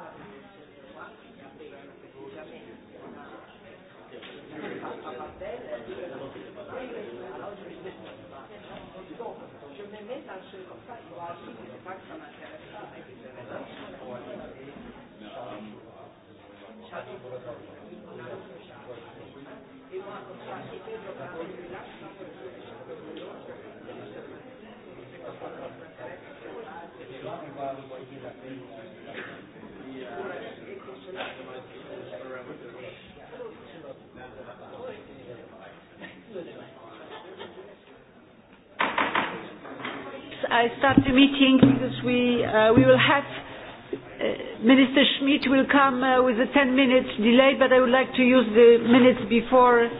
Thank you. I start the meeting because we, uh, we will have uh, Minister Schmidt will come uh, with a 10 minutes delay, but I would like to use the minutes before uh,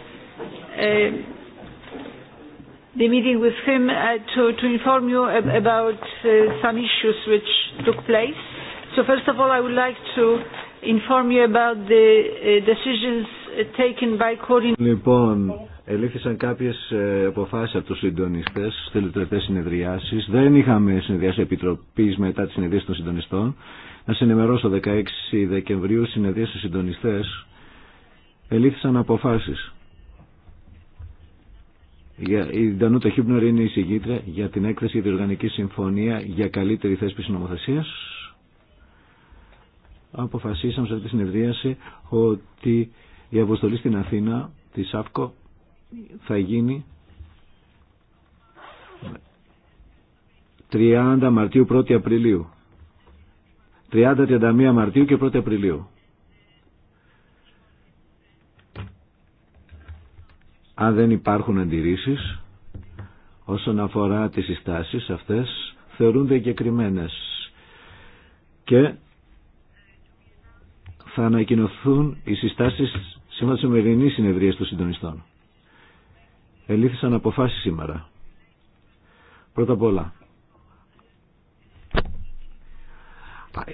the meeting with him uh, to, to inform you about uh, some issues which took place. So first of all, I would like to inform you about the uh, decisions taken by coordinating... Ελήφθησαν κάποιε αποφάσει από του συντονιστέ στις τελευταίες Δεν είχαμε συνεδριάσει επιτροπή μετά τις συνεδρίες των συντονιστών. Να σε ενημερώσω 16 Δεκεμβρίου συνεδρίες των συντονιστέ Ελήφθησαν αποφάσει. Η Ντανούτα Χίμπνερ είναι η συγγήτρια για την έκθεση για τη Οργανική Συμφωνία για καλύτερη θέσπιση νομοθεσία. Αποφασίσαμε σε αυτή τη συνεδρίαση ότι η αποστολή στην Αθήνα τη ΑΦΚΟ θα γίνει 30 Μαρτίου Απριλίου. 30-31 Μαρτίου και 1 Απριλίου. Αν δεν υπάρχουν αντιρρήσεις όσον αφορά τις συστάσεις αυτές θεωρούνται εγκεκριμένες και θα ανακοινωθούν οι συστάσεις σήμερα της σημερινής συνεδρίας των συντονιστών ελήφθησαν αποφάσεις σήμερα. Πρώτα απ' όλα,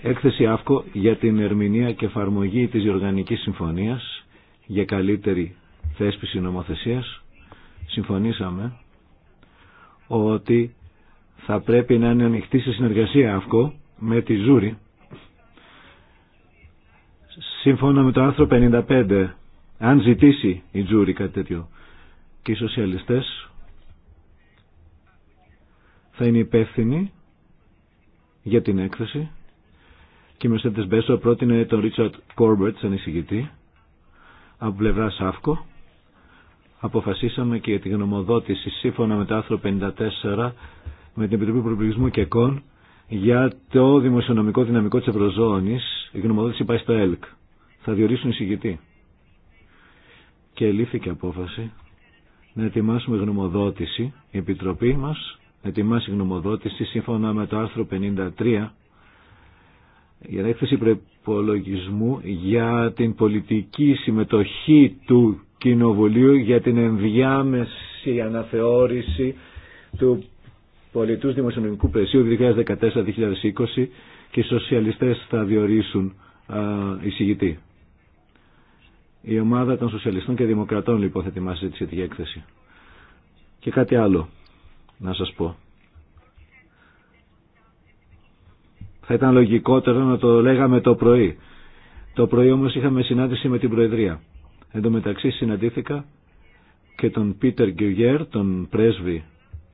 έκθεση ΑΦΚΟ για την ερμηνεία και εφαρμογή της Ιοργανικής Συμφωνίας για καλύτερη θέσπιση νομοθεσίας. Συμφωνήσαμε ότι θα πρέπει να είναι ανοιχτή σε συνεργασία ΑΦΚΟ με τη Ζούρη σύμφωνα με το άρθρο 55 αν ζητήσει η Τζούρη κάτι τέτοιο και οι σοσιαλιστές θα είναι υπεύθυνοι για την έκθεση και με στέντες Μπέσο πρότεινε τον Ρίτσαρτ Κόρμπερτ σαν εισηγητή από πλευρά ΣΑΦΚΟ αποφασίσαμε και για τη γνωμοδότηση σύμφωνα με το άρθρο 54 με την Επιτροπή Προπληγισμού και ΚΟΝ για το δημοσιονομικό δυναμικό της Ευρωζώνης η γνωμοδότηση πάει στο ΕΛΚ θα διορίσουν εισηγητή και λήφθηκε απόφαση να ετοιμάσουμε γνωμοδότηση, η Επιτροπή μας να ετοιμάσει γνωμοδότηση σύμφωνα με το άρθρο 53 για έκθεση προπολογισμού για την πολιτική συμμετοχή του Κοινοβουλίου για την ενδιάμεση αναθεώρηση του πολιτούς δημοσιονομικού πλαισίου 2014-2020 και οι σοσιαλιστές θα διορίσουν εισηγητή. Η ομάδα των Σοσιαλιστών και Δημοκρατών λοιπόν θα ετοιμάσει τη σχετική έκθεση. Και κάτι άλλο να σας πω. Θα ήταν λογικότερο να το λέγαμε το πρωί. Το πρωί όμως είχαμε συνάντηση με την Προεδρία. Εν τω μεταξύ συναντήθηκα και τον Πίτερ Γκιουγέρ, τον πρέσβη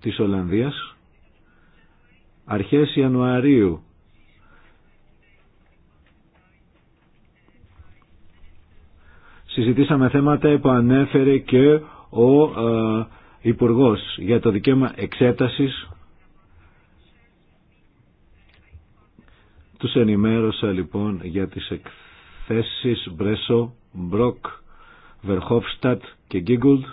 της Ολλανδίας, αρχές Ιανουαρίου συζητήσαμε θέματα που ανέφερε και ο ε, Υπουργός για το δικαίωμα εξέτασης. Τους ενημέρωσα λοιπόν για τις εκθέσεις Μπρέσο, Μπροκ, Βερχόφστατ και Γκίγκουλτ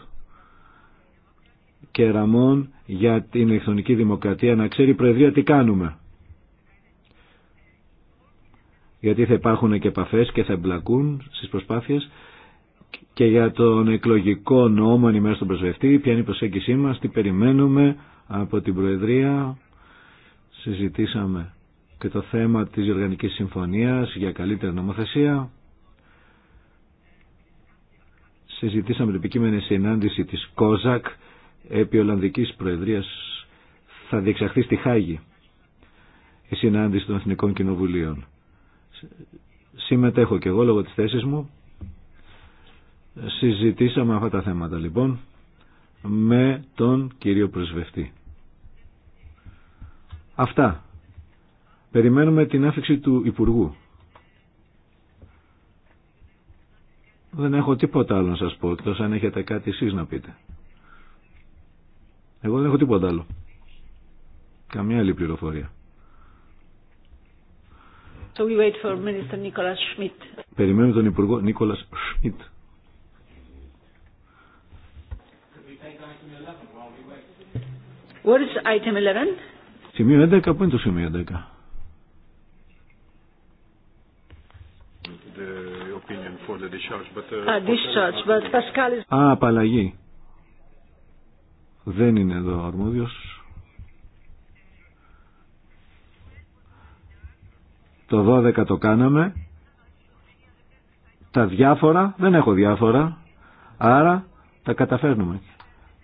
και Ραμόν για την ηλεκτρονική δημοκρατία να ξέρει η Προεδρία τι κάνουμε. Γιατί θα υπάρχουν και επαφές και θα εμπλακούν στις προσπάθειες και για τον εκλογικό νόμο ενημέρωση των προσβευτή, ποια είναι η προσέγγιση μας, τι περιμένουμε από την Προεδρία. Συζητήσαμε και το θέμα της Οργανικής Συμφωνίας για καλύτερη νομοθεσία. Συζητήσαμε την επικείμενη συνάντηση της ΚΟΖΑΚ επί Ολλανδικής Προεδρίας θα διεξαχθεί στη Χάγη η συνάντηση των Εθνικών Κοινοβουλίων. Συμμετέχω και εγώ λόγω της θέσης μου Συζητήσαμε αυτά τα θέματα λοιπόν με τον κύριο Προσβευτή. Αυτά. Περιμένουμε την άφηξη του Υπουργού. Δεν έχω τίποτα άλλο να σας πω, εκτός αν έχετε κάτι εσείς να πείτε. Εγώ δεν έχω τίποτα άλλο. Καμιά άλλη πληροφορία. So we wait for Minister Schmidt. Περιμένουμε τον Υπουργό Νίκολας Σμιτ. What item 11? Σημείο 11, πού είναι το σημείο 11? Uh, ah, Α, απαλλαγή. Δεν είναι εδώ ο αρμόδιος. Το 12 το κάναμε. Τα διάφορα, δεν έχω διάφορα. Άρα τα καταφέρνουμε.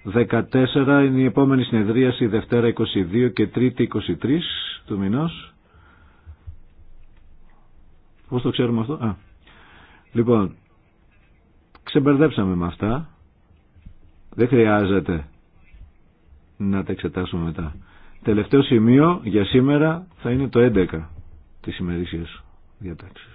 14 είναι η επόμενη συνεδρίαση Δευτέρα 22 και Τρίτη 23 του μηνός. Πώς το ξέρουμε αυτό. Α. Λοιπόν, ξεμπερδέψαμε με αυτά. Δεν χρειάζεται να τα εξετάσουμε μετά. Τελευταίο σημείο για σήμερα θα είναι το 11 της ημερήσιας διατάξης.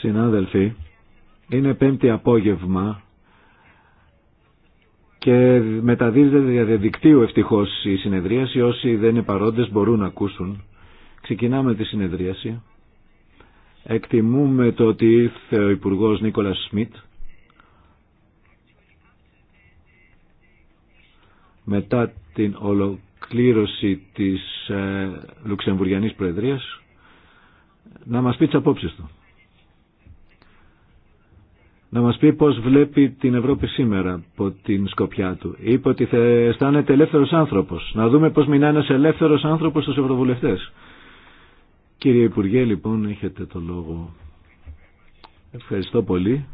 Συνάδελφοι, είναι πέμπτη απόγευμα και μεταδίδεται διαδικτύου ευτυχώ η συνεδρίαση. Όσοι δεν είναι παρόντες μπορούν να ακούσουν. Ξεκινάμε τη συνεδρίαση. Εκτιμούμε το ότι ήρθε ο υπουργό Νίκολας Σμιτ μετά την ολοκλήρωση της ε, Λουξεμβουργιανής Προεδρίας να μας πει τις απόψεις του. Να μας πει πώς βλέπει την Ευρώπη σήμερα από την σκοπιά του. Είπε ότι θα αισθάνεται ελεύθερος άνθρωπος. Να δούμε πώς μηνά ένας ελεύθερος άνθρωπος στους ευρωβουλευτές. Κύριε Υπουργέ, λοιπόν, έχετε το λόγο. Ευχαριστώ πολύ.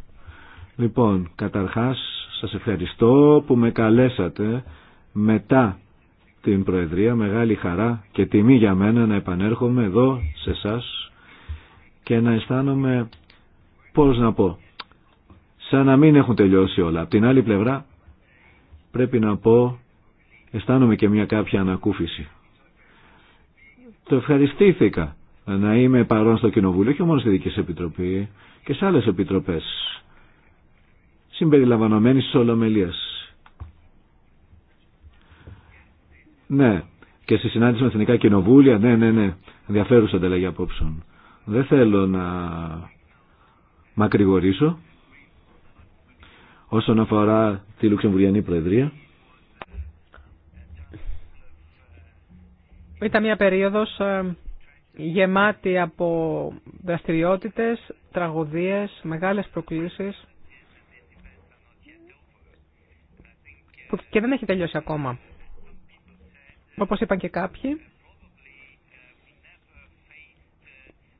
Λοιπόν, καταρχάς, σας ευχαριστώ που με καλέσατε μετά την Προεδρία. Μεγάλη χαρά και τιμή για μένα να επανέρχομαι εδώ σε εσά και να αισθάνομαι, πώς να πω, σαν να μην έχουν τελειώσει όλα. Απ' την άλλη πλευρά πρέπει να πω, αισθάνομαι και μια κάποια ανακούφιση. Το ευχαριστήθηκα να είμαι παρόν στο Κοινοβούλιο και μόνο στη δική Επιτροπή και σε άλλες επιτροπές συμπεριλαμβανομένης της Ολομελίας. Ναι, και στη συνάντηση με εθνικά κοινοβούλια, ναι, ναι, ναι, ενδιαφέρουσα ανταλλαγή απόψεων. Δεν θέλω να μακρηγορήσω όσον αφορά τη Λουξεμβουριανή Προεδρία. Ήταν μια περίοδος ε, γεμάτη από δραστηριότητες, τραγωδίες, μεγάλες προκλήσεις που και δεν έχει τελειώσει ακόμα. Όπως είπαν και κάποιοι,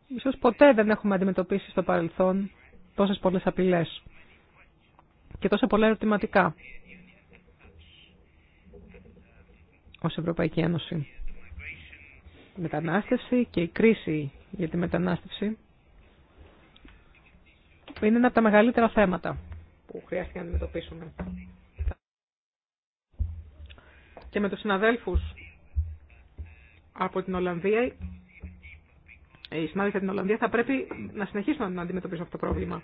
Ίσως ποτέ δεν έχουμε αντιμετωπίσει στο παρελθόν τόσες πολλές απειλές και τόσα πολλά ερωτηματικά ως Ευρωπαϊκή Ένωση. Η μετανάστευση και η κρίση για τη μετανάστευση είναι ένα από τα μεγαλύτερα θέματα που χρειάστηκε να αντιμετωπίσουμε. Και με τους συναδέλφους από την Ολλανδία οι συνάδελφοι από την Ολλανδία θα πρέπει να συνεχίσουν να αντιμετωπίσουν αυτό το πρόβλημα.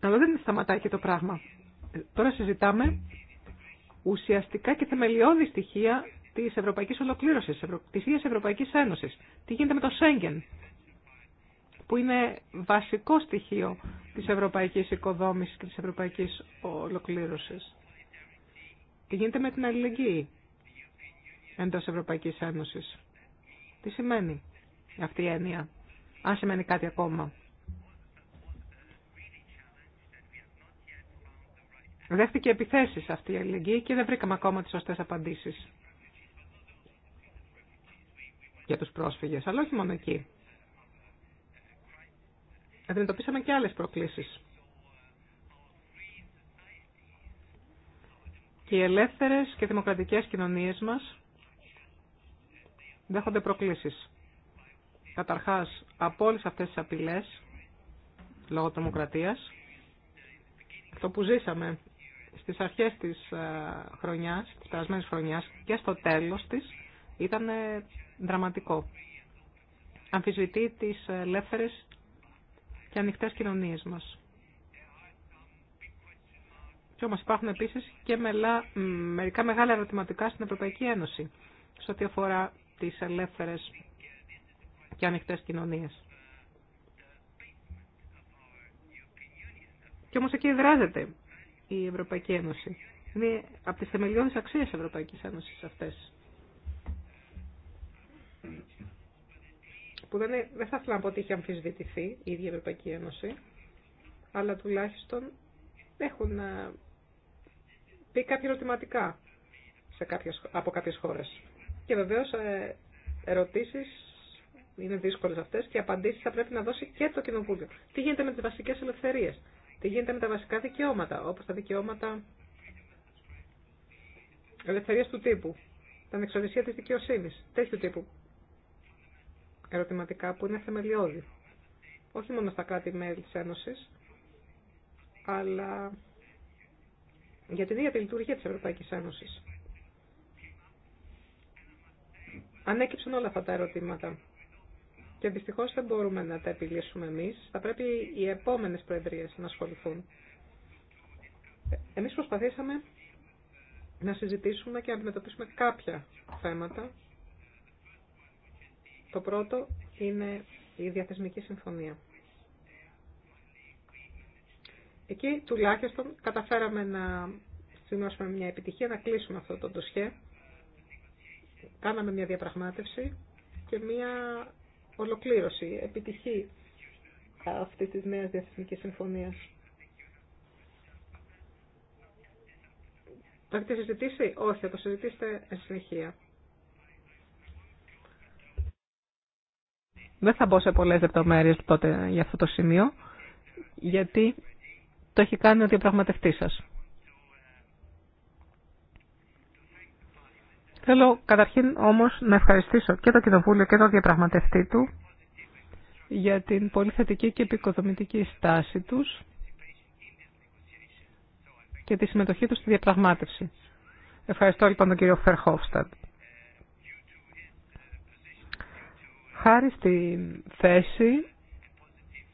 Αλλά δεν σταματάει και το πράγμα. Ε, τώρα συζητάμε ουσιαστικά και θεμελιώδη στοιχεία τη ευρωπαϊκή ολοκλήρωση, τη ίδια Ευρωπαϊκή Ένωση. Τι γίνεται με το Σέγγεν, που είναι βασικό στοιχείο τη ευρωπαϊκή οικοδόμηση και τη ευρωπαϊκή ολοκλήρωση. Τι γίνεται με την αλληλεγγύη εντό Ευρωπαϊκή Ένωση. Τι σημαίνει αυτή η έννοια, αν σημαίνει κάτι ακόμα. Δέχτηκε επιθέσεις αυτή η αλληλεγγύη και δεν βρήκαμε ακόμα τις σωστές απαντήσεις για τους πρόσφυγες, αλλά όχι μόνο εκεί. Αντιμετωπίσαμε και άλλες προκλήσεις. Και οι ελεύθερες και δημοκρατικές κοινωνίες μας δέχονται προκλήσεις. Καταρχάς, από όλες αυτές τις απειλές, λόγω τρομοκρατίας, αυτό που ζήσαμε στις αρχές της ε, χρονιάς, της περασμένης χρονιάς και στο τέλος της, ήταν ε, δραματικό. Αμφισβητεί τις ελεύθερες και ανοιχτές κοινωνίες μας. Και όμως υπάρχουν επίσης και μελά, μερικά μεγάλα ερωτηματικά στην Ευρωπαϊκή Ένωση σε ό,τι αφορά τις ελεύθερες και ανοιχτές κοινωνίες. Και όμως εκεί δράζεται η Ευρωπαϊκή Ένωση. Είναι από τις θεμελιώδεις αξίες Ευρωπαϊκής Ένωσης αυτές. Που δεν, είναι, δεν θα ήθελα να πω ότι έχει αμφισβητηθεί η ίδια η Ευρωπαϊκή Ένωση, αλλά τουλάχιστον έχουν ε, πει κάποια ερωτηματικά σε κάποιες, από κάποιες χώρες. Και βεβαίως ε, ερωτήσεις είναι δύσκολε αυτές και απαντήσεις θα πρέπει να δώσει και το Κοινοβούλιο. Τι γίνεται με τις βασικές ελευθερίες, τι γίνεται με τα βασικά δικαιώματα, όπως τα δικαιώματα ελευθερία του τύπου, τα ανεξαρτησία της δικαιοσύνης, τέτοιου τύπου ερωτηματικά που είναι θεμελιώδη. Όχι μόνο στα κράτη-μέλη τη Ένωση, αλλά για την ίδια τη λειτουργία τη Ευρωπαϊκή Ένωση. Ανέκυψαν όλα αυτά τα ερωτήματα και δυστυχώς δεν μπορούμε να τα επιλύσουμε εμείς. Θα πρέπει οι επόμενες προεδρίες να ασχοληθούν. Εμείς προσπαθήσαμε να συζητήσουμε και να αντιμετωπίσουμε κάποια θέματα. Το πρώτο είναι η διαθεσμική συμφωνία. Εκεί τουλάχιστον καταφέραμε να σημειώσουμε μια επιτυχία, να κλείσουμε αυτό το ντοσχέ. Κάναμε μια διαπραγμάτευση και μια ολοκλήρωση, επιτυχή αυτής της νέας διαθεσμικής συμφωνίας. Το έχετε συζητήσει? Όχι, θα το συζητήσετε εν συνεχεία. Δεν θα μπω σε πολλές λεπτομέρειες τότε για αυτό το σημείο, γιατί το έχει κάνει ο διαπραγματευτής σας. Θέλω καταρχήν όμως να ευχαριστήσω και το Κοινοβούλιο και το διαπραγματευτή του για την πολύ θετική και επικοδομητική στάση τους και τη συμμετοχή τους στη διαπραγμάτευση. Ευχαριστώ λοιπόν τον κύριο Φερχόφσταντ. Χάρη στη θέση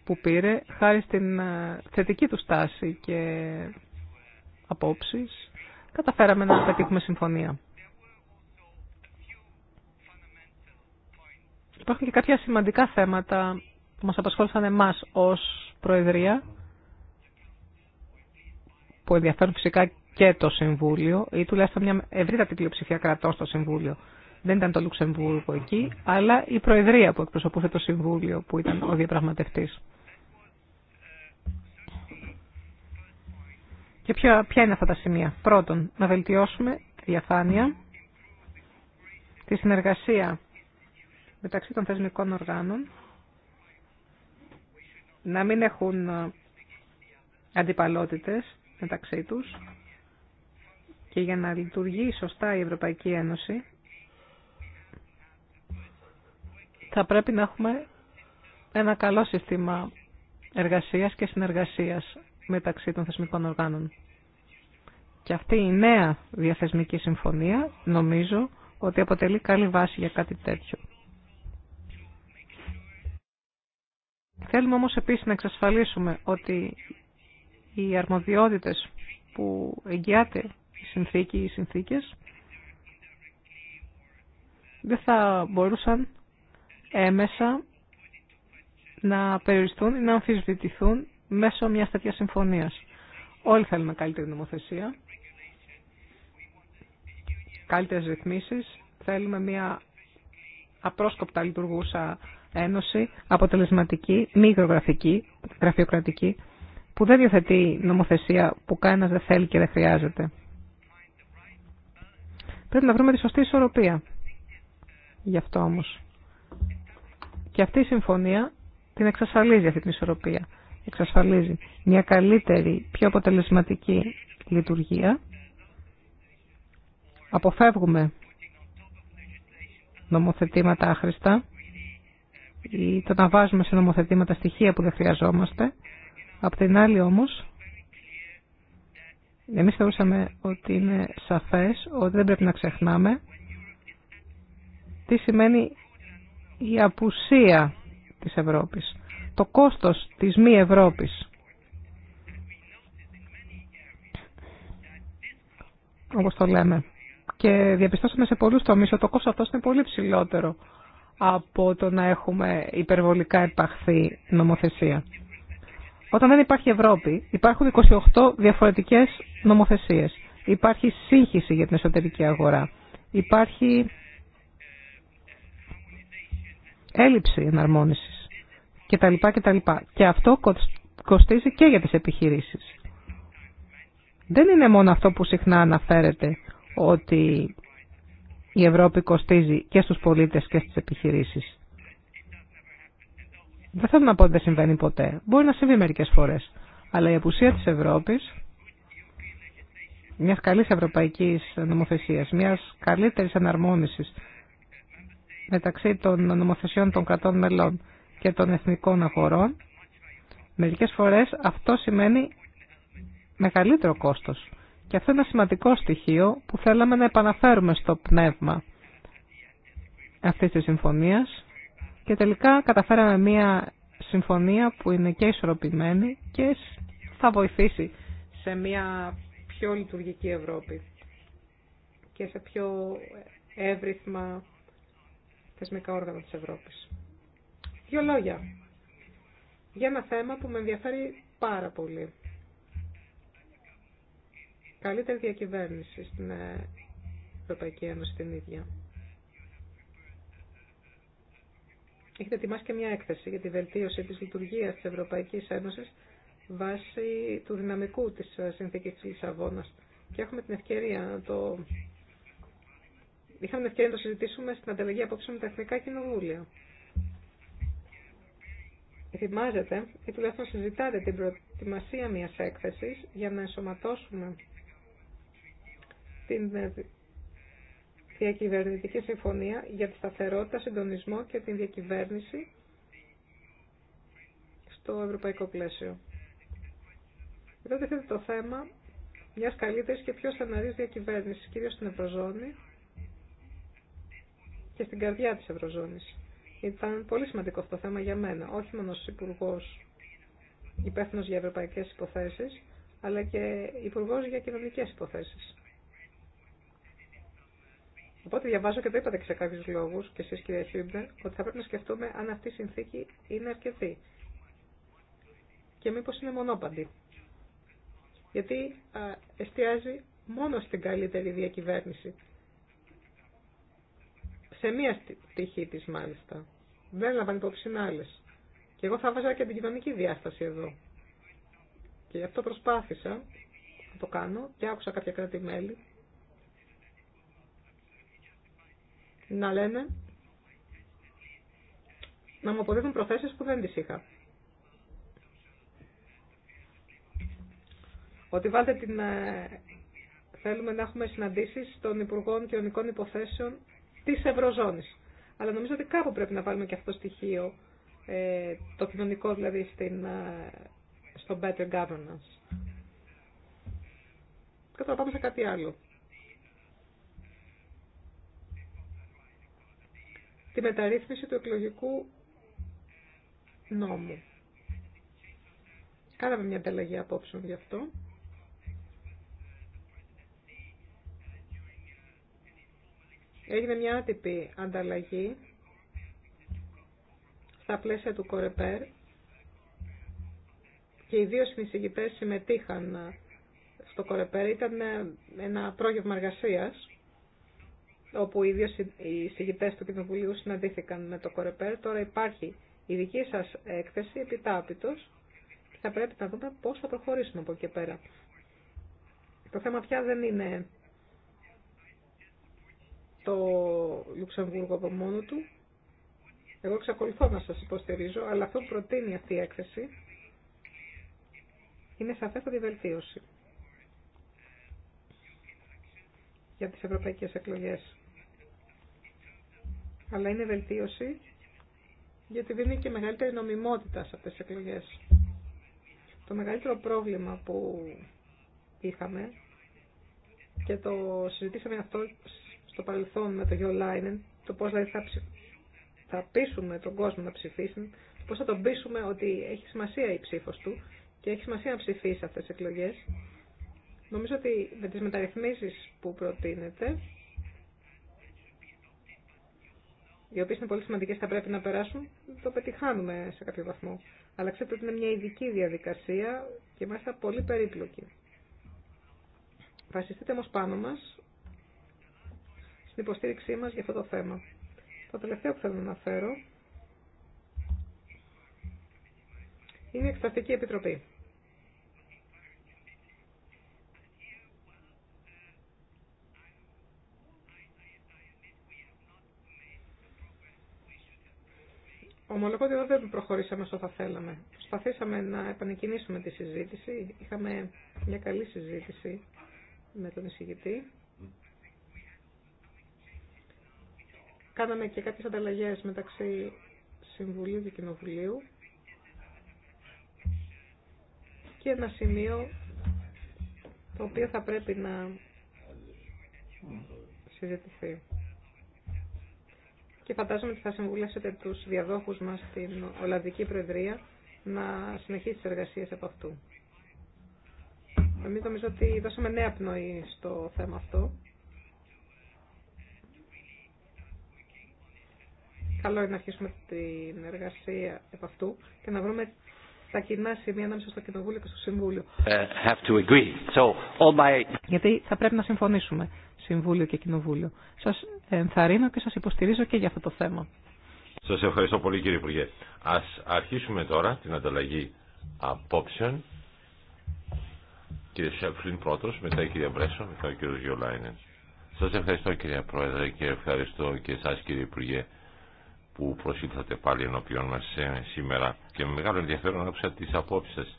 που πήρε, χάρη στην ε, θετική του στάση και απόψεις, καταφέραμε να πετύχουμε συμφωνία. υπάρχουν και κάποια σημαντικά θέματα που μας απασχόλησαν εμάς ως Προεδρία, που ενδιαφέρουν φυσικά και το Συμβούλιο, ή τουλάχιστον μια ευρύτατη πλειοψηφία κρατών στο Συμβούλιο. Δεν ήταν το Λουξεμβούργο εκεί, αλλά η Προεδρία που εκπροσωπούσε το Συμβούλιο, που ήταν ο διαπραγματευτή. Και ποια, ποια είναι αυτά τα σημεία. Πρώτον, να βελτιώσουμε τη διαφάνεια, τη συνεργασία μεταξύ των θεσμικών οργάνων να μην έχουν ε, αντιπαλότητες μεταξύ τους και για να λειτουργεί σωστά η Ευρωπαϊκή Ένωση θα πρέπει να έχουμε ένα καλό σύστημα εργασίας και συνεργασίας μεταξύ των θεσμικών οργάνων. Και αυτή η νέα διαθεσμική συμφωνία νομίζω ότι αποτελεί καλή βάση για κάτι τέτοιο. Θέλουμε όμως επίσης να εξασφαλίσουμε ότι οι αρμοδιότητες που εγγυάται η συνθήκη ή οι συνθήκες δεν θα μπορούσαν έμεσα να περιοριστούν ή να αμφισβητηθούν μέσω μια τέτοια συμφωνίας. Όλοι θέλουμε καλύτερη νομοθεσία, καλύτερε ρυθμίσει, θέλουμε μια απρόσκοπτα λειτουργούσα Ένωση αποτελεσματική, μη γραφειοκρατική, που δεν διαθετεί νομοθεσία που κανένα δεν θέλει και δεν χρειάζεται. Πρέπει να βρούμε τη σωστή ισορροπία. Γι' αυτό όμως. Και αυτή η συμφωνία την εξασφαλίζει αυτή την ισορροπία. Εξασφαλίζει μια καλύτερη, πιο αποτελεσματική λειτουργία. Αποφεύγουμε νομοθετήματα άχρηστα ή το να βάζουμε σε νομοθετήματα στοιχεία που δεν χρειαζόμαστε. Απ' την άλλη όμως, εμείς θεωρούσαμε ότι είναι σαφές ότι δεν πρέπει να ξεχνάμε τι σημαίνει η απουσία της Ευρώπης, το κόστος της μη Ευρώπης. Όπως το λέμε. Και διαπιστώσαμε σε πολλούς τομείς ότι το κόστος αυτός είναι πολύ ψηλότερο από το να έχουμε υπερβολικά επαχθή νομοθεσία. Όταν δεν υπάρχει Ευρώπη, υπάρχουν 28 διαφορετικές νομοθεσίες. Υπάρχει σύγχυση για την εσωτερική αγορά. Υπάρχει έλλειψη εναρμόνισης κτλ. λοιπά Και αυτό κοστίζει και για τις επιχειρήσεις. Δεν είναι μόνο αυτό που συχνά αναφέρεται ότι η Ευρώπη κοστίζει και στους πολίτες και στις επιχειρήσεις. Δεν θέλω να πω ότι δεν συμβαίνει ποτέ. Μπορεί να συμβεί μερικές φορές. Αλλά η απουσία της Ευρώπης, μιας καλής ευρωπαϊκής νομοθεσίας, μιας καλύτερης εναρμόνισης μεταξύ των νομοθεσιών των κρατών μελών και των εθνικών αγορών, μερικές φορές αυτό σημαίνει μεγαλύτερο κόστος. Και αυτό είναι ένα σημαντικό στοιχείο που θέλαμε να επαναφέρουμε στο πνεύμα αυτής της συμφωνίας και τελικά καταφέραμε μία συμφωνία που είναι και ισορροπημένη και θα βοηθήσει σε μία πιο λειτουργική Ευρώπη και σε πιο εύρυθμα θεσμικά όργανα της Ευρώπης. Δύο λόγια για ένα θέμα που με ενδιαφέρει πάρα πολύ καλύτερη διακυβέρνηση στην ε, Ευρωπαϊκή Ένωση την ίδια. Έχετε ετοιμάσει και μια έκθεση για τη βελτίωση της λειτουργίας της Ευρωπαϊκής Ένωσης βάσει του δυναμικού της ε, συνθήκης της Λισαβόνας. Και έχουμε την ευκαιρία να το... Είχαμε την ευκαιρία να το συζητήσουμε στην ανταλλαγή απόψε με τα Εθνικά Κοινοβούλια. Θυμάζετε ή τουλάχιστον συζητάτε την προετοιμασία μιας έκθεσης για να ενσωματώσουμε την διακυβερνητική συμφωνία για τη σταθερότητα, συντονισμό και την διακυβέρνηση στο ευρωπαϊκό πλαίσιο. Εδώ το θέμα μιας καλύτερη και πιο στεναρή διακυβέρνηση κυρίως στην Ευρωζώνη και στην καρδιά της Ευρωζώνης. Ήταν πολύ σημαντικό αυτό το θέμα για μένα, όχι μόνο ω υπουργό υπεύθυνο για ευρωπαϊκέ υποθέσει, αλλά και υπουργό για κοινωνικέ υποθέσει. Οπότε διαβάζω και το είπατε και σε κάποιου λόγου, και εσεί κυρία ότι θα πρέπει να σκεφτούμε αν αυτή η συνθήκη είναι αρκετή. Και μήπω είναι μονόπαντη. Γιατί α, εστιάζει μόνο στην καλύτερη διακυβέρνηση. Σε μία πτυχή τη μάλιστα. Δεν λαμβάνει υπόψη άλλε. Και εγώ θα βάζα και την κοινωνική διάσταση εδώ. Και γι' αυτό προσπάθησα να το κάνω και άκουσα κάποια κράτη-μέλη να λένε να μου αποδίδουν προθέσεις που δεν τις είχα. Ότι βάλτε την... Ε, θέλουμε να έχουμε συναντήσεις των Υπουργών Κοινωνικών Υποθέσεων της Ευρωζώνης. Αλλά νομίζω ότι κάπου πρέπει να βάλουμε και αυτό το στοιχείο, ε, το κοινωνικό δηλαδή, ε, στο better governance. Και τώρα πάμε σε κάτι άλλο. τη μεταρρύθμιση του εκλογικού νόμου. Κάναμε μια ανταλλαγή απόψεων γι' αυτό. Έγινε μια άτυπη ανταλλαγή στα πλαίσια του Κορεπέρ και οι δύο συνεισηγητές συμμετείχαν στο Κορεπέρ. Ήταν ένα πρόγευμα εργασίας όπου οι δύο συγητέ του Κοινοβουλίου συναντήθηκαν με το Κορεπέρ. Τώρα υπάρχει η δική σας έκθεση επιτάπητο και θα πρέπει να δούμε πώς θα προχωρήσουμε από εκεί πέρα. Το θέμα πια δεν είναι το Λουξεμβούργο από μόνο του. Εγώ εξακολουθώ να σας υποστηρίζω, αλλά αυτό που προτείνει αυτή η έκθεση είναι σαφέστατη βελτίωση για τις ευρωπαϊκές εκλογές αλλά είναι βελτίωση, γιατί δίνει και μεγαλύτερη νομιμότητα σε αυτές τις εκλογές. Το μεγαλύτερο πρόβλημα που είχαμε και το συζητήσαμε αυτό στο παρελθόν με το Γιώργο Λάινεν, το πώς δηλαδή θα, ψη... θα πείσουμε τον κόσμο να ψηφίσει, το πώς θα τον πείσουμε ότι έχει σημασία η ψήφος του και έχει σημασία να ψηφίσει αυτές τις εκλογές. Νομίζω ότι με τις μεταρρυθμίσεις που προτείνεται οι οποίε είναι πολύ σημαντικέ, θα πρέπει να περάσουν, το πετυχάνουμε σε κάποιο βαθμό. Αλλά ξέρετε ότι είναι μια ειδική διαδικασία και μάλιστα πολύ περίπλοκη. Βασιστείτε όμω πάνω μα στην υποστήριξή μα για αυτό το θέμα. Το τελευταίο που θέλω να αναφέρω είναι η Εκταστική Επιτροπή. Ομολογώ ότι εδώ δεν προχωρήσαμε όσο θα θέλαμε. Προσπαθήσαμε να επανεκκινήσουμε τη συζήτηση. Είχαμε μια καλή συζήτηση με τον εισηγητή. Κάναμε και κάποιες ανταλλαγές μεταξύ Συμβουλίου και Κοινοβουλίου. Και ένα σημείο το οποίο θα πρέπει να συζητηθεί και φαντάζομαι ότι θα συμβουλεύσετε του διαδόχους μας στην Ολλανδική Προεδρία να συνεχίσει τι εργασίε από αυτού. Εμείς νομίζω ότι δώσαμε νέα πνοή στο θέμα αυτό. Καλό είναι να αρχίσουμε την εργασία από αυτού και να βρούμε τα κοινά σημεία ανάμεσα στο Κοινοβούλιο και στο Συμβούλιο. Ε, Γιατί θα πρέπει να συμφωνήσουμε. Συμβούλιο και Κοινοβούλιο. Σας ενθαρρύνω και σας υποστηρίζω και για αυτό το θέμα. Σας ευχαριστώ πολύ κύριε Υπουργέ. Ας αρχίσουμε τώρα την ανταλλαγή απόψεων. Κύριε Σέφλιν πρώτος, μετά η κυρία Μπρέσο, μετά ο κύριο Γιολάινεν. Σας ευχαριστώ κύριε Πρόεδρε και ευχαριστώ και εσά, κύριε Υπουργέ που προσήλθατε πάλι ενώπιον μας ε, σήμερα και με μεγάλο ενδιαφέρον άκουσα τις απόψει σα.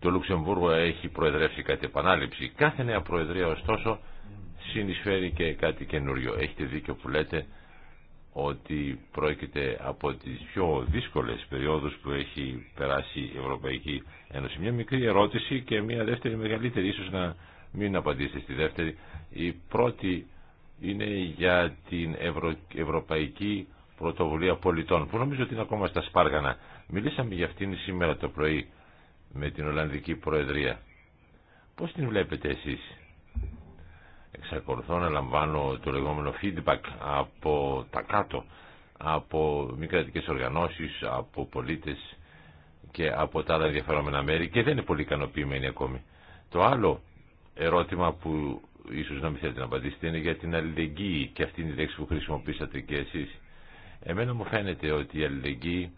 Το Λουξεμβούργο έχει προεδρεύσει κάτι επανάληψη. Κάθε νέα προεδρία ωστόσο συνεισφέρει και κάτι καινούριο. Έχετε δίκιο που λέτε ότι πρόκειται από τις πιο δύσκολες περιόδους που έχει περάσει η Ευρωπαϊκή Ένωση. Μια μικρή ερώτηση και μια δεύτερη μεγαλύτερη, ίσως να μην απαντήσετε στη δεύτερη. Η πρώτη είναι για την Ευρωπαϊκή Πρωτοβουλία Πολιτών, που νομίζω ότι είναι ακόμα στα Σπάργανα. Μιλήσαμε για αυτήν σήμερα το πρωί με την Ολλανδική Προεδρία. Πώς την βλέπετε εσείς. Εξακολουθώ να λαμβάνω το λεγόμενο feedback από τα κάτω, από μη κρατικές οργανώσεις, από πολίτες και από τα άλλα ενδιαφερόμενα μέρη και δεν είναι πολύ ικανοποιημένοι ακόμη. Το άλλο ερώτημα που ίσως να μην θέλετε να απαντήσετε είναι για την αλληλεγγύη και αυτή είναι η λέξη που χρησιμοποίησατε και εσείς. Εμένα μου φαίνεται ότι η αλληλεγγύη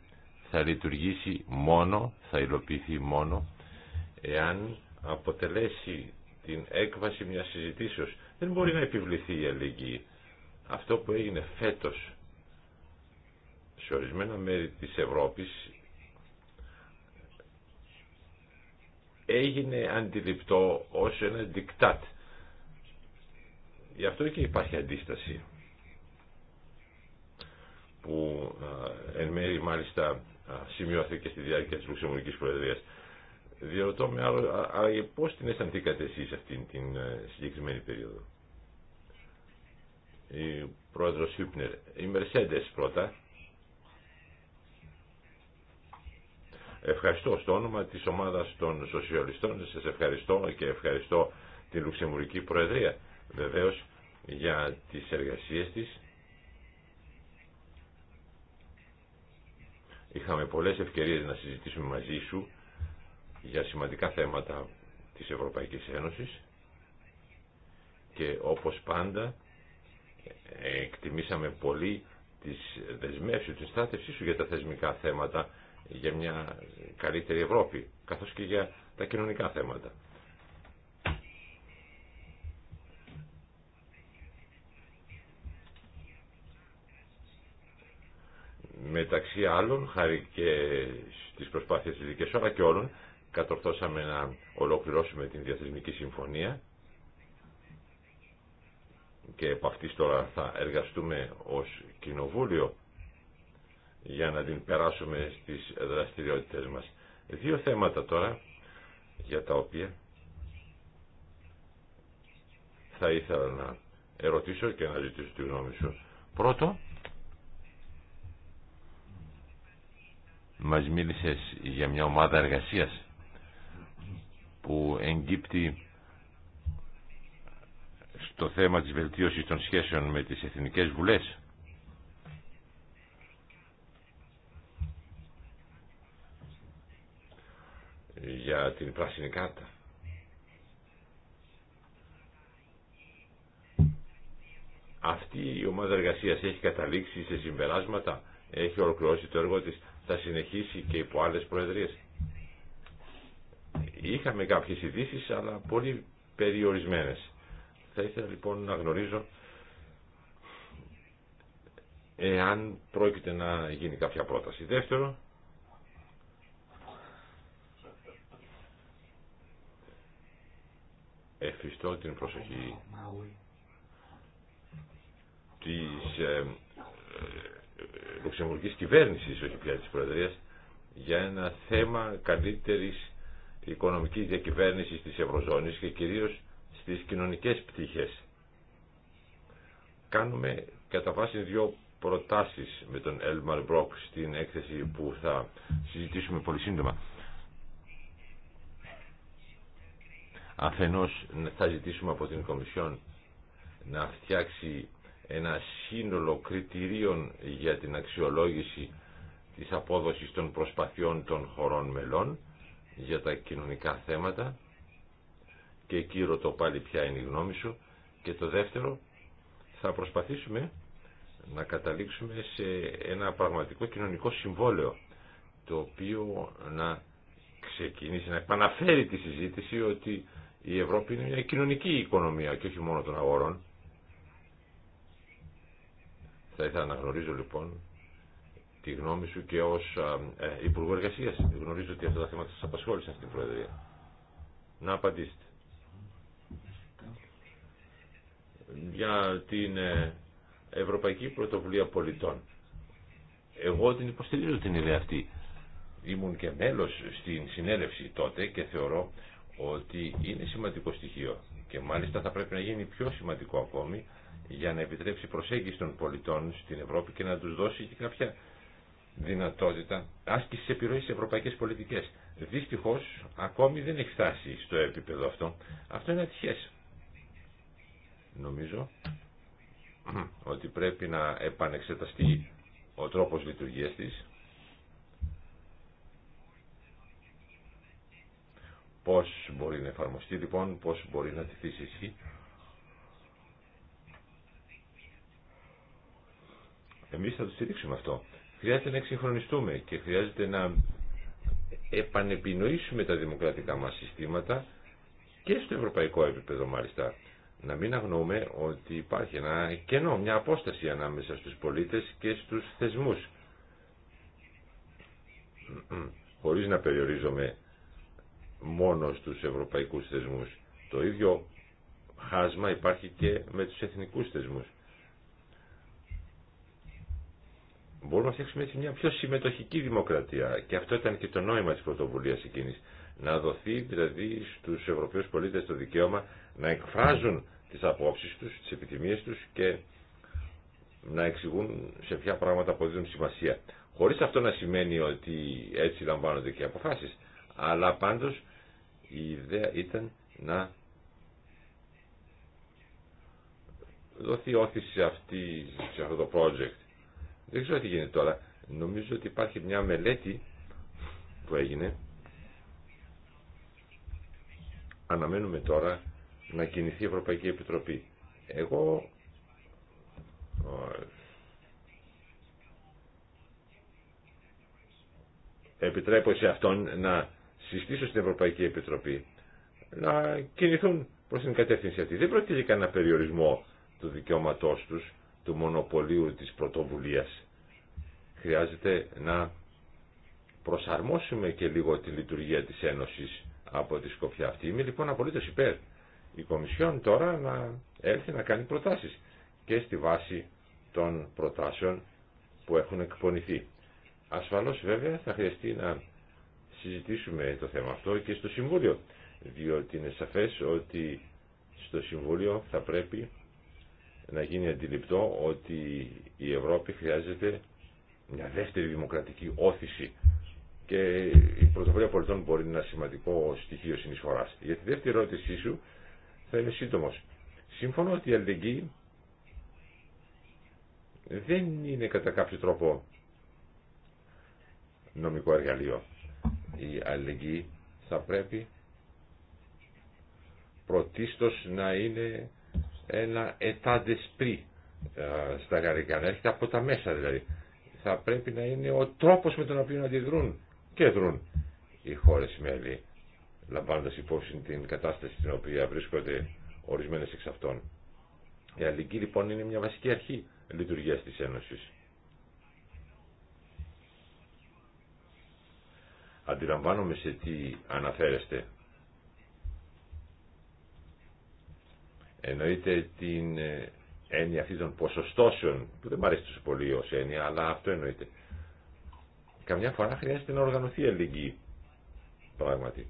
θα λειτουργήσει μόνο, θα υλοποιηθεί μόνο, εάν αποτελέσει την έκβαση μιας συζητήσεως. Δεν μπορεί να επιβληθεί η αλληλεγγύη. Αυτό που έγινε φέτος σε ορισμένα μέρη της Ευρώπης έγινε αντιληπτό ως ένα δικτάτ. Γι' αυτό και υπάρχει αντίσταση που ε, εν μέρει μάλιστα σημειώθηκε στη διάρκεια της Λουξεμβουργικής Προεδρίας. Διερωτώ με άλλο, άραγε πώς την αισθανθήκατε εσείς αυτήν την ε, συγκεκριμένη περίοδο. Η πρόεδρος Χιούπνερ, η Μερσέντε πρώτα. Ευχαριστώ στο όνομα της ομάδας των σοσιαλιστών, σας ευχαριστώ και ευχαριστώ τη Λουξεμβουργική Προεδρία βεβαίως για τις εργασίες της Είχαμε πολλές ευκαιρίες να συζητήσουμε μαζί σου για σημαντικά θέματα της Ευρωπαϊκής Ένωσης και όπως πάντα ε, εκτιμήσαμε πολύ τις δεσμεύσεις, την στάθευσή σου για τα θεσμικά θέματα για μια καλύτερη Ευρώπη καθώς και για τα κοινωνικά θέματα. Μεταξύ άλλων, χάρη και στις προσπάθειες της δικές αλλά και όλων, κατορθώσαμε να ολοκληρώσουμε την διαθεσμική συμφωνία και από αυτή τώρα θα εργαστούμε ως κοινοβούλιο για να την περάσουμε στις δραστηριότητες μας. Δύο θέματα τώρα για τα οποία θα ήθελα να ερωτήσω και να ζητήσω τη γνώμη σου. Πρώτο, μας μίλησες για μια ομάδα εργασίας που εγκύπτει στο θέμα της βελτίωσης των σχέσεων με τις εθνικές βουλές. Για την πράσινη κάρτα. Αυτή η ομάδα εργασίας έχει καταλήξει σε συμπεράσματα, έχει ολοκληρώσει το έργο της θα συνεχίσει και υπό άλλε προεδρίες. Είχαμε κάποιες ειδήσει, αλλά πολύ περιορισμένες. Θα ήθελα λοιπόν να γνωρίζω εάν πρόκειται να γίνει κάποια πρόταση. Δεύτερο, εφιστώ την προσοχή της ε, Λουξεμβουργική κυβέρνησης, όχι πια της Προεδρίας, για ένα θέμα καλύτερης οικονομικής διακυβέρνησης της Ευρωζώνης και κυρίως στις κοινωνικές πτυχές. Κάνουμε κατά βάση δύο προτάσεις με τον Έλμαρ Μπρόκ στην έκθεση που θα συζητήσουμε πολύ σύντομα. Αφενός θα ζητήσουμε από την Κομισιόν να φτιάξει ένα σύνολο κριτηρίων για την αξιολόγηση της απόδοσης των προσπαθειών των χωρών μελών για τα κοινωνικά θέματα και εκεί το πάλι ποια είναι η γνώμη σου και το δεύτερο θα προσπαθήσουμε να καταλήξουμε σε ένα πραγματικό κοινωνικό συμβόλαιο το οποίο να ξεκινήσει να επαναφέρει τη συζήτηση ότι η Ευρώπη είναι μια κοινωνική οικονομία και όχι μόνο των αγορών θα ήθελα να γνωρίζω λοιπόν τη γνώμη σου και ως ε, Υπουργό Εργασίας. Γνωρίζω ότι αυτά τα θέματα σας απασχόλησαν στην Προεδρία. Να απαντήσετε. Για την ε, Ευρωπαϊκή Πρωτοβουλία Πολιτών. Εγώ την υποστηρίζω την ιδέα αυτή. Ήμουν και μέλος στην συνέλευση τότε και θεωρώ ότι είναι σημαντικό στοιχείο και μάλιστα θα πρέπει να γίνει πιο σημαντικό ακόμη για να επιτρέψει προσέγγιση των πολιτών στην Ευρώπη και να τους δώσει και κάποια δυνατότητα άσκηση επιρροή σε ευρωπαϊκέ πολιτικές. Δυστυχώ ακόμη δεν έχει φτάσει στο επίπεδο αυτό. Αυτό είναι ατυχές. Νομίζω ότι πρέπει να επανεξεταστεί ο τρόπος λειτουργίας της πώς μπορεί να εφαρμοστεί λοιπόν, πώς μπορεί να τη εσύ, Εμεί θα το στηρίξουμε αυτό. Χρειάζεται να εξυγχρονιστούμε και χρειάζεται να επανεπινοήσουμε τα δημοκρατικά μα συστήματα και στο ευρωπαϊκό επίπεδο μάλιστα. Να μην αγνοούμε ότι υπάρχει ένα κενό, μια απόσταση ανάμεσα στους πολίτες και στους θεσμούς. Χωρίς να περιορίζομαι μόνο στους ευρωπαϊκούς θεσμούς. Το ίδιο χάσμα υπάρχει και με τους εθνικούς θεσμούς. μπορούμε να φτιάξουμε έτσι μια πιο συμμετοχική δημοκρατία. Και αυτό ήταν και το νόημα της πρωτοβουλία εκείνης. Να δοθεί δηλαδή στους Ευρωπαίους πολίτες το δικαίωμα να εκφράζουν τις απόψεις τους, τις επιθυμίες τους και να εξηγούν σε ποια πράγματα αποδίδουν σημασία. Χωρίς αυτό να σημαίνει ότι έτσι λαμβάνονται και αποφάσεις. Αλλά πάντως η ιδέα ήταν να δοθεί όθηση αυτή, σε αυτό το project δεν ξέρω τι γίνεται τώρα. Νομίζω ότι υπάρχει μια μελέτη που έγινε. Αναμένουμε τώρα να κινηθεί η Ευρωπαϊκή Επιτροπή. Εγώ ε, επιτρέπω σε αυτόν να συστήσω στην Ευρωπαϊκή Επιτροπή να κινηθούν προς την κατεύθυνση αυτή. Δεν πρόκειται για κανένα περιορισμό του δικαιώματός τους του μονοπωλίου της πρωτοβουλίας. Χρειάζεται να προσαρμόσουμε και λίγο τη λειτουργία της Ένωσης από τη σκοπιά αυτή. Είμαι λοιπόν απολύτως υπέρ. Η Κομισιόν τώρα να έρθει να κάνει προτάσεις και στη βάση των προτάσεων που έχουν εκπονηθεί. Ασφαλώς βέβαια θα χρειαστεί να συζητήσουμε το θέμα αυτό και στο Συμβούλιο, διότι είναι σαφές ότι στο Συμβούλιο θα πρέπει να γίνει αντιληπτό ότι η Ευρώπη χρειάζεται μια δεύτερη δημοκρατική όθηση και η πρωτοβουλία πολιτών μπορεί να είναι ένα σημαντικό στοιχείο συνεισφορά. Για τη δεύτερη ερώτησή σου θα είναι σύντομο. Σύμφωνο ότι η αλληλεγγύη δεν είναι κατά κάποιο τρόπο νομικό εργαλείο. Η αλληλεγγύη θα πρέπει πρωτίστως να είναι ένα πριν ε, στα γαλλικά, να έρχεται από τα μέσα δηλαδή. Θα πρέπει να είναι ο τρόπος με τον οποίο αντιδρούν και δρούν οι χώρες μέλη, λαμβάνοντας υπόψη την κατάσταση στην οποία βρίσκονται ορισμένες εξ αυτών. Η αλληλική λοιπόν είναι μια βασική αρχή λειτουργίας της Ένωσης. Αντιλαμβάνομαι σε τι αναφέρεστε Εννοείται την ε, έννοια αυτή των ποσοστώσεων, που δεν μου αρέσει τόσο πολύ ω έννοια, αλλά αυτό εννοείται. Καμιά φορά χρειάζεται να οργανωθεί η ελληνική πράγματι.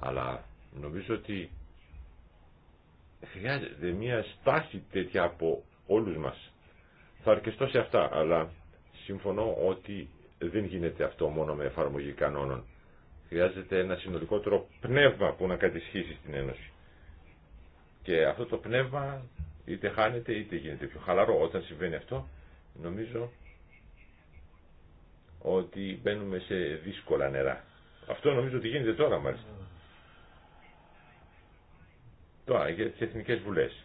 Αλλά νομίζω ότι χρειάζεται μια στάση τέτοια από όλους μας. Θα αρκεστώ σε αυτά, αλλά συμφωνώ ότι δεν γίνεται αυτό μόνο με εφαρμογή κανόνων. Χρειάζεται ένα συνολικότερο πνεύμα που να κατησχύσει στην Ένωση. Και αυτό το πνεύμα είτε χάνεται είτε γίνεται πιο χαλαρό. Όταν συμβαίνει αυτό νομίζω ότι μπαίνουμε σε δύσκολα νερά. Αυτό νομίζω ότι γίνεται τώρα μάλιστα. Τώρα για τις εθνικές βουλές.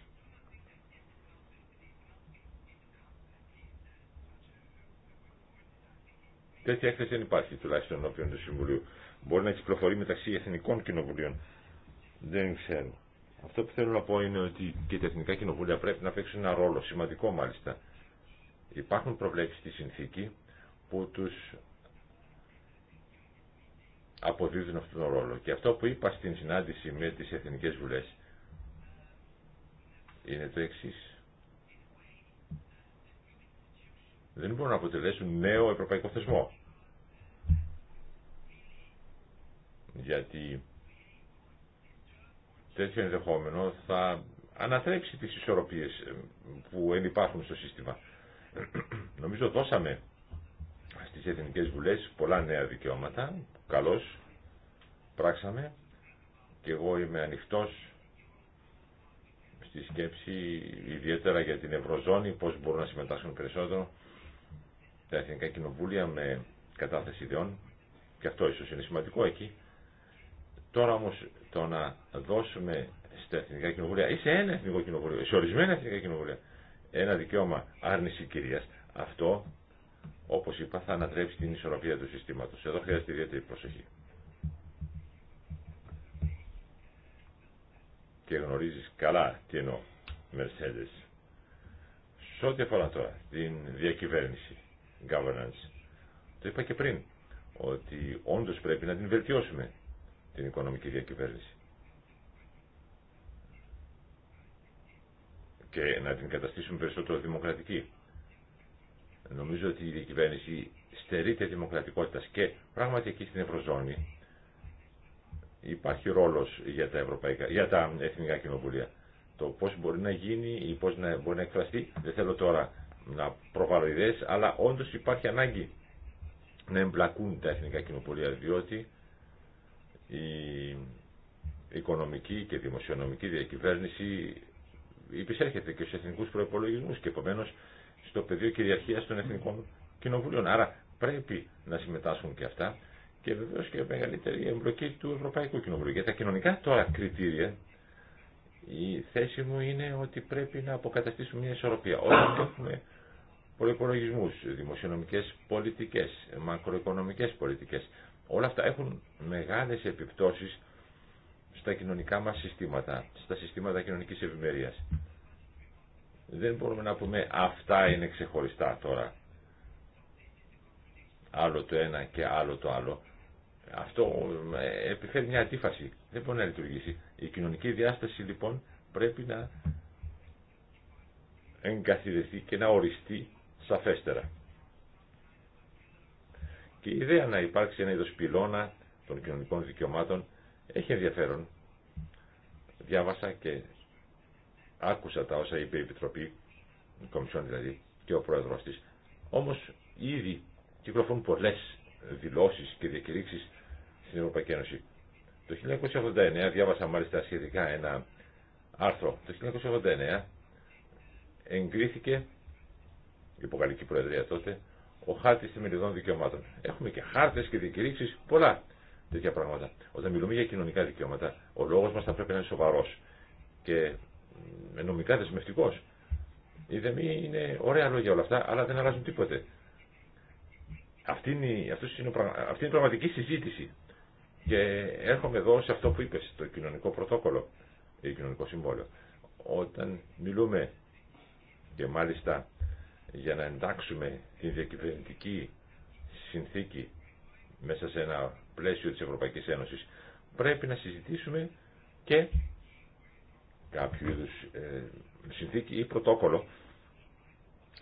Τέτοια έκθεση δεν υπάρχει τουλάχιστον όποιον του Συμβουλίου. Μπορεί να κυκλοφορεί μεταξύ εθνικών κοινοβουλίων. Δεν ξέρω. Αυτό που θέλω να πω είναι ότι και τα εθνικά κοινοβούλια πρέπει να παίξουν ένα ρόλο, σημαντικό μάλιστα. Υπάρχουν προβλέψεις στη συνθήκη που τους αποδίδουν αυτόν τον ρόλο. Και αυτό που είπα στην συνάντηση με τις εθνικές βουλές είναι το εξή. Δεν μπορούν να αποτελέσουν νέο ευρωπαϊκό θεσμό. Γιατί τέτοιο ενδεχόμενο θα ανατρέψει τις ισορροπίες ε, που ενυπάρχουν στο σύστημα. Νομίζω δώσαμε στις Εθνικές Βουλές πολλά νέα δικαιώματα, καλώς πράξαμε και εγώ είμαι ανοιχτός στη σκέψη ιδιαίτερα για την Ευρωζώνη, πώς μπορούν να συμμετάσχουν περισσότερο τα Εθνικά Κοινοβούλια με κατάθεση ιδεών και αυτό ίσως είναι σημαντικό εκεί Τώρα όμως το να δώσουμε στα εθνικά κοινοβούλια ή σε ένα εθνικό κοινοβούλιο, σε ορισμένα εθνικά κοινοβούλια, ένα δικαίωμα άρνηση κυρίας, αυτό όπως είπα θα ανατρέψει την ισορροπία του συστήματος. Εδώ χρειάζεται ιδιαίτερη προσοχή. Και γνωρίζεις καλά τι εννοώ, Mercedes. Σε ό,τι αφορά τώρα την διακυβέρνηση, governance, το είπα και πριν, ότι όντως πρέπει να την βελτιώσουμε την οικονομική διακυβέρνηση. και να την καταστήσουμε περισσότερο δημοκρατική. Νομίζω ότι η διακυβέρνηση στερείται δημοκρατικότητας και πράγματι εκεί στην Ευρωζώνη υπάρχει ρόλος για τα, για τα εθνικά κοινοβουλία. Το πώς μπορεί να γίνει ή πώς να, μπορεί να εκφραστεί, δεν θέλω τώρα να προβάλλω ιδέες, αλλά όντως υπάρχει ανάγκη να εμπλακούν τα εθνικά κοινοβουλία, διότι η οικονομική και δημοσιονομική διακυβέρνηση υπησέρχεται και στους εθνικούς προϋπολογισμούς και επομένω στο πεδίο κυριαρχίας των εθνικών κοινοβουλίων. Άρα πρέπει να συμμετάσχουν και αυτά και βεβαίως και μεγαλύτερη εμπλοκή του Ευρωπαϊκού Κοινοβουλίου. Για τα κοινωνικά τώρα κριτήρια η θέση μου είναι ότι πρέπει να αποκαταστήσουμε μια ισορροπία. Όταν έχουμε προπολογισμού, δημοσιονομικές πολιτικές, μακροοικονομικές πολιτικές, Όλα αυτά έχουν μεγάλες επιπτώσεις στα κοινωνικά μας συστήματα, στα συστήματα κοινωνικής ευημερίας. Δεν μπορούμε να πούμε αυτά είναι ξεχωριστά τώρα. Άλλο το ένα και άλλο το άλλο. Αυτό ε, επιφέρει μια αντίφαση. Δεν μπορεί να λειτουργήσει. Η κοινωνική διάσταση λοιπόν πρέπει να εγκαθιδευτεί και να οριστεί σαφέστερα. Και η ιδέα να υπάρξει ένα είδος πυλώνα των κοινωνικών δικαιωμάτων έχει ενδιαφέρον. Διάβασα και άκουσα τα όσα είπε η Επιτροπή, η Κομισιόν δηλαδή, και ο Πρόεδρος της. Όμως ήδη κυκλοφορούν πολλές δηλώσεις και διακηρύξεις στην Ευρωπαϊκή Ένωση. Το 1989, διάβασα μάλιστα σχετικά ένα άρθρο, το 1989 εγκρίθηκε, η υποκαλική Προεδρία τότε, ο χάρτη θεμελιδών δικαιωμάτων. Έχουμε και χάρτε και διακηρύξει, πολλά τέτοια πράγματα. Όταν μιλούμε για κοινωνικά δικαιώματα, ο λόγο μα θα πρέπει να είναι σοβαρό και νομικά δεσμευτικό. Οι δεμοί είναι ωραία λόγια όλα αυτά, αλλά δεν αλλάζουν τίποτε. Αυτή είναι, αυτός είναι, αυτή είναι η πραγματική συζήτηση. Και έρχομαι εδώ σε αυτό που είπε, το κοινωνικό πρωτόκολλο ή κοινωνικό συμβόλαιο. Όταν μιλούμε και μάλιστα για να εντάξουμε την διακυβερνητική συνθήκη μέσα σε ένα πλαίσιο της Ευρωπαϊκής Ένωσης πρέπει να συζητήσουμε και κάποιο είδου ε, συνθήκη ή πρωτόκολλο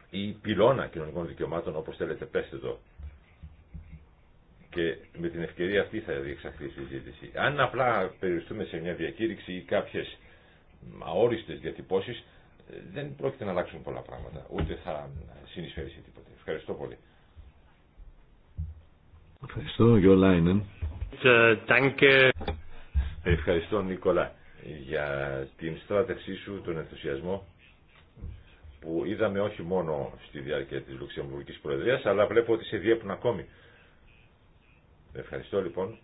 ή πυλώνα κοινωνικών δικαιωμάτων όπως θέλετε πέστε το και με την ευκαιρία αυτή θα διεξαχθεί η συζήτηση αν απλά περιοριστούμε σε μια διακήρυξη ή κάποιες αόριστες διατυπώσεις δεν πρόκειται να αλλάξουν πολλά πράγματα, ούτε θα συνεισφέρει σε τίποτα. Ευχαριστώ πολύ. Ευχαριστώ, Γιολάινεν. Ε, Ευχαριστώ, Νικολά, για την στράτευσή σου, τον ενθουσιασμό που είδαμε όχι μόνο στη διάρκεια της Λουξεμβουργικής Προεδρίας, αλλά βλέπω ότι σε διέπουν ακόμη. Ευχαριστώ λοιπόν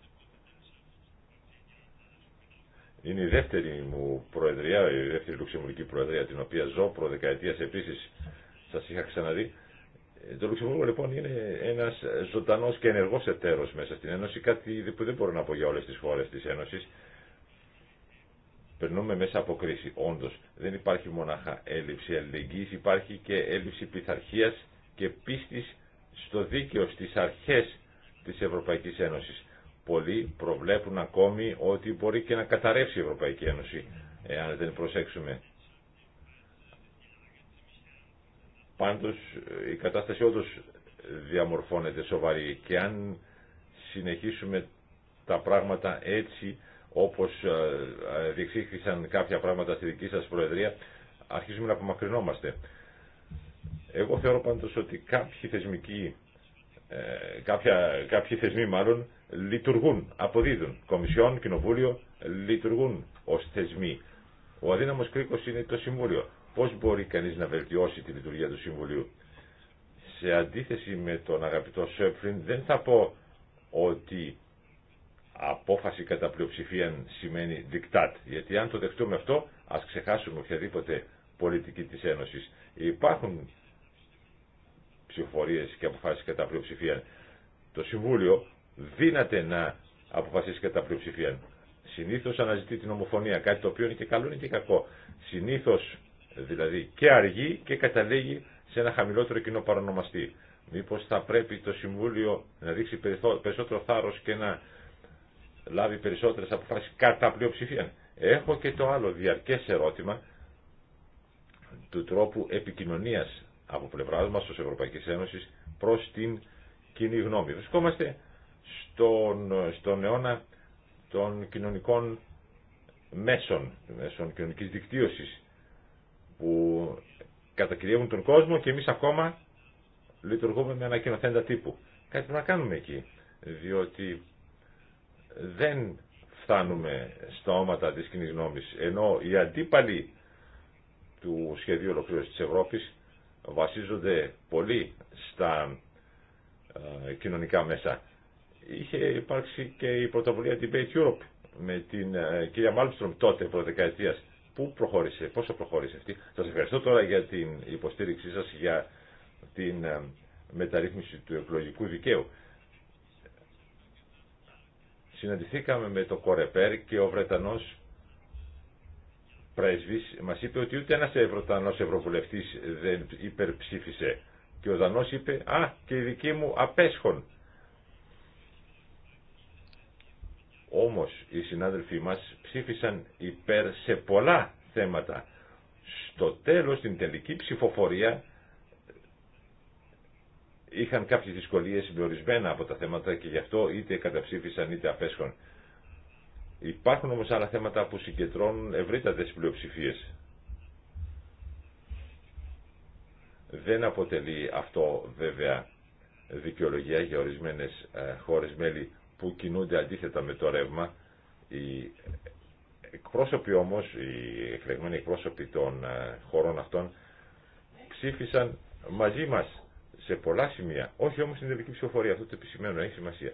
είναι η δεύτερη μου προεδρία, η δεύτερη Λουξεμβουργική προεδρία, την οποία ζω προδεκαετία επίση. Σα είχα ξαναδεί. Ε, το Λουξεμβούργο λοιπόν είναι ένα ζωντανό και ενεργό εταίρο μέσα στην Ένωση, κάτι που δεν μπορώ να πω για όλε τι χώρε τη Ένωση. Περνούμε μέσα από κρίση, όντω. Δεν υπάρχει μονάχα έλλειψη αλληλεγγύη, υπάρχει και έλλειψη πειθαρχία και πίστη στο δίκαιο, στι αρχέ τη Ευρωπαϊκή Ένωση πολλοί προβλέπουν ακόμη ότι μπορεί και να καταρρεύσει η Ευρωπαϊκή Ένωση εάν δεν προσέξουμε. Πάντως η κατάσταση όντως διαμορφώνεται σοβαρή και αν συνεχίσουμε τα πράγματα έτσι όπως ε, ε, διεξήχθησαν κάποια πράγματα στη δική σας Προεδρία αρχίζουμε να απομακρυνόμαστε. Εγώ θεωρώ πάντως ότι κάποιοι θεσμικοί ε, κάποια, κάποιοι θεσμοί μάλλον λειτουργούν, αποδίδουν. Κομισιόν, Κοινοβούλιο λειτουργούν ω θεσμοί. Ο αδύναμο κρίκο είναι το Συμβούλιο. Πώ μπορεί κανεί να βελτιώσει τη λειτουργία του Συμβουλίου. Σε αντίθεση με τον αγαπητό Σέπφριν, δεν θα πω ότι απόφαση κατά πλειοψηφία σημαίνει δικτάτ. Γιατί αν το δεχτούμε αυτό, α ξεχάσουμε οποιαδήποτε πολιτική τη Ένωση. Υπάρχουν ψηφοφορίε και αποφάσει κατά πλειοψηφία. Το Συμβούλιο δύναται να αποφασίσει κατά πλειοψηφία. Συνήθω αναζητεί την ομοφωνία, κάτι το οποίο είναι και καλό είναι και κακό. Συνήθω δηλαδή και αργεί και καταλήγει σε ένα χαμηλότερο κοινό παρονομαστή. Μήπω θα πρέπει το Συμβούλιο να δείξει περισσότερο θάρρο και να λάβει περισσότερε αποφάσει κατά πλειοψηφία. Έχω και το άλλο διαρκέ ερώτημα του τρόπου επικοινωνία από πλευρά μα ω Ευρωπαϊκή Ένωση προ την κοινή γνώμη. Βρισκόμαστε στον, στον αιώνα των κοινωνικών μέσων, μέσων κοινωνικής δικτύωσης που κατακυριεύουν τον κόσμο και εμείς ακόμα λειτουργούμε με ανακοινοθέντα τύπου. Κάτι που να κάνουμε εκεί, διότι δεν φτάνουμε στα όματα της κοινή γνώμης, ενώ οι αντίπαλοι του σχεδίου ολοκλήρωσης της Ευρώπης βασίζονται πολύ στα ε, κοινωνικά μέσα είχε υπάρξει και η πρωτοβουλία Debate Europe με την ε, κυρία Μάλμστρομ τότε πρωτοδεκαετία. Πού προχώρησε, πόσο προχώρησε αυτή. Σας ευχαριστώ τώρα για την υποστήριξή σας για την ε, μεταρρύθμιση του εκλογικού δικαίου. Συναντηθήκαμε με το Κορεπέρ και ο Βρετανός πρέσβης μας είπε ότι ούτε ένας Βρετανός Ευρωβουλευτής δεν υπερψήφισε. Και ο Δανός είπε «Α, και οι δικοί μου απέσχον». Όμως οι συνάδελφοί μας ψήφισαν υπέρ σε πολλά θέματα. Στο τέλος, στην τελική ψηφοφορία, είχαν κάποιες δυσκολίες ορισμένα από τα θέματα και γι' αυτό είτε καταψήφισαν είτε απέσχον. Υπάρχουν όμως άλλα θέματα που συγκεντρώνουν ευρύτατες πλειοψηφίες. Δεν αποτελεί αυτό βέβαια δικαιολογία για ορισμένες ε, χώρες μέλη που κινούνται αντίθετα με το ρεύμα. Οι εκπρόσωποι όμως, οι εκλεγμένοι εκπρόσωποι των ε, χωρών αυτών ψήφισαν μαζί μας σε πολλά σημεία, όχι όμως στην τελική ψηφοφορία, αυτό το επισημαίνω, έχει σημασία.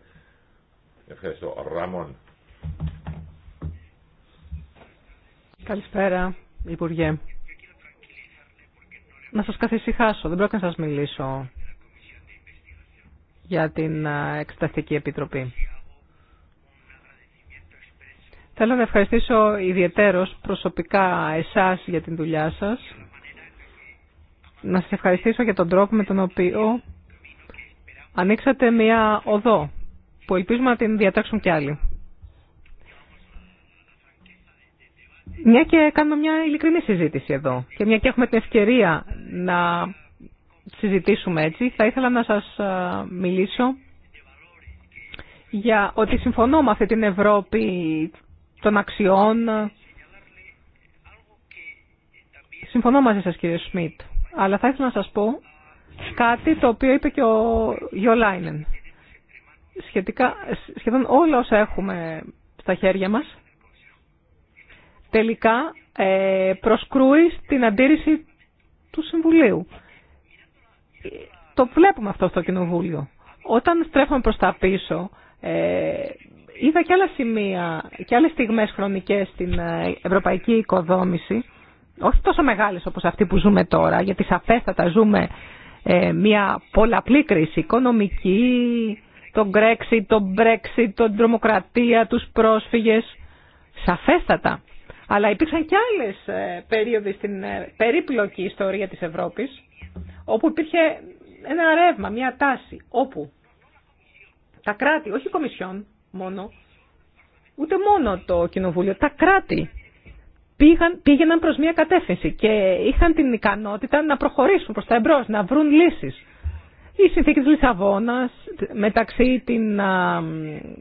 Ευχαριστώ. Ραμόν. Καλησπέρα, Υπουργέ. Να σας καθησυχάσω, δεν πρόκειται να σας μιλήσω για την Εξεταστική Επιτροπή. Θέλω να ευχαριστήσω ιδιαίτερος προσωπικά εσάς για την δουλειά σας. Να σας ευχαριστήσω για τον τρόπο με τον οποίο ανοίξατε μια οδό που ελπίζουμε να την διατάξουν κι άλλοι. Μια και κάνουμε μια ειλικρινή συζήτηση εδώ και μια και έχουμε την ευκαιρία να συζητήσουμε έτσι, θα ήθελα να σας μιλήσω για ότι συμφωνώ με αυτή την Ευρώπη των αξιών. Συμφωνώ μαζί σας κύριε Σμιτ, αλλά θα ήθελα να σας πω κάτι το οποίο είπε και ο Γιολάινεν. Σχετικά, σχεδόν όλα όσα έχουμε στα χέρια μας, τελικά ε, προσκρούει στην αντίρρηση του Συμβουλίου. Το βλέπουμε αυτό στο Κοινοβούλιο. Όταν στρέφουμε προς τα πίσω, ε, Είδα και άλλα σημεία και άλλες στιγμές χρονικές στην ε, ευρωπαϊκή οικοδόμηση, όχι τόσο μεγάλες όπως αυτή που ζούμε τώρα, γιατί σαφέστατα ζούμε ε, μια πολλαπλή κρίση οικονομική, το Brexit, το Brexit, τον τρομοκρατία, τους πρόσφυγες, σαφέστατα. Αλλά υπήρξαν και άλλες ε, περίοδοι στην περίπλοκη ιστορία της Ευρώπης, όπου υπήρχε ένα ρεύμα, μια τάση, όπου τα κράτη, όχι η Κομισιόν, μόνο, ούτε μόνο το κοινοβούλιο, τα κράτη πήγαν, πήγαιναν προς μια κατεύθυνση και είχαν την ικανότητα να προχωρήσουν προς τα εμπρός, να βρουν λύσεις. Η συνθήκη της Λισαβόνας, μεταξύ την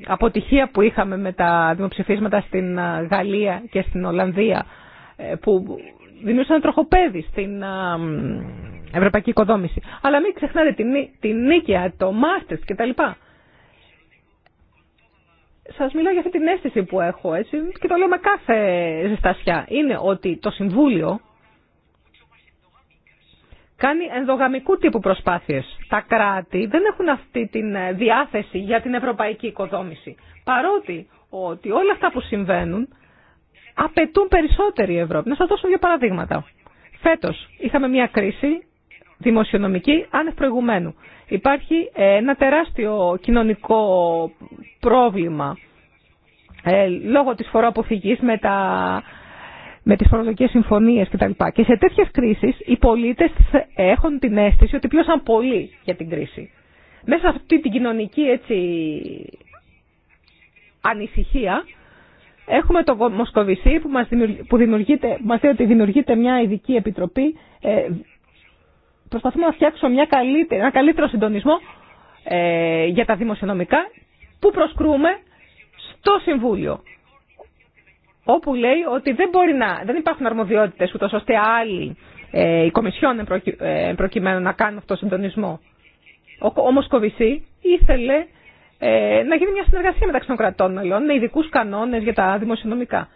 αποτυχία που είχαμε με τα δημοψηφίσματα στην Γαλλία και στην Ολλανδία, ε, που δημιούργησαν τροχοπέδι στην ευρωπαϊκή οικοδόμηση. Αλλά μην ξεχνάτε την, την το Μάστες κτλ σας μιλάω για αυτή την αίσθηση που έχω, έτσι, και το λέω με κάθε ζεστασιά, είναι ότι το Συμβούλιο κάνει ενδογαμικού τύπου προσπάθειες. Τα κράτη δεν έχουν αυτή τη διάθεση για την ευρωπαϊκή οικοδόμηση. Παρότι ότι όλα αυτά που συμβαίνουν απαιτούν περισσότερη Ευρώπη. Να σας δώσω δύο παραδείγματα. Φέτος είχαμε μια κρίση δημοσιονομική άνευ προηγουμένου. Υπάρχει ε, ένα τεράστιο κοινωνικό πρόβλημα ε, λόγω της φοροαποφυγής με τα με τις φορολογικές συμφωνίες κτλ. Και σε τέτοιες κρίσεις οι πολίτες έχουν την αίσθηση ότι πλώσαν πολύ για την κρίση. Μέσα σε αυτή την κοινωνική έτσι, ανησυχία έχουμε το Μοσκοβισί που μας, δημιουργείται, μας ότι δημιουργείται μια ειδική επιτροπή ε, προσπαθούμε να φτιάξουμε μια καλύτερη, ένα καλύτερο συντονισμό ε, για τα δημοσιονομικά που προσκρούμε στο Συμβούλιο. Όπου λέει ότι δεν, μπορεί να, δεν υπάρχουν αρμοδιότητε ούτω ώστε άλλοι ε, οι Κομισιόν ε, προκειμένου να κάνουν αυτό τον συντονισμό. Ο, όμως Κοβισή ήθελε ε, να γίνει μια συνεργασία μεταξύ των κρατών μελών με ειδικού κανόνε για τα δημοσιονομικά.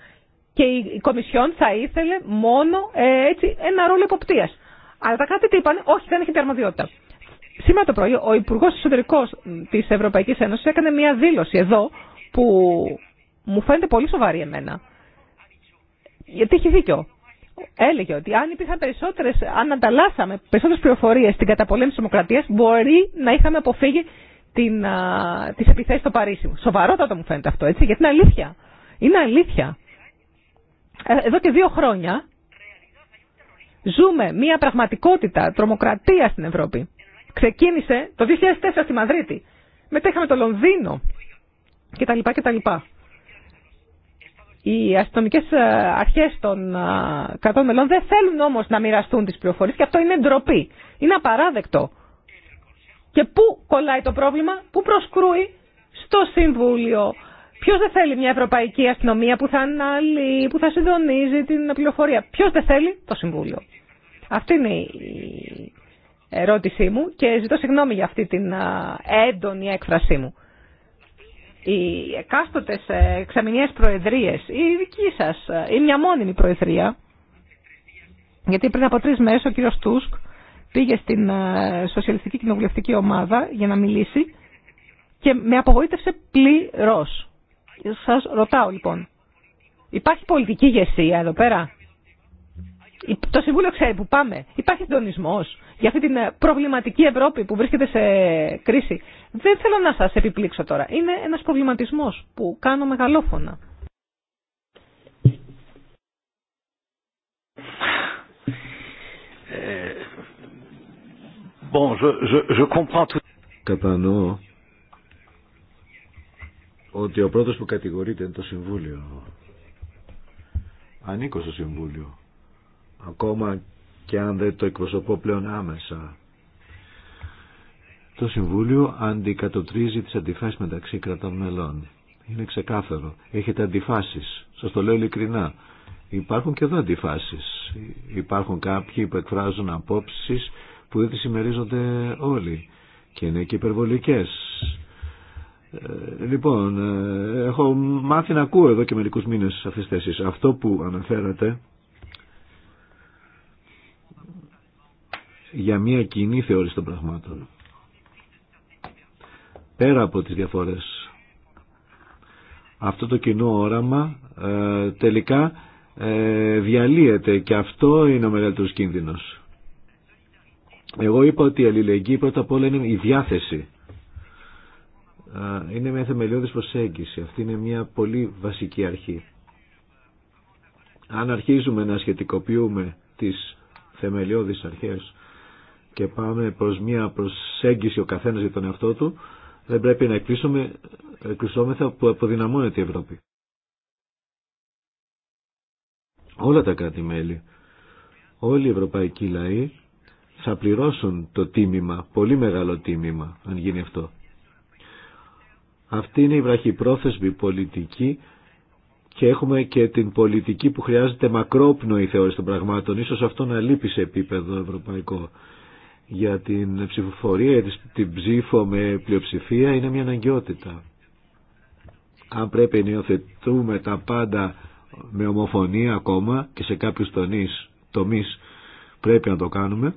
Και η, η Κομισιόν θα ήθελε μόνο ε, έτσι, ένα ρόλο υποπτίας. Αλλά τα κράτη τι είπαν, όχι, δεν έχετε αρμοδιότητα. Σήμερα το πρωί ο Υπουργό Εσωτερικό τη Ευρωπαϊκή Ένωση έκανε μια δήλωση εδώ που μου φαίνεται πολύ σοβαρή εμένα. Γιατί έχει δίκιο. Έλεγε ότι αν υπήρχαν περισσότερε, αν ανταλλάσσαμε περισσότερε πληροφορίε στην καταπολέμηση τη δημοκρατία, μπορεί να είχαμε αποφύγει τι επιθέσει τις επιθέσεις στο Παρίσι. Σοβαρότατο μου φαίνεται αυτό, έτσι, γιατί είναι αλήθεια. Είναι αλήθεια. Ε, εδώ και δύο χρόνια Ζούμε μια πραγματικότητα τρομοκρατία στην Ευρώπη. Ξεκίνησε το 2004 στη Μαδρίτη. Μετά είχαμε το Λονδίνο κτλ. κτλ. Οι αστυνομικέ ε, αρχέ των ε, κρατών μελών δεν θέλουν όμω να μοιραστούν τι πληροφορίε και αυτό είναι ντροπή. Είναι απαράδεκτο. Και πού κολλάει το πρόβλημα, πού προσκρούει στο Συμβούλιο Ποιο δεν θέλει μια ευρωπαϊκή αστυνομία που θα, αναλύει, που θα συντονίζει την πληροφορία. Ποιο δεν θέλει το Συμβούλιο. Αυτή είναι η ερώτησή μου και ζητώ συγγνώμη για αυτή την έντονη έκφρασή μου. Οι εκάστοτε εξαμηνιές προεδρίες ή η δικη σας ή ε, μια μόνιμη προεδρία, γιατί πριν από τρεις μέρες ο κύριος Τούσκ πήγε στην ε, Σοσιαλιστική Κοινοβουλευτική Ομάδα για να μιλήσει και με απογοήτευσε πλήρως. Σας ρωτάω λοιπόν, υπάρχει πολιτική ηγεσία εδώ πέρα. Το Συμβούλιο ξέρει που πάμε. Υπάρχει συντονισμό για αυτή την ε, προβληματική Ευρώπη που βρίσκεται σε κρίση. Δεν θέλω να σας επιπλήξω τώρα. Είναι ένας προβληματισμός που κάνω μεγαλόφωνα. Ε, bon, je, je, je comprends tout. Κατανοώ ότι ο πρώτος που κατηγορείται είναι το Συμβούλιο. Ανήκω στο Συμβούλιο. Ακόμα και αν δεν το εκπροσωπώ πλέον άμεσα. Το Συμβούλιο αντικατοπτρίζει τις αντιφάσεις μεταξύ κρατών μελών. Είναι ξεκάθαρο. Έχετε αντιφάσεις. Σας το λέω ειλικρινά. Υπάρχουν και εδώ αντιφάσεις. Υπάρχουν κάποιοι που εκφράζουν απόψεις που δεν τις συμμερίζονται όλοι. Και είναι και υπερβολικές ε, λοιπόν, ε, έχω μάθει να ακούω εδώ και μερικούς μήνες αυτές τις θέσεις. Αυτό που αναφέρατε για μια κοινή θεώρηση των πραγμάτων. Πέρα από τις διαφορές. Αυτό το κοινό όραμα ε, τελικά διαλύεται και αυτό είναι ο μεγαλύτερος κίνδυνος. Εγώ είπα ότι η αλληλεγγύη πρώτα απ' όλα είναι η διάθεση είναι μια θεμελιώδης προσέγγιση. Αυτή είναι μια πολύ βασική αρχή. Αν αρχίζουμε να σχετικοποιούμε τις θεμελιώδεις αρχές και πάμε προς μια προσέγγιση ο καθένας για τον εαυτό του, δεν πρέπει να εκπλησόμεθα που αποδυναμώνεται η Ευρώπη. Όλα τα κράτη-μέλη, όλοι οι ευρωπαϊκοί λαοί θα πληρώσουν το τίμημα, πολύ μεγάλο τίμημα, αν γίνει αυτό. Αυτή είναι η βραχυπρόθεσμη πολιτική και έχουμε και την πολιτική που χρειάζεται μακρόπνοη θεώρηση των πραγμάτων. Ίσως αυτό να λείπει σε επίπεδο ευρωπαϊκό. Για την ψηφοφορία, την ψήφο με πλειοψηφία είναι μια αναγκαιότητα. Αν πρέπει να υιοθετούμε τα πάντα με ομοφωνία ακόμα και σε κάποιους τομείς, τομείς πρέπει να το κάνουμε,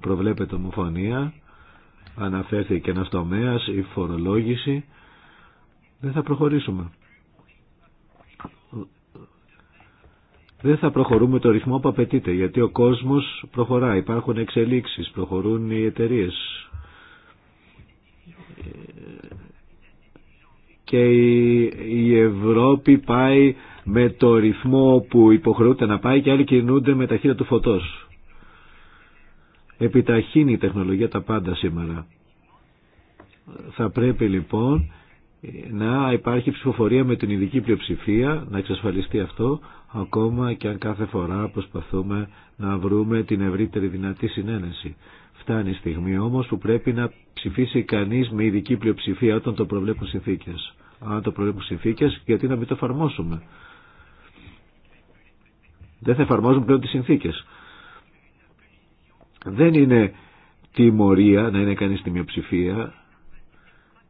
προβλέπεται ομοφωνία, αναφέρθηκε ένας τομέας, η φορολόγηση, δεν θα προχωρήσουμε. Δεν θα προχωρούμε το ρυθμό που απαιτείται, γιατί ο κόσμος προχωρά. υπάρχουν εξελίξεις, προχωρούν οι εταιρείε. Και η Ευρώπη πάει με το ρυθμό που υποχρεούται να πάει και άλλοι κινούνται με ταχύτητα του φωτός. Επιταχύνει η τεχνολογία τα πάντα σήμερα. Θα πρέπει λοιπόν να υπάρχει ψηφοφορία με την ειδική πλειοψηφία, να εξασφαλιστεί αυτό, ακόμα και αν κάθε φορά προσπαθούμε να βρούμε την ευρύτερη δυνατή συνένεση. Φτάνει η στιγμή όμως που πρέπει να ψηφίσει κανείς με ειδική πλειοψηφία όταν το προβλέπουν συνθήκες. Αν το προβλέπουν συνθήκες, γιατί να μην το εφαρμόσουμε. Δεν θα εφαρμόζουν πλέον τις συνθήκες. Δεν είναι τιμωρία να είναι κανείς στη μειοψηφία.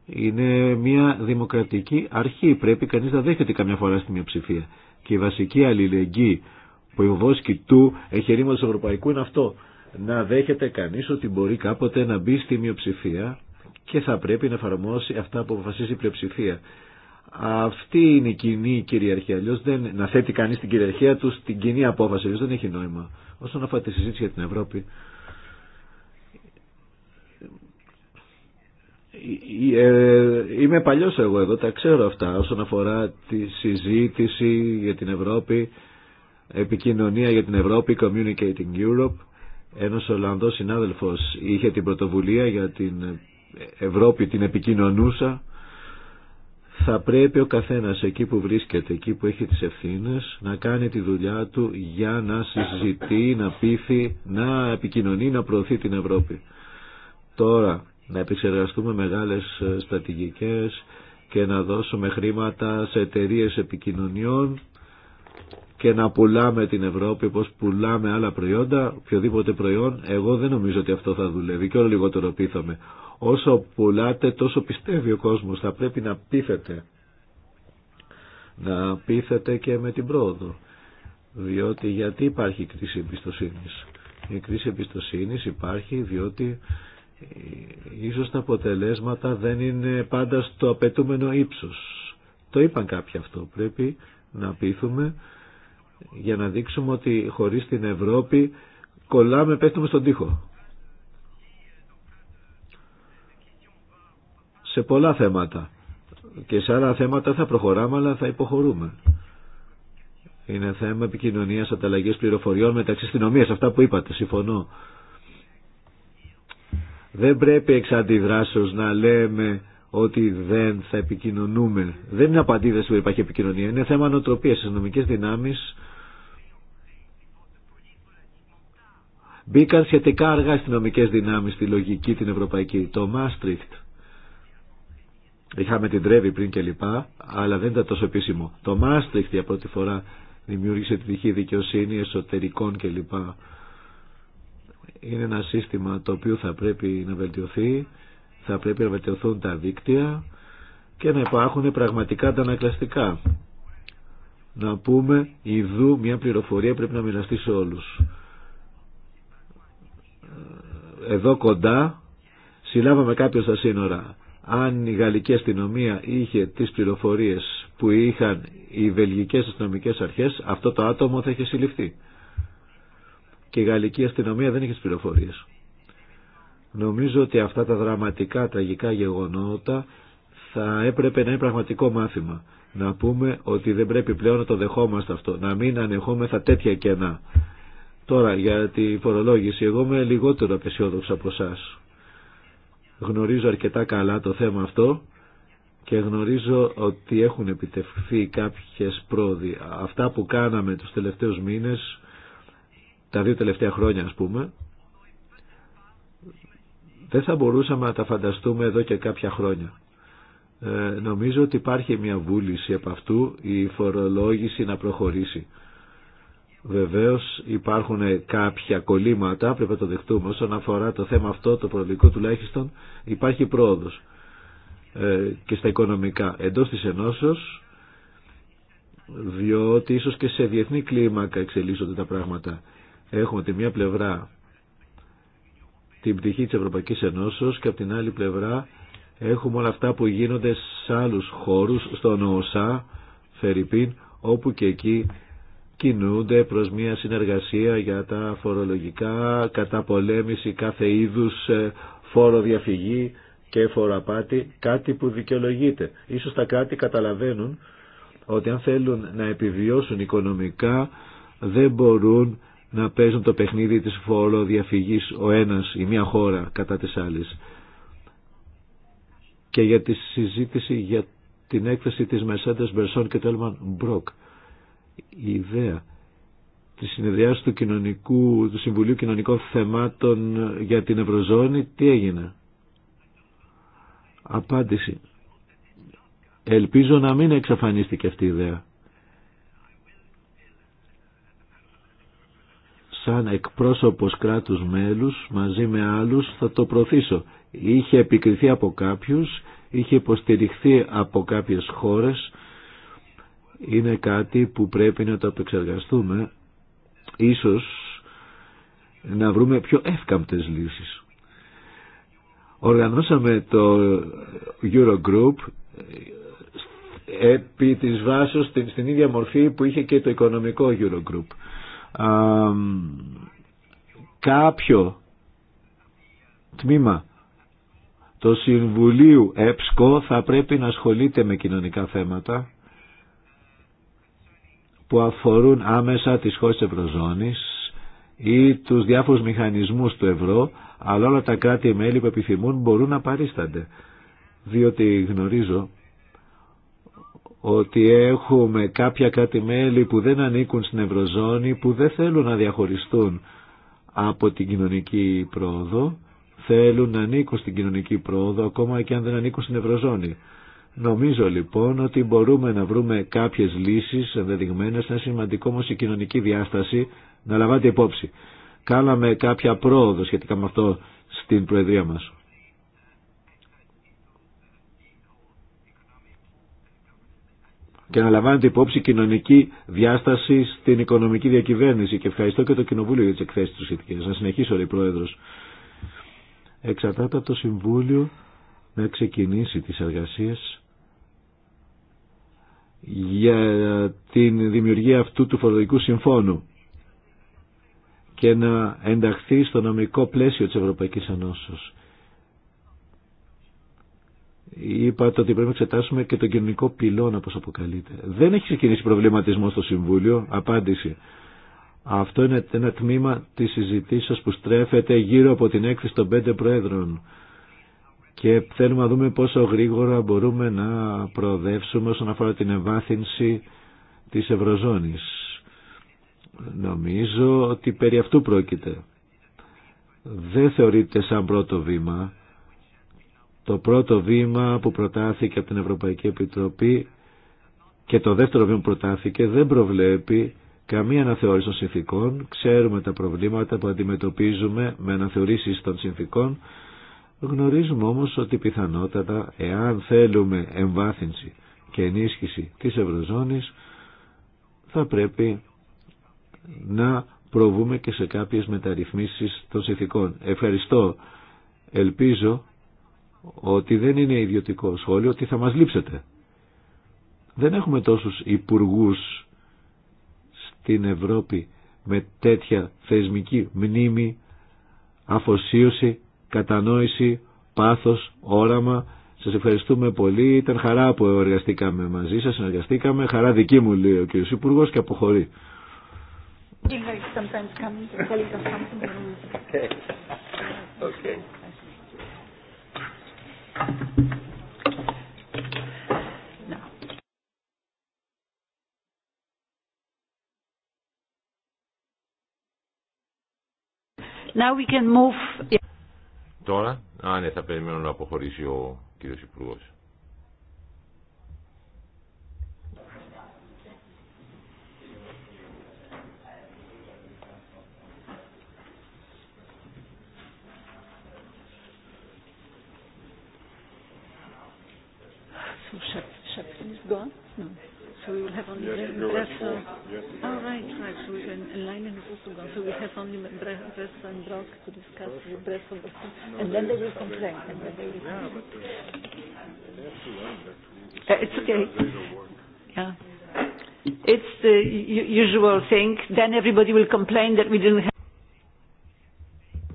Είναι μια δημοκρατική αρχή. Πρέπει κανείς να δέχεται καμιά φορά στη μειοψηφία. Και η βασική αλληλεγγύη που η του εχειρήματο Ευρωπαϊκού είναι αυτό. Να δέχεται κανείς ότι μπορεί κάποτε να μπει στη μειοψηφία και θα πρέπει να εφαρμόσει αυτά που αποφασίζει η πλειοψηφία. Αυτή είναι η κοινή κυριαρχία. Αλλιώ να θέτει κανεί την κυριαρχία του στην κοινή απόφαση. Αλλιώ δεν έχει νόημα. Όσον αφορά τη συζήτηση για την Ευρώπη, Ε, ε, είμαι παλιός εγώ εδώ, τα ξέρω αυτά όσον αφορά τη συζήτηση για την Ευρώπη, επικοινωνία για την Ευρώπη, Communicating Europe. Ένας Ολλανδός συνάδελφος είχε την πρωτοβουλία για την Ευρώπη, την επικοινωνούσα. Θα πρέπει ο καθένας εκεί που βρίσκεται, εκεί που έχει τις ευθύνες, να κάνει τη δουλειά του για να συζητεί, να πείθει, να επικοινωνεί, να προωθεί την Ευρώπη. Τώρα, να επεξεργαστούμε μεγάλες ε, στρατηγικές και να δώσουμε χρήματα σε εταιρείε επικοινωνιών και να πουλάμε την Ευρώπη όπως πουλάμε άλλα προϊόντα, οποιοδήποτε προϊόν, εγώ δεν νομίζω ότι αυτό θα δουλεύει και όλο λιγότερο πείθομαι. Όσο πουλάτε τόσο πιστεύει ο κόσμος, θα πρέπει να πείθετε. Να πείθετε και με την πρόοδο. Διότι γιατί υπάρχει κρίση εμπιστοσύνης. Η κρίση εμπιστοσύνης υπάρχει διότι ίσως τα αποτελέσματα δεν είναι πάντα στο απαιτούμενο ύψος. Το είπαν κάποιοι αυτό. Πρέπει να πείθουμε για να δείξουμε ότι χωρίς την Ευρώπη κολλάμε, πέφτουμε στον τοίχο. Σε πολλά θέματα. Και σε άλλα θέματα θα προχωράμε αλλά θα υποχωρούμε. Είναι θέμα επικοινωνίας, ανταλλαγής πληροφοριών μεταξύ αστυνομία, αυτά που είπατε, συμφωνώ. Δεν πρέπει εξ αντιδράσεως να λέμε ότι δεν θα επικοινωνούμε. Δεν είναι απαντήδες που υπάρχει επικοινωνία. Είναι θέμα νοοτροπίας. Στις νομικές δυνάμεις μπήκαν σχετικά αργά στις νομικές δυνάμεις στη λογική την ευρωπαϊκή. Το Μάστριχτ. Είχαμε την Τρέβη πριν λοιπά, Αλλά δεν ήταν τόσο επίσημο. Το Μάστριχτ για πρώτη φορά δημιούργησε τη δική δικαιοσύνη εσωτερικών κλπ είναι ένα σύστημα το οποίο θα πρέπει να βελτιωθεί, θα πρέπει να βελτιωθούν τα δίκτυα και να υπάρχουν πραγματικά τα αντανακλαστικά. Να πούμε, ιδού μια πληροφορία πρέπει να μοιραστεί σε όλους. Εδώ κοντά συλλάβαμε κάποιο στα σύνορα. Αν η γαλλική αστυνομία είχε τις πληροφορίες που είχαν οι βελγικές αστυνομικές αρχές, αυτό το άτομο θα είχε συλληφθεί και η γαλλική αστυνομία δεν είχε τι πληροφορίε. Νομίζω ότι αυτά τα δραματικά, τραγικά γεγονότα θα έπρεπε να είναι πραγματικό μάθημα. Να πούμε ότι δεν πρέπει πλέον να το δεχόμαστε αυτό, να μην ανεχόμεθα τέτοια κενά. Τώρα για τη φορολόγηση, εγώ είμαι λιγότερο απεσιόδοξο από εσά. Γνωρίζω αρκετά καλά το θέμα αυτό και γνωρίζω ότι έχουν επιτευχθεί κάποιες πρόοδοι. Αυτά που κάναμε τους τελευταίους μήνες τα δύο τελευταία χρόνια ας πούμε, δεν θα μπορούσαμε να τα φανταστούμε εδώ και κάποια χρόνια. Ε, νομίζω ότι υπάρχει μια βούληση από αυτού η φορολόγηση να προχωρήσει. Βεβαίως υπάρχουν κάποια κολλήματα, πρέπει να το δεχτούμε, όσον αφορά το θέμα αυτό, το προοδικό τουλάχιστον, υπάρχει πρόοδος ε, και στα οικονομικά εντός της ενώσεως, διότι ίσως και σε διεθνή κλίμακα εξελίσσονται τα πράγματα. Έχουμε τη μία πλευρά την πτυχή της Ευρωπαϊκής Ενώσεως και από την άλλη πλευρά έχουμε όλα αυτά που γίνονται σε άλλους χώρους, στον ΟΣΑ, Φερρυπίν, όπου και εκεί κινούνται προς μια συνεργασία για τα φορολογικά, καταπολέμηση κάθε είδους ε, φόρο διαφυγή και φοροαπάτη, κάτι που δικαιολογείται. Ίσως τα κράτη καταλαβαίνουν ότι αν θέλουν να επιβιώσουν οικονομικά δεν μπορούν να παίζουν το παιχνίδι της διαφυγής ο ένας ή μια χώρα κατά της άλλης. Και για τη συζήτηση για την έκθεση της Μεσάντες Μπερσόν και Τέλμαν Μπροκ. Η ιδέα τη συνεδριάση του, κοινωνικού, του Συμβουλίου Κοινωνικών Θεμάτων για την Ευρωζώνη, τι έγινε. Απάντηση. Ελπίζω να μην εξαφανίστηκε αυτή η ιδέα. σαν εκπρόσωπος κράτους μέλους μαζί με άλλους θα το προωθήσω. Είχε επικριθεί από κάποιους, είχε υποστηριχθεί από κάποιες χώρες. Είναι κάτι που πρέπει να το επεξεργαστούμε, Ίσως να βρούμε πιο εύκαμπτες λύσεις. Οργανώσαμε το Eurogroup επί της βάσης στην, στην ίδια μορφή που είχε και το οικονομικό Eurogroup κάποιο τμήμα το Συμβουλίου ΕΠΣΚΟ θα πρέπει να ασχολείται με κοινωνικά θέματα που αφορούν άμεσα τις χώρες της Ευρωζώνης ή τους διάφορους μηχανισμούς του ευρώ, αλλά όλα τα κράτη-μέλη που επιθυμούν μπορούν να παρίστανται. Διότι γνωρίζω ότι έχουμε κάποια κάτι μέλη που δεν ανήκουν στην Ευρωζώνη, που δεν θέλουν να διαχωριστούν από την κοινωνική πρόοδο, θέλουν να ανήκουν στην κοινωνική πρόοδο ακόμα και αν δεν ανήκουν στην Ευρωζώνη. Νομίζω λοιπόν ότι μπορούμε να βρούμε κάποιες λύσεις ενδεδειγμένες, είναι σημαντικό όμως η κοινωνική διάσταση να λαμβάνεται υπόψη. Κάναμε κάποια πρόοδο σχετικά με αυτό στην Προεδρία μας. και να λαμβάνεται υπόψη κοινωνική διάσταση στην οικονομική διακυβέρνηση. Και ευχαριστώ και το Κοινοβούλιο για τι εκθέσει του σχετικέ. Να συνεχίσω, Ρε Πρόεδρο. Εξαρτάται από το Συμβούλιο να ξεκινήσει τι εργασίε για την δημιουργία αυτού του φορολογικού συμφώνου και να ενταχθεί στο νομικό πλαίσιο της Ευρωπαϊκής Ενώσεως. Είπατε ότι πρέπει να εξετάσουμε και τον κοινωνικό πυλώνα, όπω αποκαλείται. Δεν έχει ξεκινήσει προβληματισμό στο Συμβούλιο. Απάντηση. Αυτό είναι ένα τμήμα της συζητήσεως που στρέφεται γύρω από την έκθεση των πέντε πρόεδρων. Και θέλουμε να δούμε πόσο γρήγορα μπορούμε να προοδεύσουμε όσον αφορά την εμβάθυνση τη ευρωζώνη. Νομίζω ότι περί αυτού πρόκειται. Δεν θεωρείται σαν πρώτο βήμα το πρώτο βήμα που προτάθηκε από την Ευρωπαϊκή Επιτροπή και το δεύτερο βήμα που προτάθηκε δεν προβλέπει καμία αναθεώρηση των συνθήκων. Ξέρουμε τα προβλήματα που αντιμετωπίζουμε με αναθεωρήσεις των συνθήκων. Γνωρίζουμε όμως ότι πιθανότατα εάν θέλουμε εμβάθυνση και ενίσχυση της Ευρωζώνης θα πρέπει να προβούμε και σε κάποιες μεταρρυθμίσεις των συνθήκων. Ευχαριστώ. Ελπίζω ότι δεν είναι ιδιωτικό σχόλιο, ότι θα μας λείψετε. Δεν έχουμε τόσους υπουργούς στην Ευρώπη με τέτοια θεσμική μνήμη, αφοσίωση, κατανόηση, πάθος, όραμα. Σας ευχαριστούμε πολύ. Ήταν χαρά που εργαστήκαμε μαζί σας, συνεργαστήκαμε. Χαρά δική μου λέει ο κ. Υπουργός και αποχωρεί. Now we can move... Τώρα, α ναι, θα περιμένω να αποχωρήσει ο κύριος Υπουργός. Shepton is gone? No. So we will have only yes, Bressa. Yes, oh, right, right. So we can, and Leinen is also gone. So we have only Bressa and Brock to discuss with Bressa. And then they will complain. And then they will yeah, but they have to learn that. it's okay. Yeah. It's the usual thing. Then everybody will complain that we didn't have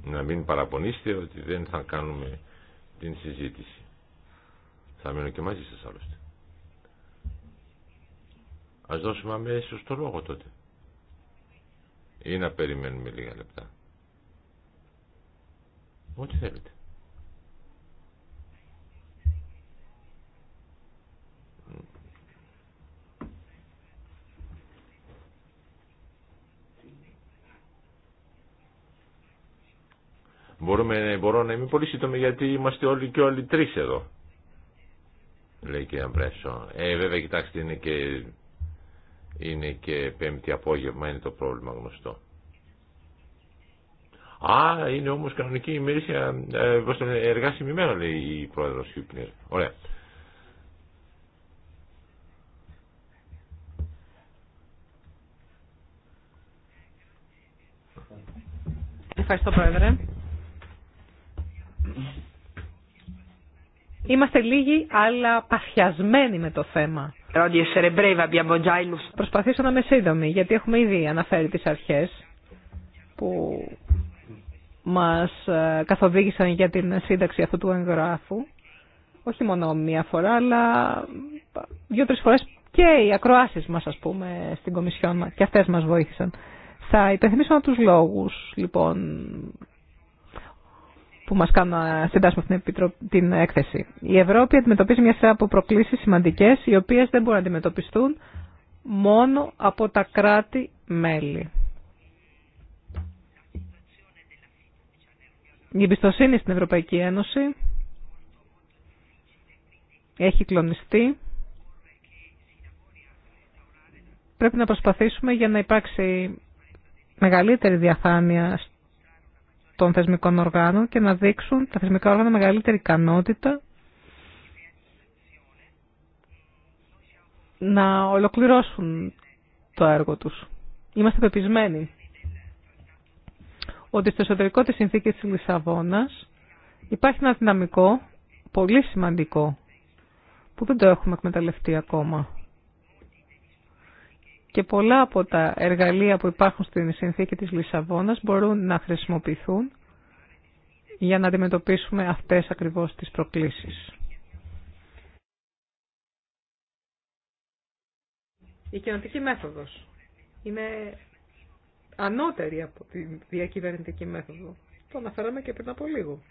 να μην παραπονείστε ότι δεν θα κάνουμε την συζήτηση. Θα μείνω και μαζί σας άλλωστε. Ας δώσουμε αμέσως το λόγο τότε. Ή να περιμένουμε λίγα λεπτά. Ό,τι θέλετε. Μπορούμε, μπορώ να είμαι πολύ σύντομη γιατί είμαστε όλοι και όλοι τρεις εδώ λέει η κυρία Μπρέσο. Ε, βέβαια, κοιτάξτε, είναι και, είναι και πέμπτη απόγευμα, είναι το πρόβλημα γνωστό. Α, είναι όμως κανονική ημερήσια ε, εργάσιμη ημέρα, λέει η πρόεδρος Χιούπνερ. Ωραία. Ευχαριστώ, Πρόεδρε. Είμαστε λίγοι, αλλά παθιασμένοι με το θέμα. Προσπαθήσω να είμαι σύντομη, γιατί έχουμε ήδη αναφέρει τις αρχές που μας ε, καθοδήγησαν για την σύνταξη αυτού του εγγράφου. Όχι μόνο μία φορά, αλλά δύο-τρεις φορές και οι ακροάσεις μας, ας πούμε, στην Κομισιόν και αυτές μας βοήθησαν. Θα υπενθυμίσω τους λόγους, λοιπόν, που μας κάνουν να συντάσσουμε την, την έκθεση. Η Ευρώπη αντιμετωπίζει μια σειρά από προκλήσεις σημαντικές, οι οποίες δεν μπορούν να αντιμετωπιστούν μόνο από τα κράτη-μέλη. Η εμπιστοσύνη στην Ευρωπαϊκή Ένωση έχει κλονιστεί. Πρέπει να προσπαθήσουμε για να υπάρξει μεγαλύτερη διαφάνεια των θεσμικών οργάνων και να δείξουν τα θεσμικά όργανα μεγαλύτερη ικανότητα να ολοκληρώσουν το έργο τους. Είμαστε πεπισμένοι ότι στο εσωτερικό της συνθήκης της Λισαβόνας υπάρχει ένα δυναμικό πολύ σημαντικό που δεν το έχουμε εκμεταλλευτεί ακόμα και πολλά από τα εργαλεία που υπάρχουν στην συνθήκη της Λισαβόνας μπορούν να χρησιμοποιηθούν για να αντιμετωπίσουμε αυτές ακριβώς τις προκλήσεις. Η κοινωνική μέθοδος είναι ανώτερη από τη διακυβερνητική μέθοδο. Το αναφέραμε και πριν από λίγο.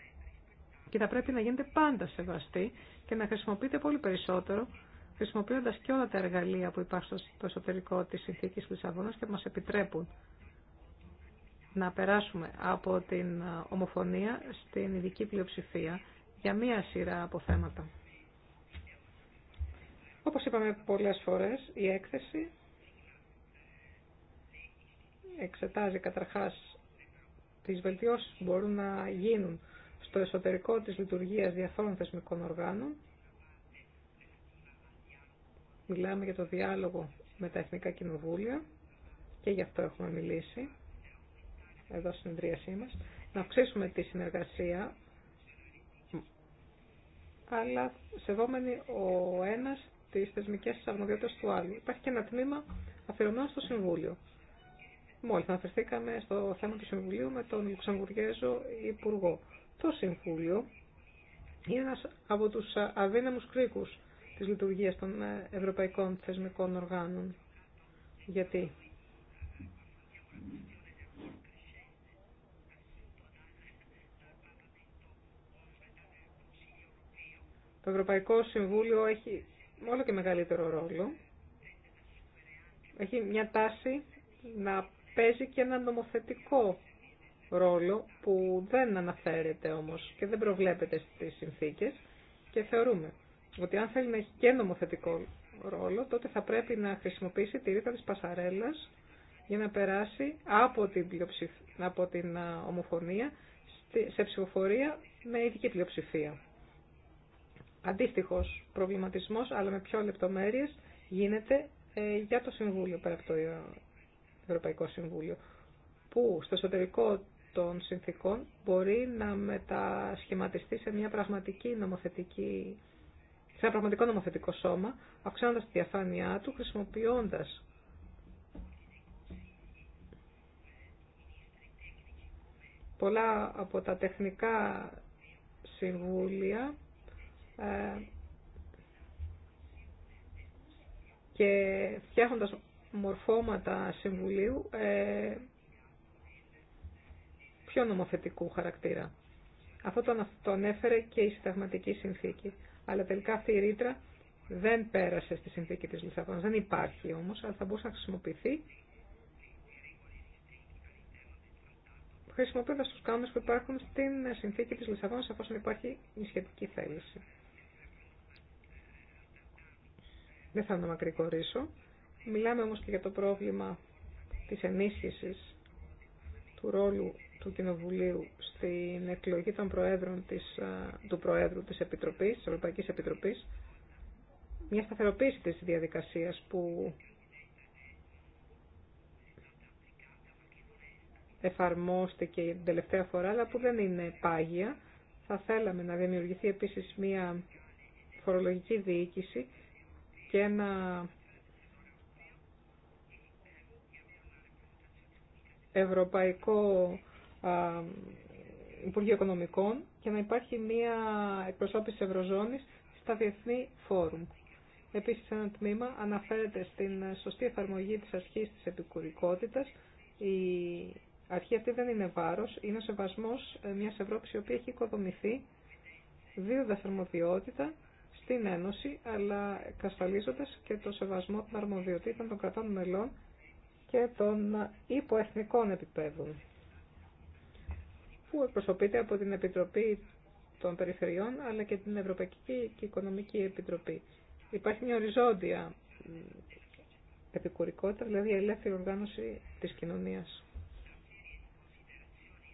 Και θα πρέπει να γίνεται πάντα σεβαστή και να χρησιμοποιείται πολύ περισσότερο Χρησιμοποιώντα και όλα τα εργαλεία που υπάρχουν στο εσωτερικό συνθήκη συνθήκης Λισαβόνα και μας επιτρέπουν να περάσουμε από την ε, ομοφωνία στην ειδική πλειοψηφία για μία σειρά από θέματα. Όπως είπαμε πολλές φορές, η έκθεση εξετάζει καταρχάς τις βελτιώσεις που μπορούν να γίνουν στο εσωτερικό της λειτουργίας διαφόρων θεσμικών οργάνων Μιλάμε για το διάλογο με τα Εθνικά Κοινοβούλια και γι' αυτό έχουμε μιλήσει εδώ στην συνεδρίασή μας. Να αυξήσουμε τη συνεργασία, αλλά σεβόμενοι ο ένας τις θεσμικές αρμοδιότητες του άλλου. Υπάρχει και ένα τμήμα αφιερωμένο στο Συμβούλιο. Μόλις αναφερθήκαμε στο θέμα του Συμβουλίου με τον Λουξεμβουργέζο Υπουργό. Το Συμβούλιο είναι ένας από τους αδύναμους κρίκους της λειτουργίας των ε, ευρωπαϊκών θεσμικών οργάνων. Γιατί το Ευρωπαϊκό Συμβούλιο έχει όλο και μεγαλύτερο ρόλο. Έχει μια τάση να παίζει και ένα νομοθετικό ρόλο που δεν αναφέρεται όμως και δεν προβλέπεται στις συνθήκες και θεωρούμε ότι αν θέλει να έχει και νομοθετικό ρόλο, τότε θα πρέπει να χρησιμοποιήσει τη ρήτα της πασαρέλας για να περάσει από την, πλειοψηφ... από την ομοφωνία σε ψηφοφορία με ειδική πλειοψηφία. Αντίστοιχος προβληματισμός, αλλά με πιο λεπτομέρειες, γίνεται ε, για το Συμβούλιο, πέρα από το ε, Ευρωπαϊκό Συμβούλιο, που στο εσωτερικό των συνθήκων μπορεί να μετασχηματιστεί σε μια πραγματική νομοθετική σε ένα πραγματικό νομοθετικό σώμα, αυξάνοντα τη διαφάνειά του, χρησιμοποιώντα. πολλά από τα τεχνικά συμβούλια ε, και φτιάχνοντας μορφώματα συμβουλίου ε, πιο νομοθετικού χαρακτήρα. Αυτό το ανέφερε και η συνταγματική συνθήκη αλλά τελικά αυτή η ρήτρα δεν πέρασε στη συνθήκη της Λισαβόνας. Δεν υπάρχει όμως, αλλά θα μπορούσε να χρησιμοποιηθεί χρησιμοποιώντα του κανόνε που υπάρχουν στην συνθήκη της Λισαβόνα, αφού υπάρχει η σχετική θέληση. Δεν θα να Μιλάμε όμως και για το πρόβλημα της ενίσχυσης του ρόλου του Κοινοβουλίου στην εκλογή των προέδρων της, του Προέδρου της Επιτροπής, της Ευρωπαϊκής Επιτροπής, μια σταθεροποίηση της διαδικασίας που εφαρμόστηκε την τελευταία φορά, αλλά που δεν είναι πάγια. Θα θέλαμε να δημιουργηθεί επίσης μια φορολογική διοίκηση και ένα ευρωπαϊκό ε, Υπουργείο Οικονομικών και να υπάρχει μια εκπροσώπηση Ευρωζώνης στα διεθνή φόρουμ. Επίσης ένα τμήμα αναφέρεται στην σωστή εφαρμογή της αρχής της επικουρικότητας. Η αρχή αυτή δεν είναι βάρος, είναι ο σεβασμός μιας Ευρώπης η οποία έχει οικοδομηθεί δίδοντας αρμοδιότητα στην Ένωση, αλλά κασταλίζοντας και το σεβασμό των αρμοδιοτήτων των κρατών μελών και των υποεθνικών επιπέδων που εκπροσωπείται από την Επιτροπή των Περιφερειών αλλά και την Ευρωπαϊκή και Οικονομική Επιτροπή. Υπάρχει μια οριζόντια επικουρικότητα, δηλαδή η ελεύθερη οργάνωση της κοινωνίας.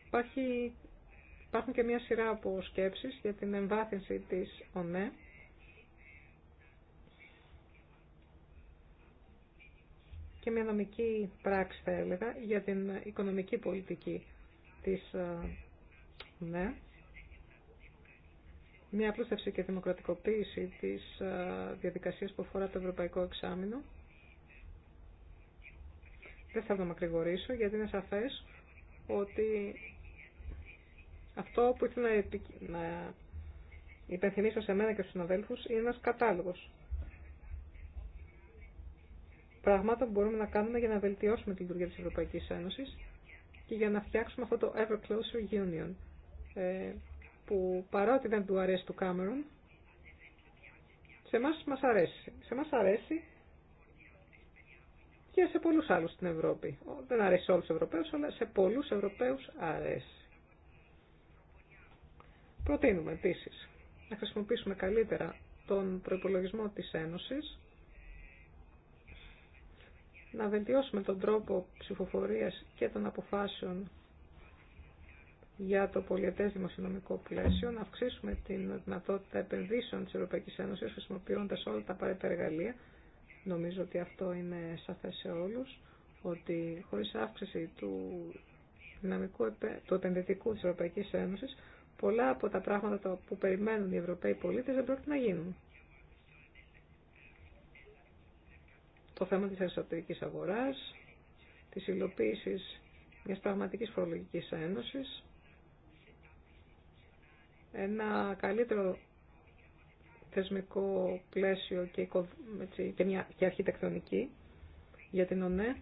Υπάρχει, υπάρχουν και μια σειρά από σκέψεις για την εμβάθυνση της ΟΝΕ. και μια νομική πράξη θα έλεγα για την οικονομική πολιτική της ε, ναι. μια απλούστευση και δημοκρατικοποίηση της ε, διαδικασίας που αφορά το ευρωπαϊκό εξάμεινο. Δεν θα το μακρηγορήσω γιατί είναι σαφές ότι αυτό που ήθελα να υπενθυμίσω σε μένα και στους συναδέλφους είναι ένας κατάλογος πραγμάτων που μπορούμε να κάνουμε για να βελτιώσουμε τη λειτουργία της Ευρωπαϊκής Ένωσης και για να φτιάξουμε αυτό το Ever Closer Union ε, που παρότι δεν του αρέσει του Κάμερον, σε εμάς μας αρέσει. Σε μας αρέσει και σε πολλούς άλλους στην Ευρώπη. Δεν αρέσει σε όλους τους Ευρωπαίους, αλλά σε πολλούς Ευρωπαίους αρέσει. Προτείνουμε επίση να χρησιμοποιήσουμε καλύτερα τον προϋπολογισμό της Ένωσης, να βελτιώσουμε τον τρόπο ψηφοφορίας και των αποφάσεων για το πολιετές δημοσιονομικό πλαίσιο, να αυξήσουμε την δυνατότητα επενδύσεων τη ευρωπαϊκή Ένωση, χρησιμοποιώντα όλα τα απαραίτητα εργαλεία. Νομίζω ότι αυτό είναι σαφές σε όλους, ότι χωρίς αύξηση του, δυναμικού, του επενδυτικού τη Ευρωπαϊκής Ένωση, πολλά από τα πράγματα που περιμένουν οι Ευρωπαίοι πολίτε δεν πρόκειται να γίνουν. Το θέμα της εσωτερική αγοράς, της υλοποίησης μιας πραγματικής φορολογικής ένωσης, ένα καλύτερο θεσμικό πλαίσιο και, έτσι, και, μια, και αρχιτεκτονική για την ΟΝΕ.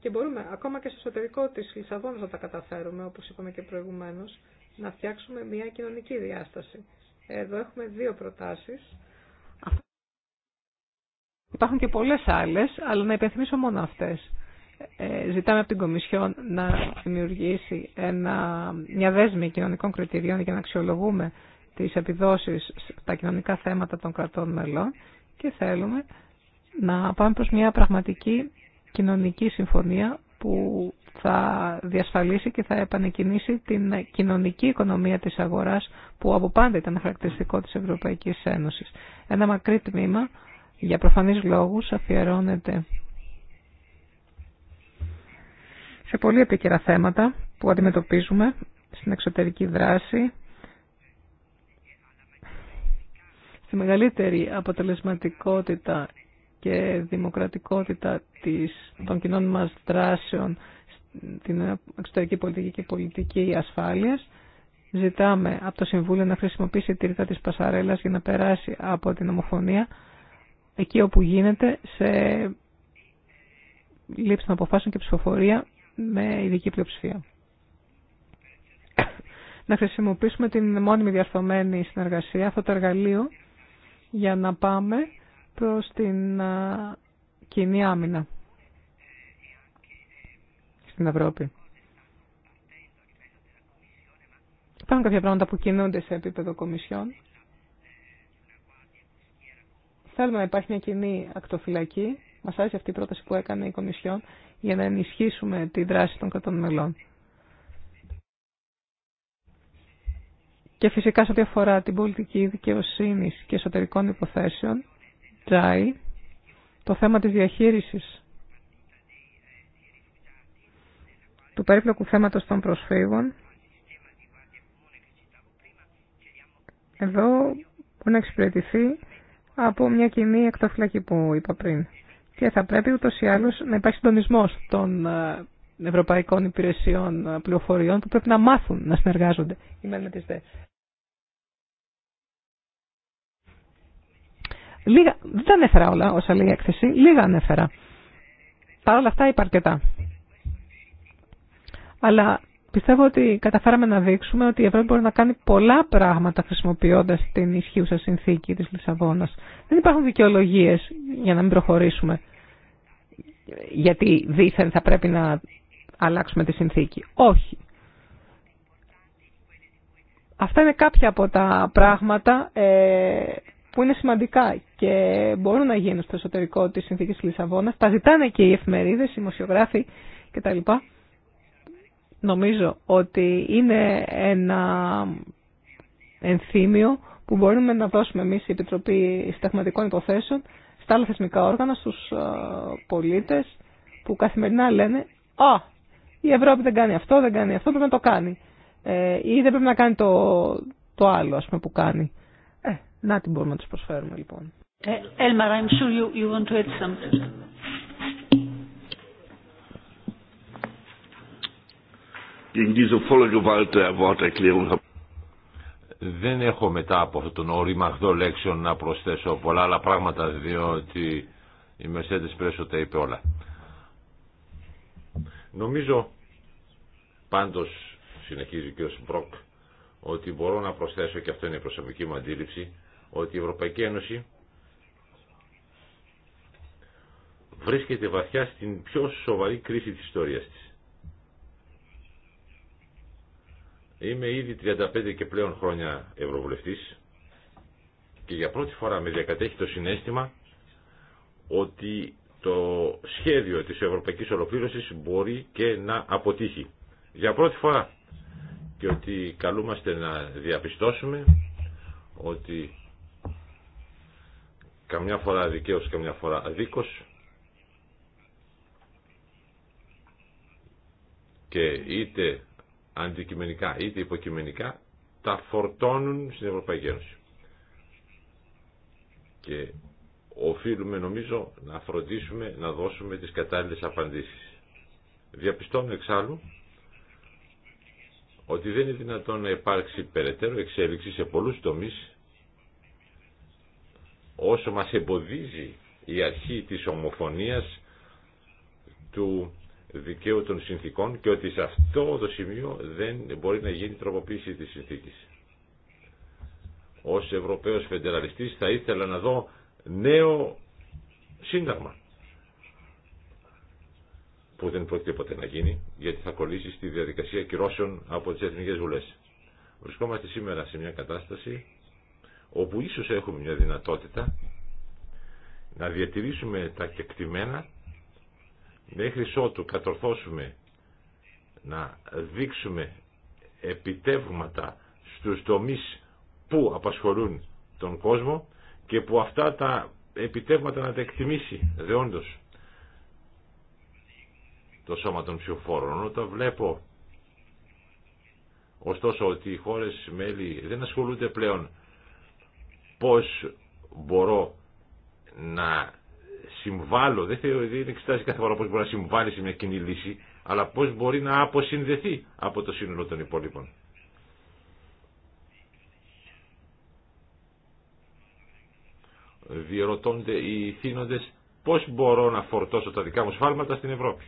Και μπορούμε ακόμα και στο εσωτερικό της Λισαβόνας να τα καταφέρουμε, όπως είπαμε και προηγουμένως, να φτιάξουμε μια κοινωνική διάσταση. Εδώ έχουμε δύο προτάσεις. Υπάρχουν και πολλές άλλες, αλλά να υπενθυμίσω μόνο αυτές. Ε, ζητάμε από την Κομισιόν να δημιουργήσει ένα, μια δέσμη κοινωνικών κριτηρίων για να αξιολογούμε τις επιδόσεις στα κοινωνικά θέματα των κρατών μελών και θέλουμε να πάμε προς μια πραγματική κοινωνική συμφωνία που θα διασφαλίσει και θα επανεκκινήσει την κοινωνική οικονομία της αγοράς που από πάντα ήταν χαρακτηριστικό της Ευρωπαϊκής Ένωσης. Ένα μακρύ τμήμα για προφανείς λόγους αφιερώνεται σε πολύ επίκαιρα θέματα που αντιμετωπίζουμε στην εξωτερική δράση, στη μεγαλύτερη αποτελεσματικότητα και δημοκρατικότητα της, των κοινών μας δράσεων στην εξωτερική πολιτική και πολιτική ασφάλειας. Ζητάμε από το Συμβούλιο να χρησιμοποιήσει τη ρητά της Πασαρέλας για να περάσει από την ομοφωνία εκεί όπου γίνεται σε λήψη των αποφάσεων και ψηφοφορία με ειδική πλειοψηφία. Να χρησιμοποιήσουμε την μόνιμη διαρθωμένη συνεργασία, αυτό το εργαλείο, για να πάμε προς την κοινή άμυνα στην Ευρώπη. Υπάρχουν κάποια πράγματα που κινούνται σε επίπεδο κομισιών. Θέλουμε να υπάρχει μια κοινή ακτοφυλακή. Μας άρεσε αυτή η πρόταση που έκανε η Κομισιόν για να ενισχύσουμε τη δράση των κρατών μελών. Και φυσικά σε ό,τι αφορά την πολιτική δικαιοσύνη και εσωτερικών υποθέσεων, τζάι, το θέμα της διαχείρισης του περίπλοκου θέματος των προσφύγων, εδώ μπορεί να εξυπηρετηθεί από μια κοινή εκταφλάκη που είπα πριν και θα πρέπει ούτως ή άλλως να υπάρχει συντονισμό των ε, ευρωπαϊκών υπηρεσιών ε, πληροφοριών που πρέπει να μάθουν να συνεργάζονται οι με τις δε. Λίγα, δεν ανέφερα όλα όσα λέει η έκθεση, λίγα ανέφερα. Παρ' όλα αυτά είπα αρκετά. Αλλά Πιστεύω ότι καταφέραμε να δείξουμε ότι η Ευρώπη μπορεί να κάνει πολλά πράγματα χρησιμοποιώντας την ισχύουσα συνθήκη της Λισαβόνας. Δεν υπάρχουν δικαιολογίε για να μην προχωρήσουμε γιατί δήθεν θα πρέπει να αλλάξουμε τη συνθήκη. Όχι. Αυτά είναι κάποια από τα πράγματα ε, που είναι σημαντικά και μπορούν να γίνουν στο εσωτερικό της συνθήκης της Λισαβόνας. Τα ζητάνε και οι εφημερίδες, οι δημοσιογράφοι κτλ νομίζω ότι είναι ένα ενθύμιο που μπορούμε να δώσουμε εμείς η Επιτροπή Συνταγματικών Υποθέσεων στα άλλα θεσμικά όργανα, στους ε, πολίτες που καθημερινά λένε «Α, η Ευρώπη δεν κάνει αυτό, δεν κάνει αυτό, πρέπει να το κάνει» ε, ή «Δεν πρέπει να κάνει το, το άλλο ας πούμε, που κάνει». Ε, να την μπορούμε να τους προσφέρουμε λοιπόν. Ε, you, you want to gegen diese volle Gewalt der Δεν έχω μετά από αυτόν τον οριμαχδό λέξεων να προσθέσω πολλά άλλα πράγματα διότι η Μεσέντες Πρέσο τα είπε όλα. Νομίζω πάντως συνεχίζει ο ο Μπροκ, ότι μπορώ να προσθέσω και αυτό είναι η προσωπική μου αντίληψη ότι η Ευρωπαϊκή Ένωση βρίσκεται βαθιά στην πιο σοβαρή κρίση της ιστορίας της. Είμαι ήδη 35 και πλέον χρόνια ευρωβουλευτής και για πρώτη φορά με διακατέχει το συνέστημα ότι το σχέδιο της ευρωπαϊκής ολοκλήρωσης μπορεί και να αποτύχει. Για πρώτη φορά και ότι καλούμαστε να διαπιστώσουμε ότι καμιά φορά δικαίως, καμιά φορά αδίκως και είτε αντικειμενικά είτε υποκειμενικά τα φορτώνουν στην Ευρωπαϊκή Ένωση. Και οφείλουμε νομίζω να φροντίσουμε να δώσουμε τις κατάλληλες απαντήσεις. Διαπιστώνω εξάλλου ότι δεν είναι δυνατόν να υπάρξει περαιτέρω εξέλιξη σε πολλούς τομείς όσο μας εμποδίζει η αρχή της ομοφωνίας του δικαίου των συνθήκων και ότι σε αυτό το σημείο δεν μπορεί να γίνει τροποποίηση της συνθήκης. Ως Ευρωπαίος Φεντεραλιστής θα ήθελα να δω νέο σύνταγμα που δεν πρόκειται ποτέ να γίνει γιατί θα κολλήσει στη διαδικασία κυρώσεων από τις Εθνικές Βουλές. Βρισκόμαστε σήμερα σε μια κατάσταση όπου ίσως έχουμε μια δυνατότητα να διατηρήσουμε τα κεκτημένα μέχρι ότου κατορθώσουμε να δείξουμε επιτεύγματα στους τομείς που απασχολούν τον κόσμο και που αυτά τα επιτεύγματα να τα εκτιμήσει δεόντως το σώμα των ψηφοφόρων. Όταν βλέπω ωστόσο ότι οι χώρες μέλη δεν ασχολούνται πλέον πώς μπορώ να συμβάλλω, δεν, θεωρεί, δεν εξετάζει κάθε φορά πώς μπορεί να συμβάλλει σε μια κοινή λύση, αλλά πώς μπορεί να αποσυνδεθεί από το σύνολο των υπόλοιπων. Διερωτώνται οι θύνοντες πώς μπορώ να φορτώσω τα δικά μου σφάλματα στην Ευρώπη.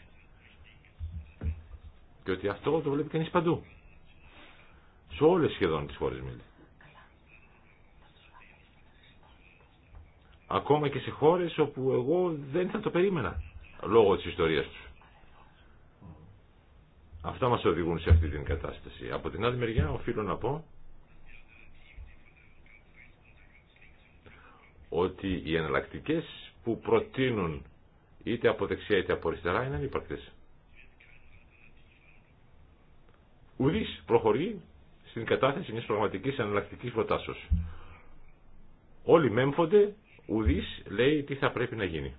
Και ότι αυτό το βλέπει κανείς παντού. Σε όλες σχεδόν τις χώρες μιλή. Ακόμα και σε χώρες όπου εγώ δεν θα το περίμενα λόγω της ιστορίας τους. Αυτά μας οδηγούν σε αυτή την κατάσταση. Από την άλλη μεριά οφείλω να πω ότι οι εναλλακτικέ που προτείνουν είτε από δεξιά είτε από αριστερά είναι ανύπαρκτες. Ουδής προχωρεί στην κατάθεση μιας πραγματικής εναλλακτικής προτάσεως. Όλοι μέμφονται Ουδής λέει τι θα πρέπει να γίνει.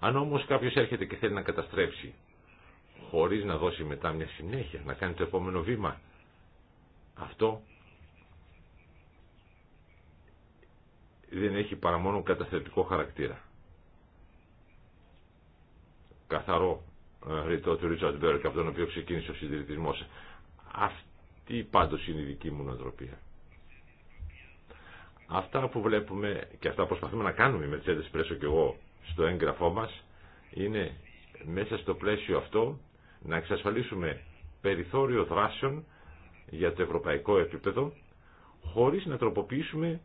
Αν όμως κάποιος έρχεται και θέλει να καταστρέψει, χωρίς να δώσει μετά μια συνέχεια, να κάνει το επόμενο βήμα, αυτό δεν έχει παρά μόνο καταστρεπτικό χαρακτήρα. Καθαρό ε, ρητό του Ρίτσαρντ Μπέρκ από τον οποίο ξεκίνησε ο συντηρητισμό. Αυτή πάντω είναι η δική μου νοοτροπία. Αυτά που βλέπουμε και αυτά που προσπαθούμε να κάνουμε με τις Πρέσο και εγώ στο έγγραφό μας είναι μέσα στο πλαίσιο αυτό να εξασφαλίσουμε περιθώριο δράσεων για το ευρωπαϊκό επίπεδο χωρίς να τροποποιήσουμε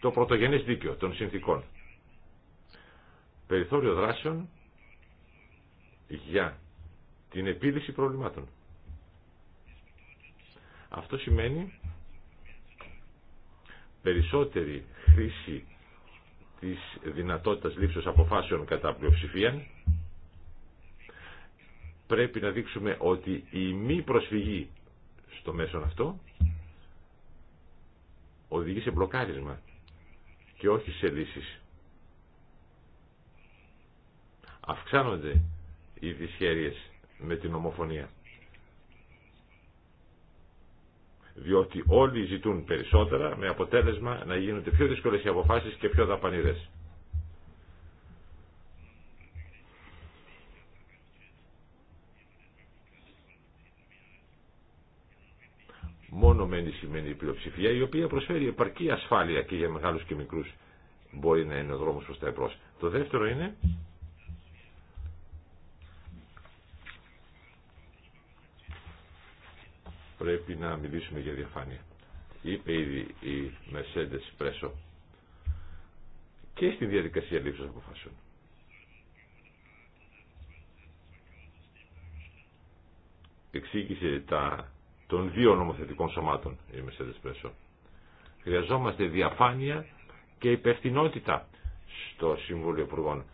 το πρωτογενές δίκαιο των συνθήκων. Περιθώριο δράσεων για την επίλυση προβλημάτων. Αυτό σημαίνει περισσότερη χρήση της δυνατότητας λήψης αποφάσεων κατά πλειοψηφία. Πρέπει να δείξουμε ότι η μη προσφυγή στο μέσον αυτό οδηγεί σε μπλοκάρισμα και όχι σε λύσεις. Αυξάνονται οι δυσχέρειες με την ομοφωνία. Διότι όλοι ζητούν περισσότερα με αποτέλεσμα να γίνονται πιο δύσκολες οι αποφάσεις και πιο δαπανηρές. μόνο με ενισχυμένη η πλειοψηφία, η οποία προσφέρει επαρκή ασφάλεια και για μεγάλους και μικρούς μπορεί να είναι ο δρόμος προς τα εμπρός. Το δεύτερο είναι πρέπει να μιλήσουμε για διαφάνεια. Είπε ήδη η Mercedes Πρέσο και στη διαδικασία λήψης αποφάσεων. Εξήγησε τα, των δύο νομοθετικών σωμάτων η Mercedes Πρέσο. Χρειαζόμαστε διαφάνεια και υπευθυνότητα στο Συμβούλιο Υπουργών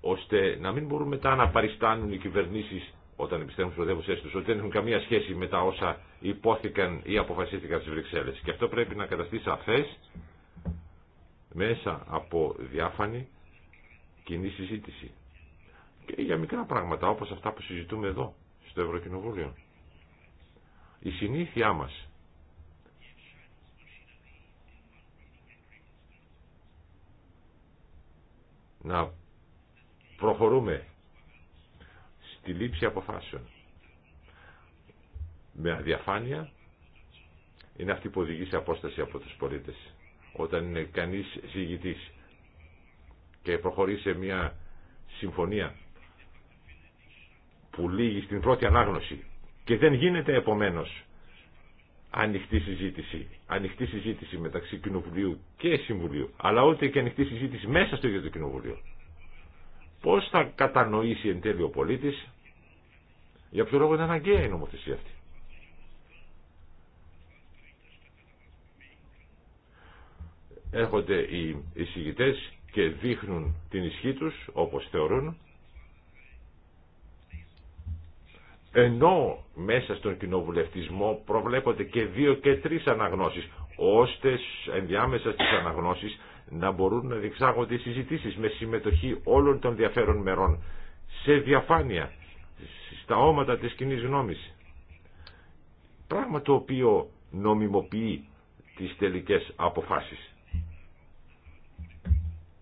ώστε να μην μπορούμε μετά να παριστάνουν οι κυβερνήσεις όταν επιστρέφουν στι πρωτεύουσέ του, ότι δεν έχουν καμία σχέση με τα όσα υπόθηκαν ή αποφασίστηκαν στι Βρυξέλλε. Και αυτό πρέπει να καταστεί σαφέ μέσα από διάφανη κοινή συζήτηση. Και για μικρά πράγματα όπω αυτά που συζητούμε εδώ, στο Ευρωκοινοβούλιο. Η συνήθειά μα να προχωρούμε στη λήψη αποφάσεων. Με αδιαφάνεια είναι αυτή που οδηγεί σε απόσταση από τους πολίτες. Όταν είναι κανείς συγητής και προχωρεί σε μια συμφωνία που λύγει στην πρώτη ανάγνωση και δεν γίνεται επομένως ανοιχτή συζήτηση. Ανοιχτή συζήτηση μεταξύ Κοινοβουλίου και Συμβουλίου. Αλλά ούτε και ανοιχτή συζήτηση μέσα στο ίδιο το Κοινοβουλίο. Πώς θα κατανοήσει εν τέλει ο πολίτης για ποιο λόγο είναι αναγκαία η νομοθεσία αυτή. Έρχονται οι εισηγητές και δείχνουν την ισχύ τους όπως θεωρούν ενώ μέσα στον κοινοβουλευτισμό προβλέπονται και δύο και τρεις αναγνώσεις ώστε ενδιάμεσα στις αναγνώσεις να μπορούν να διεξάγονται οι συζητήσεις με συμμετοχή όλων των διαφέρων μερών σε διαφάνεια στα όματα της κοινή γνώμης. Πράγμα το οποίο νομιμοποιεί τις τελικές αποφάσεις.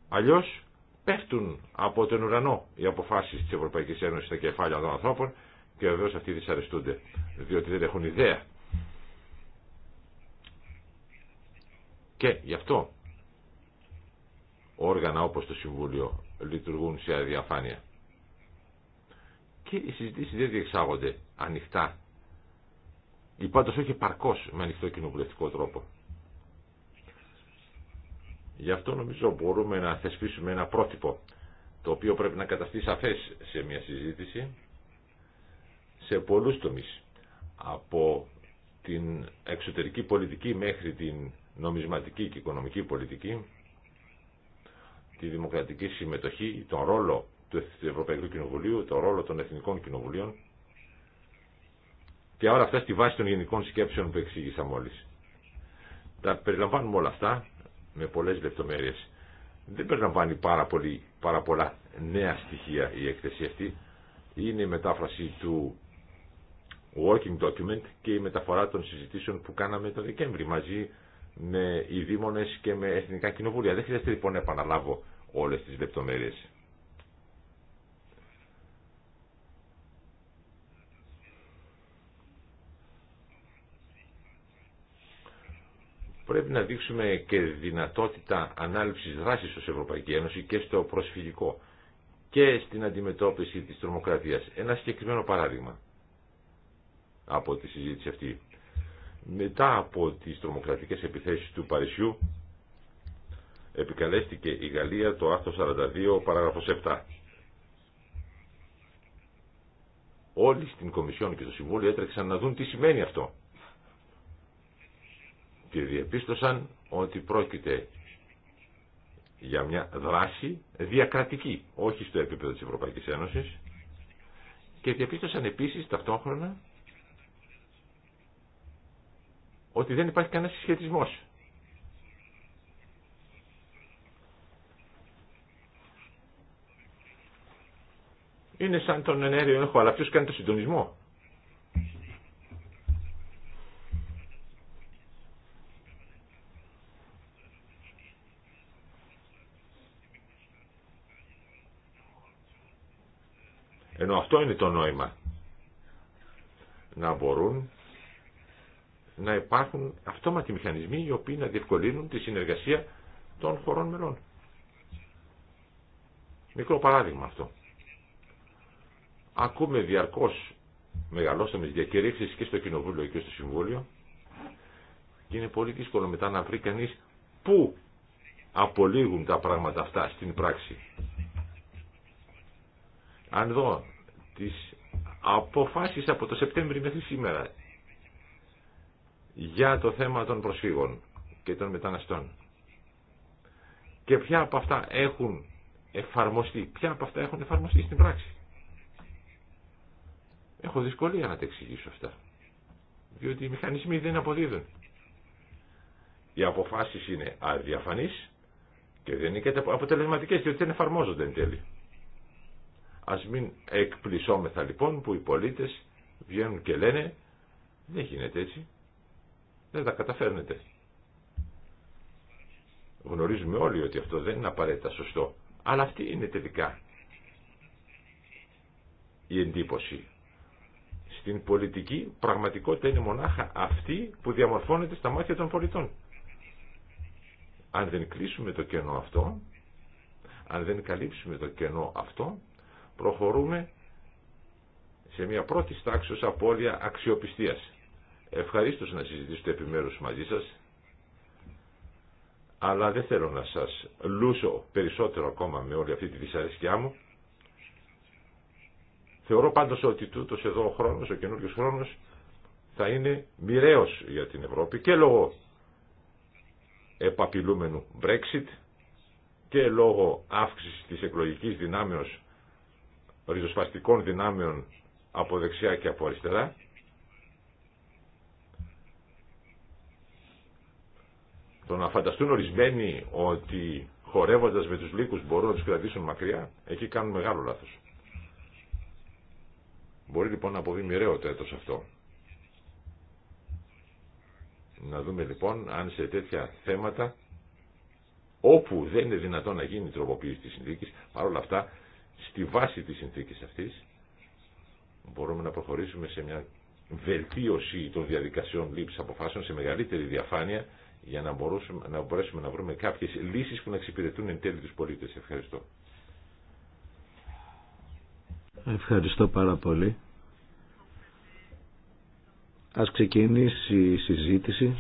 Αλλιώς πέφτουν από τον ουρανό οι αποφάσεις της Ευρωπαϊκής Ένωσης στα κεφάλια των ανθρώπων και βεβαίως αυτοί δυσαρεστούνται διότι δεν έχουν ιδέα Και γι' αυτό όργανα όπως το Συμβούλιο λειτουργούν σε αδιαφάνεια. Και οι συζητήσεις δεν διεξάγονται ανοιχτά ή πάντως όχι παρκώς με ανοιχτό κοινοβουλευτικό τρόπο. Γι' αυτό νομίζω μπορούμε να θεσπίσουμε ένα πρότυπο το οποίο πρέπει να καταστεί σαφές σε μια συζήτηση σε πολλούς τομείς από την εξωτερική πολιτική μέχρι την νομισματική και οικονομική πολιτική, τη δημοκρατική συμμετοχή, τον ρόλο του Ευρωπαϊκού Κοινοβουλίου, τον ρόλο των Εθνικών Κοινοβουλίων και όλα αυτά στη βάση των γενικών σκέψεων που εξήγησα μόλι. Τα περιλαμβάνουμε όλα αυτά με πολλέ λεπτομέρειε. Δεν περιλαμβάνει πάρα, πολύ, πάρα πολλά νέα στοιχεία η έκθεση αυτή. Είναι η μετάφραση του working document και η μεταφορά των συζητήσεων που κάναμε το Δεκέμβρη μαζί με οι δήμονε και με εθνικά κοινοβούλια. Δεν χρειάζεται λοιπόν να επαναλάβω όλες τις λεπτομέρειες. Πρέπει να δείξουμε και δυνατότητα ανάληψης δράσης ως Ευρωπαϊκή Ένωση και στο προσφυγικό και στην αντιμετώπιση της τρομοκρατίας. Ένα συγκεκριμένο παράδειγμα από τη συζήτηση αυτή. Μετά από τις τρομοκρατικές επιθέσεις του Παρισιού επικαλέστηκε η Γαλλία το άρθρο 42 παράγραφος 7. Όλοι στην Κομισιόν και το Συμβούλιο έτρεξαν να δουν τι σημαίνει αυτό. Και διεπίστωσαν ότι πρόκειται για μια δράση διακρατική, όχι στο επίπεδο της Ευρωπαϊκής Ένωσης και διαπίστωσαν επίσης ταυτόχρονα ότι δεν υπάρχει κανένα συσχετισμός. Είναι σαν τον ενέργειο έχω αλλά ποιος κάνει το συντονισμό. Ενώ αυτό είναι το νόημα. Να μπορούν να υπάρχουν αυτόματοι μηχανισμοί οι οποίοι να διευκολύνουν τη συνεργασία των χωρών μελών. Μικρό παράδειγμα αυτό. Ακούμε διαρκώς μεγαλώσαμε διακηρύξεις και στο Κοινοβούλιο και στο Συμβούλιο και είναι πολύ δύσκολο μετά να βρει κανείς πού απολύγουν τα πράγματα αυτά στην πράξη. Αν δω τις αποφάσεις από το Σεπτέμβριο μέχρι σήμερα για το θέμα των προσφύγων και των μεταναστών. Και ποια από αυτά έχουν εφαρμοστεί, ποια από αυτά έχουν εφαρμοστεί στην πράξη. Έχω δυσκολία να τα εξηγήσω αυτά. Διότι οι μηχανισμοί δεν αποδίδουν. Οι αποφάσεις είναι αδιαφανείς και δεν είναι και αποτελεσματικές διότι δεν εφαρμόζονται εν τέλει. Ας μην εκπλησώμεθα λοιπόν που οι πολίτες βγαίνουν και λένε δεν γίνεται έτσι δεν τα καταφέρνετε. Γνωρίζουμε όλοι ότι αυτό δεν είναι απαραίτητα σωστό. Αλλά αυτή είναι τελικά η εντύπωση. Στην πολιτική πραγματικότητα είναι μονάχα αυτή που διαμορφώνεται στα μάτια των πολιτών. Αν δεν κλείσουμε το κενό αυτό, αν δεν καλύψουμε το κενό αυτό, προχωρούμε σε μια πρώτη ως απώλεια αξιοπιστίας. Ευχαρίστω να συζητήσετε επιμέρους μαζί σας, αλλά δεν θέλω να σας λούσω περισσότερο ακόμα με όλη αυτή τη δυσαρέσκειά μου. Θεωρώ πάντως ότι τούτος εδώ ο χρόνος, ο καινούριος χρόνος, θα είναι μοιραίος για την Ευρώπη και λόγω επαπειλούμενου Brexit και λόγω αύξησης της εκλογικής δυνάμεως, ριζοσπαστικών δυνάμεων από δεξιά και από αριστερά Το να φανταστούν ορισμένοι ότι χορεύοντας με τους λύκους μπορούν να τους κρατήσουν μακριά, εκεί κάνουν μεγάλο λάθος. Μπορεί λοιπόν να αποβεί μοιραίο το έτος αυτό. Να δούμε λοιπόν αν σε τέτοια θέματα, όπου δεν είναι δυνατόν να γίνει η τροποποίηση της συνθήκης, παρόλα αυτά, στη βάση της συνθήκης αυτής, μπορούμε να προχωρήσουμε σε μια βελτίωση των διαδικασιών λήψης αποφάσεων σε μεγαλύτερη διαφάνεια για να, μπορούσουμε, να μπορέσουμε να βρούμε κάποιες λύσεις που να εξυπηρετούν εν τέλει τους πολίτες. Ευχαριστώ. Ευχαριστώ πάρα πολύ. Ας ξεκινήσει η συζήτηση.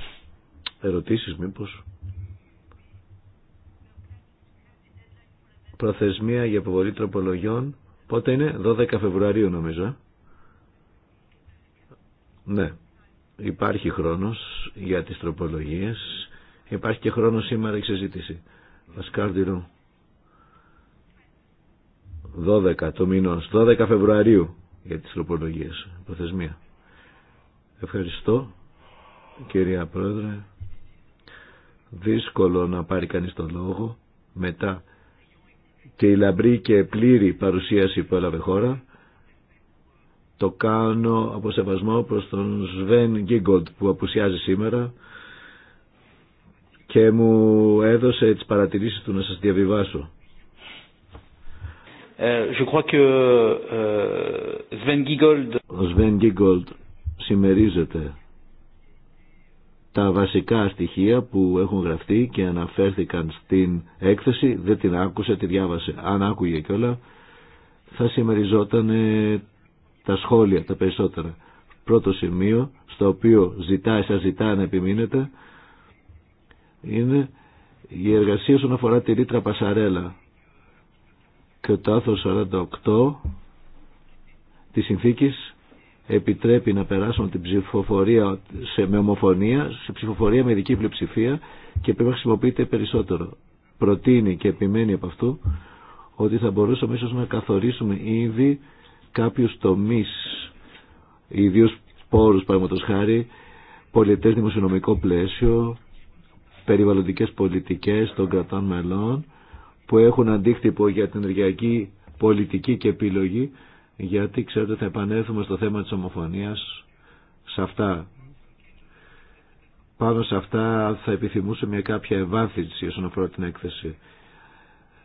Ερωτήσεις μήπως. Προθεσμία για αποβολή τροπολογιών. Πότε είναι? 12 Φεβρουαρίου νομίζω. Ναι. Υπάρχει χρόνος για τις τροπολογίες. Υπάρχει και χρόνος σήμερα η συζήτηση. Πασκάρτηρο 12 το μήνος, 12 Φεβρουαρίου για τις τροπολογίες. Προθεσμία. Ευχαριστώ κυρία Πρόεδρε. Δύσκολο να πάρει κανείς τον λόγο μετά τη λαμπρή και πλήρη παρουσίαση που έλαβε χώρα το κάνω από σεβασμό προς τον Σβέν Γκίγκοντ που απουσιάζει σήμερα και μου έδωσε τις παρατηρήσεις του να σας διαβιβάσω. Ε, je crois ε, Ο Σβέν Giegold συμμερίζεται τα βασικά στοιχεία που έχουν γραφτεί και αναφέρθηκαν στην έκθεση, δεν την άκουσε, τη διάβασε. Αν άκουγε κιόλα, θα συμμεριζόταν τα σχόλια τα περισσότερα. Πρώτο σημείο στο οποίο ζητάει σας ζητά να επιμείνετε είναι η εργασία όσον αφορά τη ρήτρα Πασαρέλα και το άθρο 48 της συνθήκης επιτρέπει να περάσουν την ψηφοφορία σε, με ομοφωνία, σε ψηφοφορία με ειδική πλειοψηφία και πρέπει να χρησιμοποιείται περισσότερο. Προτείνει και επιμένει από αυτού ότι θα μπορούσαμε ίσως να καθορίσουμε ήδη κάποιους τομείς, ιδίως πόρους παραδείγματος χάρη, πολιτές δημοσιονομικό πλαίσιο, περιβαλλοντικές πολιτικές των κρατών μελών, που έχουν αντίκτυπο για την ενεργειακή πολιτική και επιλογή, γιατί ξέρετε θα επανέλθουμε στο θέμα της ομοφωνίας σε αυτά. Πάνω σε αυτά θα επιθυμούσε μια κάποια ευάθυνση όσον αφορά την έκθεση.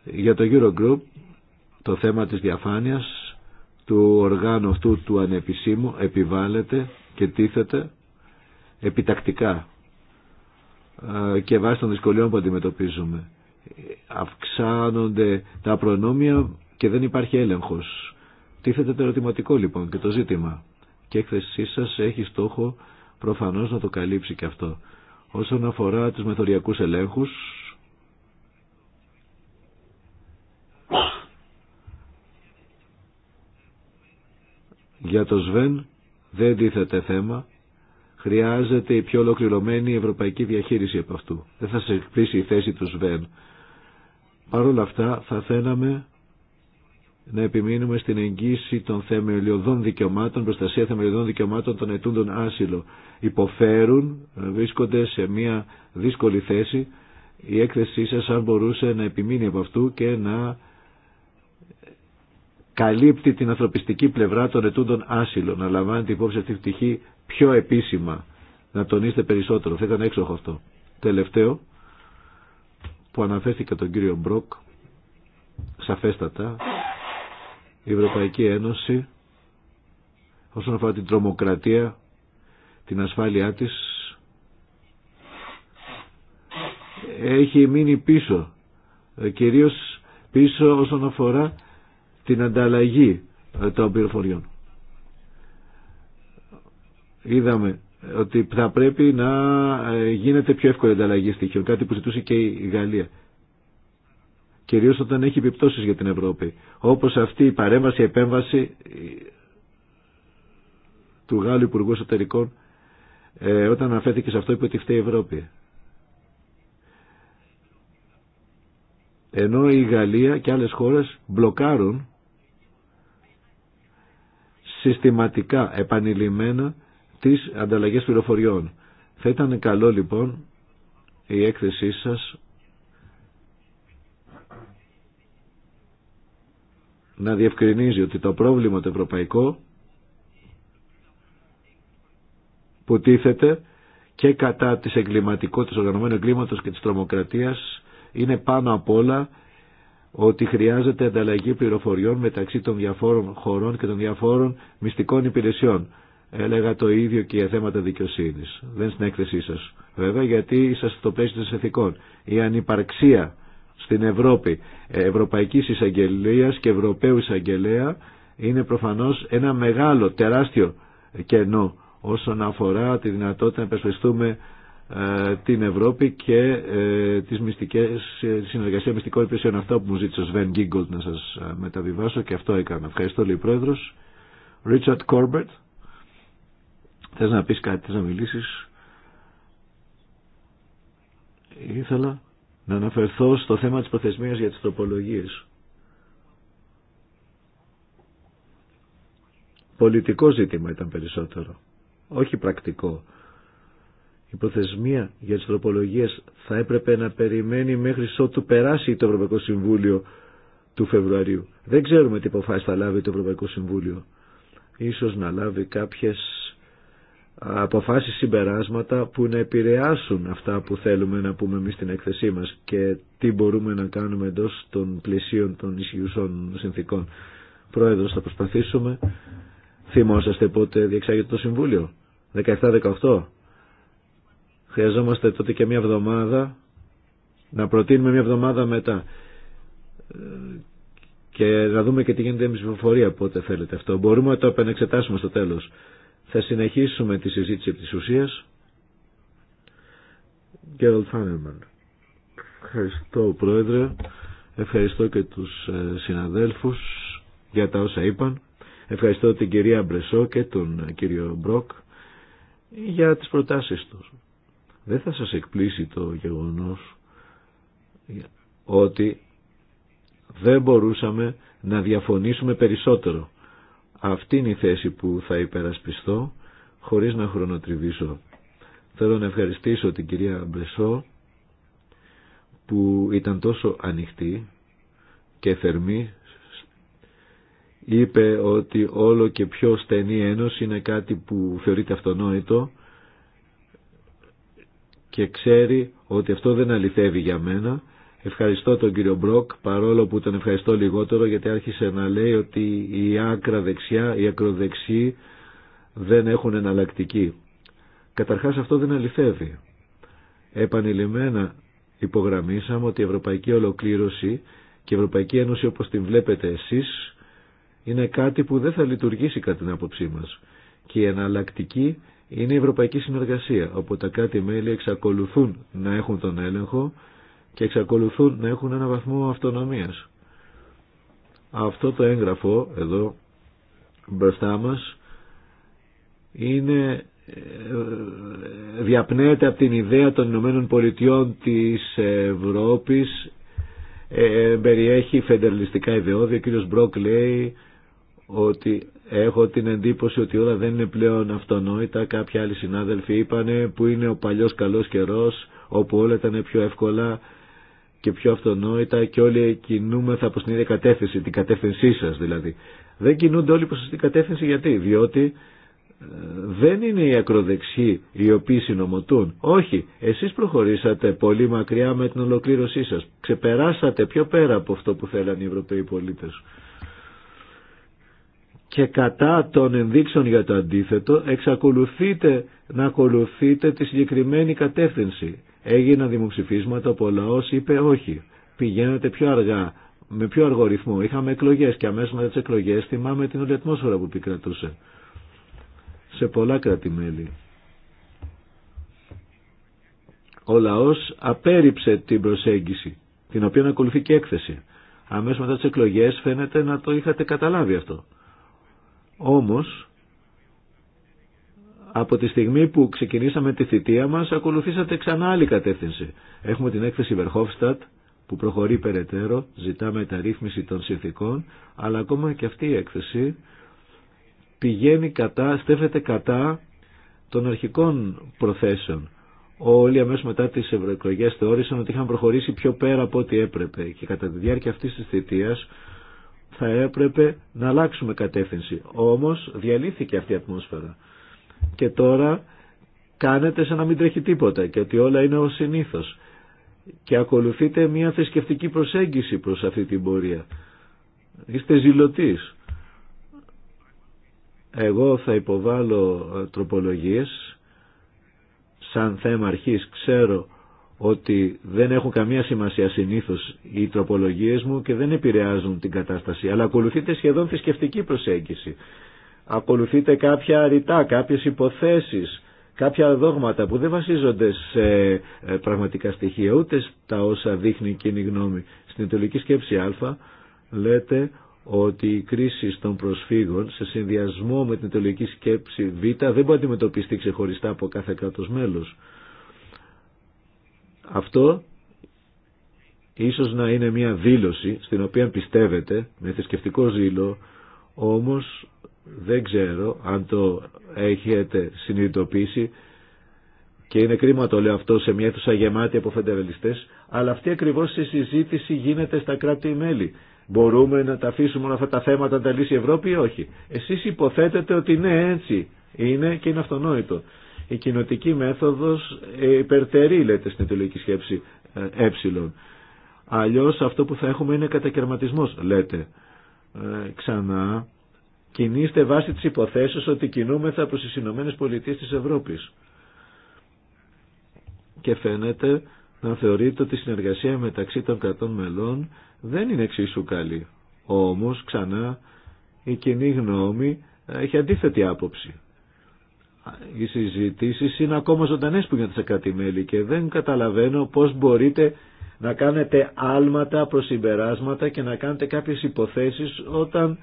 Για το Eurogroup το θέμα της διαφάνειας του οργάνου αυτού του ανεπισήμου επιβάλλεται και τίθεται επιτακτικά και βάσει των δυσκολιών που αντιμετωπίζουμε. Αυξάνονται τα προνόμια και δεν υπάρχει έλεγχος. Τίθεται το ερωτηματικό λοιπόν και το ζήτημα. Και η έκθεσή σας έχει στόχο προφανώς να το καλύψει και αυτό. Όσον αφορά τους μεθοριακούς ελέγχους, Για το ΣΒΕΝ δεν τίθεται θέμα. Χρειάζεται η πιο ολοκληρωμένη ευρωπαϊκή διαχείριση από αυτού. Δεν θα σε εκπλήσει η θέση του ΣΒΕΝ. Παρ' όλα αυτά θα θέλαμε να επιμείνουμε στην εγγύηση των θεμελιωδών δικαιωμάτων, προστασία θεμελιωδών δικαιωμάτων των ετούντων άσυλο. Υποφέρουν, ε, βρίσκονται σε μια δύσκολη θέση. Η έκθεσή σας αν μπορούσε να επιμείνει από αυτού και να καλύπτει την ανθρωπιστική πλευρά των ετούντων άσυλων, να λαμβάνετε υπόψη αυτή τη πτυχή πιο επίσημα, να τονίσετε περισσότερο. Θα ήταν έξοχο αυτό. Τελευταίο, που αναφέρθηκε τον κύριο Μπροκ, σαφέστατα, η Ευρωπαϊκή Ένωση, όσον αφορά την τρομοκρατία, την ασφάλειά της, έχει μείνει πίσω, ε, κυρίως πίσω όσον αφορά την ανταλλαγή ε, των πληροφοριών. Είδαμε ότι θα πρέπει να ε, γίνεται πιο εύκολη ανταλλαγή στοιχείων, κάτι που ζητούσε και η Γαλλία. Κυρίως όταν έχει επιπτώσει για την Ευρώπη. Όπως αυτή η παρέμβαση, η επέμβαση ε, του Γάλλου Υπουργού Εσωτερικών όταν αναφέρθηκε σε αυτό είπε ότι φταίει η Ευρώπη. Ενώ η Γαλλία και άλλες χώρες μπλοκάρουν συστηματικά, επανειλημμένα τις ανταλλαγές πληροφοριών. Θα ήταν καλό λοιπόν η έκθεσή σας να διευκρινίζει ότι το πρόβλημα το ευρωπαϊκό που τίθεται και κατά της εγκληματικότητας, οργανωμένου εγκλήματος και της τρομοκρατίας είναι πάνω απ' όλα ότι χρειάζεται ανταλλαγή πληροφοριών μεταξύ των διαφόρων χωρών και των διαφόρων μυστικών υπηρεσιών. Έλεγα το ίδιο και για θέματα δικαιοσύνη. Δεν στην έκθεσή σα. Βέβαια, γιατί είσαστε στο πλαίσιο των εθικών. Η ανυπαρξία στην Ευρώπη ε, Ευρωπαϊκή Εισαγγελία και Ευρωπαίου Εισαγγελέα είναι προφανώ ένα μεγάλο, τεράστιο κενό όσον αφορά τη δυνατότητα να επεσπιστούμε ε, την Ευρώπη και ε, τις μυστικές, τη ε, συνεργασία μυστικών υπηρεσιών. Αυτά που μου ζήτησε ο Σβέν Γκίγκολτ να σας μεταβιβάσω και αυτό έκανα. Ευχαριστώ λέει πρόεδρος. Ρίτσαρτ Κόρμπερτ, θες να πεις κάτι, θες να μιλήσεις. Ήθελα να αναφερθώ στο θέμα της προθεσμίας για τις τροπολογίες. Πολιτικό ζήτημα ήταν περισσότερο, όχι πρακτικό η προθεσμία για τις τροπολογίες θα έπρεπε να περιμένει μέχρι ότου περάσει το Ευρωπαϊκό Συμβούλιο του Φεβρουαρίου. Δεν ξέρουμε τι αποφάσει θα λάβει το Ευρωπαϊκό Συμβούλιο. Ίσως να λάβει κάποιες αποφάσεις συμπεράσματα που να επηρεάσουν αυτά που θέλουμε να πούμε εμείς στην έκθεσή μας και τι μπορούμε να κάνουμε εντό των πλαισίων των ισχυουσών συνθήκων. Πρόεδρος, θα προσπαθήσουμε. Θυμόσαστε πότε διεξάγεται το Συμβούλιο. 17-18. Χρειαζόμαστε τότε και μια εβδομάδα, να προτείνουμε μια εβδομάδα μετά και να δούμε και τι γίνεται με ψηφοφορία πότε θέλετε αυτό. Μπορούμε να το επενεξετάσουμε στο τέλος. Θα συνεχίσουμε τη συζήτηση της ουσίας. Γκέρολτ Φάνερμαν. Ευχαριστώ Πρόεδρε. Ευχαριστώ και τους ε, συναδέλφους για τα όσα είπαν. Ευχαριστώ την κυρία Μπρεσό και τον κύριο Μπροκ για τις προτάσεις τους. Δεν θα σας εκπλήσει το γεγονός ότι δεν μπορούσαμε να διαφωνήσουμε περισσότερο. Αυτή είναι η θέση που θα υπερασπιστώ χωρίς να χρονοτριβήσω. Θέλω να ευχαριστήσω την κυρία Μπρεσό που ήταν τόσο ανοιχτή και θερμή είπε ότι όλο και πιο στενή ένωση είναι κάτι που θεωρείται αυτονόητο και ξέρει ότι αυτό δεν αληθεύει για μένα. Ευχαριστώ τον κύριο Μπροκ, παρόλο που τον ευχαριστώ λιγότερο γιατί άρχισε να λέει ότι η άκρα δεξιά, οι ακροδεξιοί δεν έχουν εναλλακτική. Καταρχάς αυτό δεν αληθεύει. Επανειλημμένα υπογραμμίσαμε ότι η Ευρωπαϊκή Ολοκλήρωση και η Ευρωπαϊκή Ένωση όπως την βλέπετε εσείς είναι κάτι που δεν θα λειτουργήσει κατά την άποψή μας. Και η εναλλακτική είναι η ευρωπαϊκή συνεργασία, όπου τα κράτη-μέλη εξακολουθούν να έχουν τον έλεγχο και εξακολουθούν να έχουν ένα βαθμό αυτονομίας. Αυτό το έγγραφο εδώ μπροστά μας είναι ε, διαπνέεται από την ιδέα των Ηνωμένων Πολιτειών της Ευρώπης ε, περιέχει φεντερλιστικά ιδεώδη ο κύριος Μπρόκ λέει ότι έχω την εντύπωση ότι όλα δεν είναι πλέον αυτονόητα. Κάποιοι άλλοι συνάδελφοι είπανε που είναι ο παλιός καλός καιρός όπου όλα ήταν πιο εύκολα και πιο αυτονόητα και όλοι κινούμεθα προς στην ίδια κατεύθυνση, την κατεύθυνσή σας δηλαδή. Δεν κινούνται όλοι προς την κατεύθυνση γιατί, διότι ε, δεν είναι οι ακροδεξιοί οι οποίοι συνομωτούν. Όχι, εσείς προχωρήσατε πολύ μακριά με την ολοκλήρωσή σας. Ξεπεράσατε πιο πέρα από αυτό που θέλαν οι Ευρωπαίοι πολίτες και κατά των ενδείξεων για το αντίθετο εξακολουθείτε να ακολουθείτε τη συγκεκριμένη κατεύθυνση. Έγιναν δημοψηφίσματα που ο λαό είπε όχι. Πηγαίνετε πιο αργά, με πιο αργό ρυθμό. Είχαμε εκλογέ και αμέσω μετά τι εκλογέ θυμάμαι την όλη ατμόσφαιρα που επικρατούσε. Σε πολλά κράτη-μέλη. Ο λαό απέρριψε την προσέγγιση, την οποία ακολουθεί και έκθεση. Αμέσω μετά τι εκλογέ φαίνεται να το είχατε καταλάβει αυτό. Όμως, από τη στιγμή που ξεκινήσαμε τη θητεία μας, ακολουθήσατε ξανά άλλη κατεύθυνση. Έχουμε την έκθεση Verhofstadt, που προχωρεί περαιτέρω, ζητά μεταρρύθμιση των συνθήκων, αλλά ακόμα και αυτή η έκθεση πηγαίνει κατά, στέφεται κατά των αρχικών προθέσεων. Όλοι αμέσως μετά τις ευρωεκλογέ θεώρησαν ότι είχαν προχωρήσει πιο πέρα από ό,τι έπρεπε και κατά τη διάρκεια αυτής της θητείας θα έπρεπε να αλλάξουμε κατεύθυνση. Όμως διαλύθηκε αυτή η ατμόσφαιρα. Και τώρα κάνετε σαν να μην τρέχει τίποτα και ότι όλα είναι ως συνήθως. Και ακολουθείτε μια θρησκευτική προσέγγιση προς αυτή την πορεία. Είστε ζηλωτής. Εγώ θα υποβάλω ε, τροπολογίες σαν θέμα αρχής ξέρω ότι δεν έχουν καμία σημασία συνήθως οι τροπολογίες μου και δεν επηρεάζουν την κατάσταση, αλλά ακολουθείτε σχεδόν θρησκευτική προσέγγιση. Ακολουθείτε κάποια ρητά, κάποιες υποθέσεις, κάποια δόγματα που δεν βασίζονται σε ε, πραγματικά στοιχεία, ούτε στα όσα δείχνει η κοινή γνώμη. Στην τελική σκέψη α λέτε ότι η κρίση των προσφύγων σε συνδυασμό με την τελική σκέψη β δεν μπορεί να αντιμετωπιστεί ξεχωριστά από κάθε κράτο μέλος. Αυτό ίσως να είναι μια δήλωση στην οποία πιστεύετε με θρησκευτικό ζήλο, όμως δεν ξέρω αν το έχετε συνειδητοποιήσει και είναι κρίμα το λέω αυτό σε μια αίθουσα γεμάτη από φεντεραλιστές, αλλά αυτή ακριβώς η συζήτηση γίνεται στα κράτη-μέλη. Μπορούμε να τα αφήσουμε όλα αυτά τα θέματα να τα λύσει η Ευρώπη ή όχι. Εσείς υποθέτετε ότι ναι έτσι είναι και είναι αυτονόητο. Η κοινοτική μέθοδος υπερτερεί, λέτε, στην τελική σκέψη ε, ε. Αλλιώς αυτό που θα έχουμε είναι κατακαιρματισμός, λέτε. Ε, ξανά, κινείστε βάσει της υποθέσεως ότι κινούμεθα προς τις Ηνωμένε Πολιτείες της Ευρώπης. Και φαίνεται να θεωρείτε ότι η συνεργασία μεταξύ των κρατών μελών δεν είναι εξίσου καλή. Όμως, ξανά, η κοινή γνώμη έχει αντίθετη άποψη οι συζητήσει είναι ακόμα ζωντανέ που γίνονται σε κάτι μελη και δεν καταλαβαίνω πώ μπορείτε να κάνετε άλματα προ συμπεράσματα και να κάνετε κάποιε υποθέσει όταν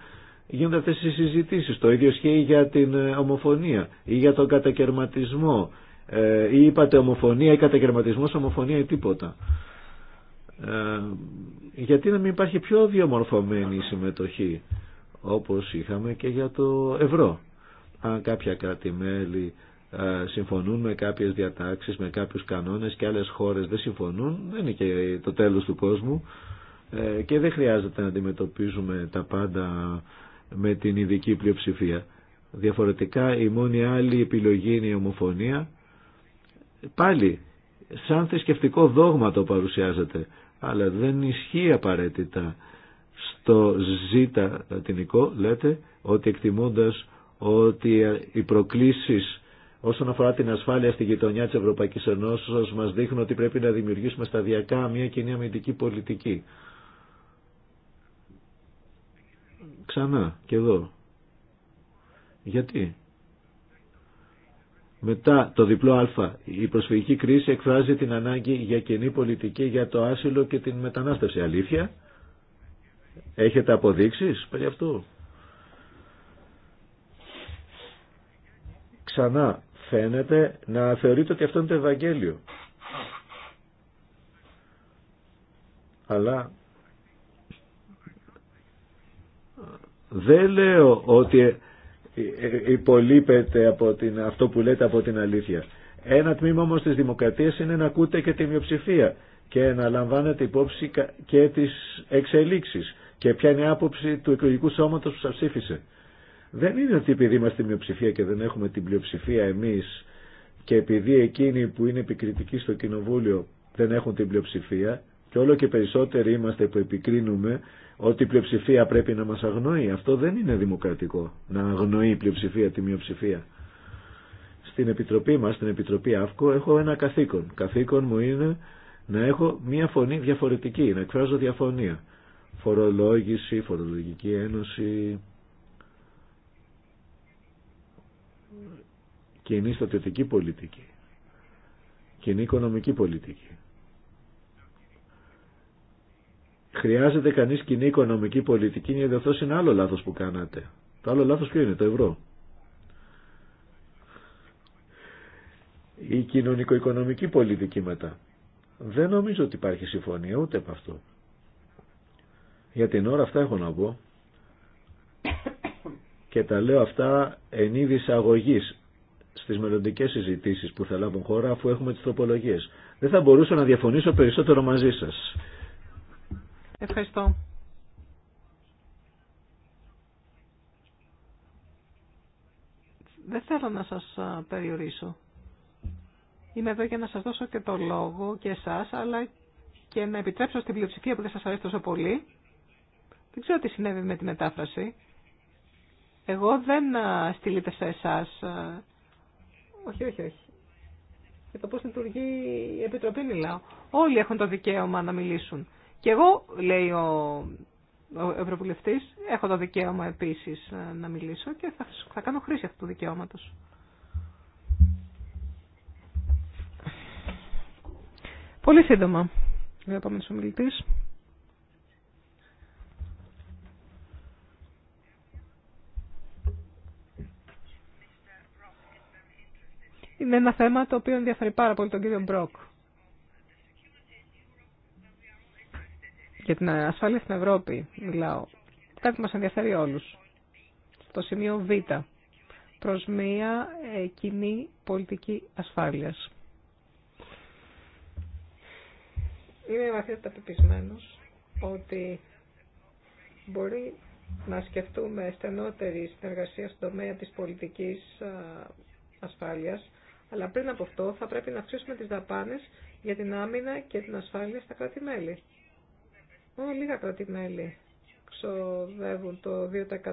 γίνονται αυτέ οι συζητήσει. Το ίδιο ισχύει για την ε, ομοφωνία ή για τον κατακαιρματισμό. Ε, ή είπατε ομοφωνία ή κατακαιρματισμό, ομοφωνία ή τίποτα. Ε, γιατί να μην υπάρχει πιο διαμορφωμένη συμμετοχή όπως είχαμε και για το ευρώ αν κάποια κράτη-μέλη ε, συμφωνούν με κάποιες διατάξεις, με κάποιους κανόνες και άλλες χώρες δεν συμφωνούν, δεν είναι και το τέλος του κόσμου ε, και δεν χρειάζεται να αντιμετωπίζουμε τα πάντα με την ειδική πλειοψηφία. Διαφορετικά η μόνη άλλη επιλογή είναι η ομοφωνία. Πάλι, σαν θρησκευτικό δόγμα το παρουσιάζεται, αλλά δεν ισχύει απαραίτητα. Στο ζήτα λατινικό λέτε ότι εκτιμώντας ότι οι προκλήσεις όσον αφορά την ασφάλεια στη γειτονιά της Ευρωπαϊκής Ενώσεως μας δείχνουν ότι πρέπει να δημιουργήσουμε σταδιακά μια κοινή αμυντική πολιτική. Ξανά και εδώ. Γιατί. Μετά το διπλό α, η προσφυγική κρίση εκφράζει την ανάγκη για κοινή πολιτική για το άσυλο και την μετανάστευση. Αλήθεια, έχετε αποδείξεις περί αυτού. ξανά φαίνεται να θεωρείται ότι αυτό είναι το Ευαγγέλιο. Αλλά δεν λέω ότι ε, ε, υπολείπεται από την, αυτό που λέτε από την αλήθεια. Ένα τμήμα όμως της δημοκρατίας είναι να ακούτε και τη μειοψηφία και να λαμβάνετε υπόψη και τις εξελίξεις και ποια είναι η άποψη του εκλογικού σώματος που σας ψήφισε. Δεν είναι ότι επειδή είμαστε μειοψηφία και δεν έχουμε την πλειοψηφία εμείς και επειδή εκείνοι που είναι επικριτικοί στο κοινοβούλιο δεν έχουν την πλειοψηφία και όλο και περισσότεροι είμαστε που επικρίνουμε ότι η πλειοψηφία πρέπει να μας αγνοεί. Αυτό δεν είναι δημοκρατικό, να αγνοεί η πλειοψηφία τη μειοψηφία. Στην Επιτροπή μας, στην Επιτροπή ΑΦΚΟ, έχω ένα καθήκον. Καθήκον μου είναι να έχω μία φωνή διαφορετική, να εκφράζω διαφωνία. Φορολόγηση, φορολογική ένωση, κοινή στρατιωτική πολιτική, κοινή οικονομική πολιτική. Χρειάζεται κανείς κοινή οικονομική πολιτική, γιατί αυτό είναι άλλο λάθο που κάνατε. Το άλλο λάθος ποιο είναι, το ευρώ. Η κοινωνικο-οικονομική πολιτική μετά. Δεν νομίζω ότι υπάρχει συμφωνία ούτε από αυτό. Για την ώρα αυτά έχω να πω και τα λέω αυτά εν είδη στις μελλοντικέ συζητήσεις που θα λάβουν χώρα αφού έχουμε τις τροπολογίες. Δεν θα μπορούσα να διαφωνήσω περισσότερο μαζί σας. Ευχαριστώ. Δεν θέλω να σας περιορίσω. Είμαι εδώ για να σας δώσω και το λόγο και εσάς, αλλά και να επιτρέψω στην πλειοψηφία που δεν σας αρέσει τόσο πολύ. Δεν ξέρω τι συνέβη με τη μετάφραση. Εγώ δεν στείλετε σε εσάς όχι, όχι, όχι. Για το πώ λειτουργεί η Επιτροπή μιλάω. Όλοι έχουν το δικαίωμα να μιλήσουν. Και εγώ, λέει ο, ο Ευρωβουλευτής, έχω το δικαίωμα επίσης ε, να μιλήσω και θα, θα κάνω χρήση αυτού του δικαιώματος. Πολύ σύντομα. Ο επόμενο ομιλητής. Είναι ένα θέμα το οποίο ενδιαφέρει πάρα πολύ τον κύριο Μπρόκ. Για την ασφάλεια στην Ευρώπη μιλάω. Κάτι που μας ενδιαφέρει όλους. Στο σημείο Β. Προς μία ε, κοινή πολιτική ασφάλειας. Είμαι βαθύτατα πεπισμένος ότι μπορεί να σκεφτούμε στενότερη συνεργασία στον τομέα της πολιτικής ε, ασφάλειας αλλά πριν από αυτό θα πρέπει να αυξήσουμε τις δαπάνες για την άμυνα και την ασφάλεια στα κράτη-μέλη. Μόνο λίγα κράτη-μέλη ξοδεύουν το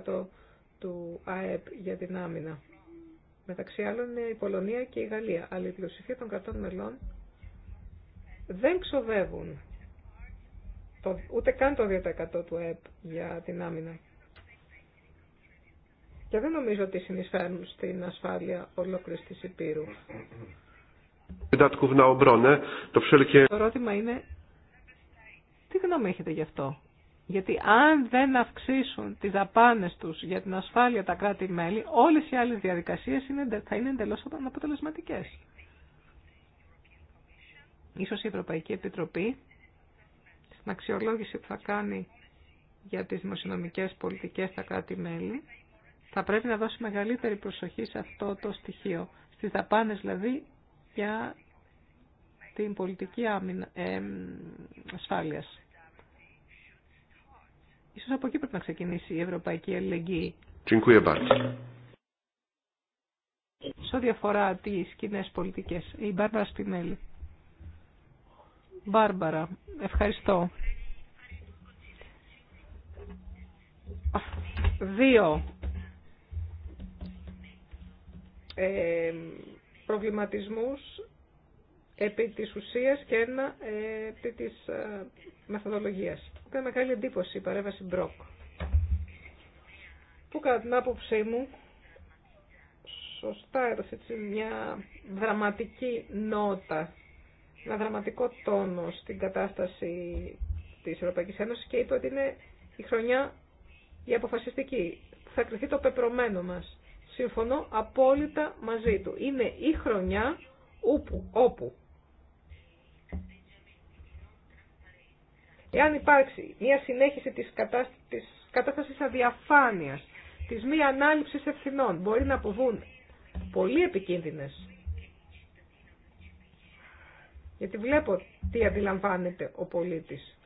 2% του ΑΕΠ για την άμυνα. Μεταξύ άλλων είναι η Πολωνία και η Γαλλία, αλλά η πλειοψηφία των κρατών μελών δεν ξοδεύουν το, ούτε καν το 2% του ΑΕΠ για την άμυνα και δεν νομίζω ότι συνεισφέρουν στην ασφάλεια ολόκληρης της Υπήρου. Το ερώτημα είναι τι γνώμη έχετε γι' αυτό. Γιατί αν δεν αυξήσουν τις δαπάνες τους για την ασφάλεια τα κράτη-μέλη, όλες οι άλλες διαδικασίες θα είναι εντελώς αναποτελεσματικές. Ίσως η Ευρωπαϊκή Επιτροπή στην αξιολόγηση που θα κάνει για τις δημοσιονομικές πολιτικές στα κράτη-μέλη θα πρέπει να δώσει μεγαλύτερη προσοχή σε αυτό το στοιχείο. Στις δαπάνες δηλαδή για την πολιτική άμυνα, ε, ασφάλειας. Ίσως από εκεί πρέπει να ξεκινήσει η Ευρωπαϊκή Αλληλεγγύη. Σε ό,τι αφορά τις κοινέ πολιτικές, η Μπάρμπαρα Σπινέλη. Μπάρμπαρα, ευχαριστώ. Δύο ε, προβληματισμούς επί της ουσίας και ένα ε, επί της ε, μεθοδολογίας. Μου μεγάλη εντύπωση η παρέβαση Μπροκ, που κατά την άποψή μου σωστά έδωσε έτσι μια δραματική νότα, ένα δραματικό τόνο στην κατάσταση της Ευρωπαϊκής Ένωσης και είπε ότι είναι η χρονιά η αποφασιστική, που θα κρυθεί το πεπρωμένο μας. Συμφωνώ απόλυτα μαζί του. Είναι η χρονιά όπου, όπου. Εάν υπάρξει μια συνέχιση της, κατάστης της κατάστασης αδιαφάνειας, της μη ανάληψης ευθυνών, μπορεί να αποβούν πολύ επικίνδυνες. Γιατί βλέπω τι αντιλαμβάνεται ο πολίτης.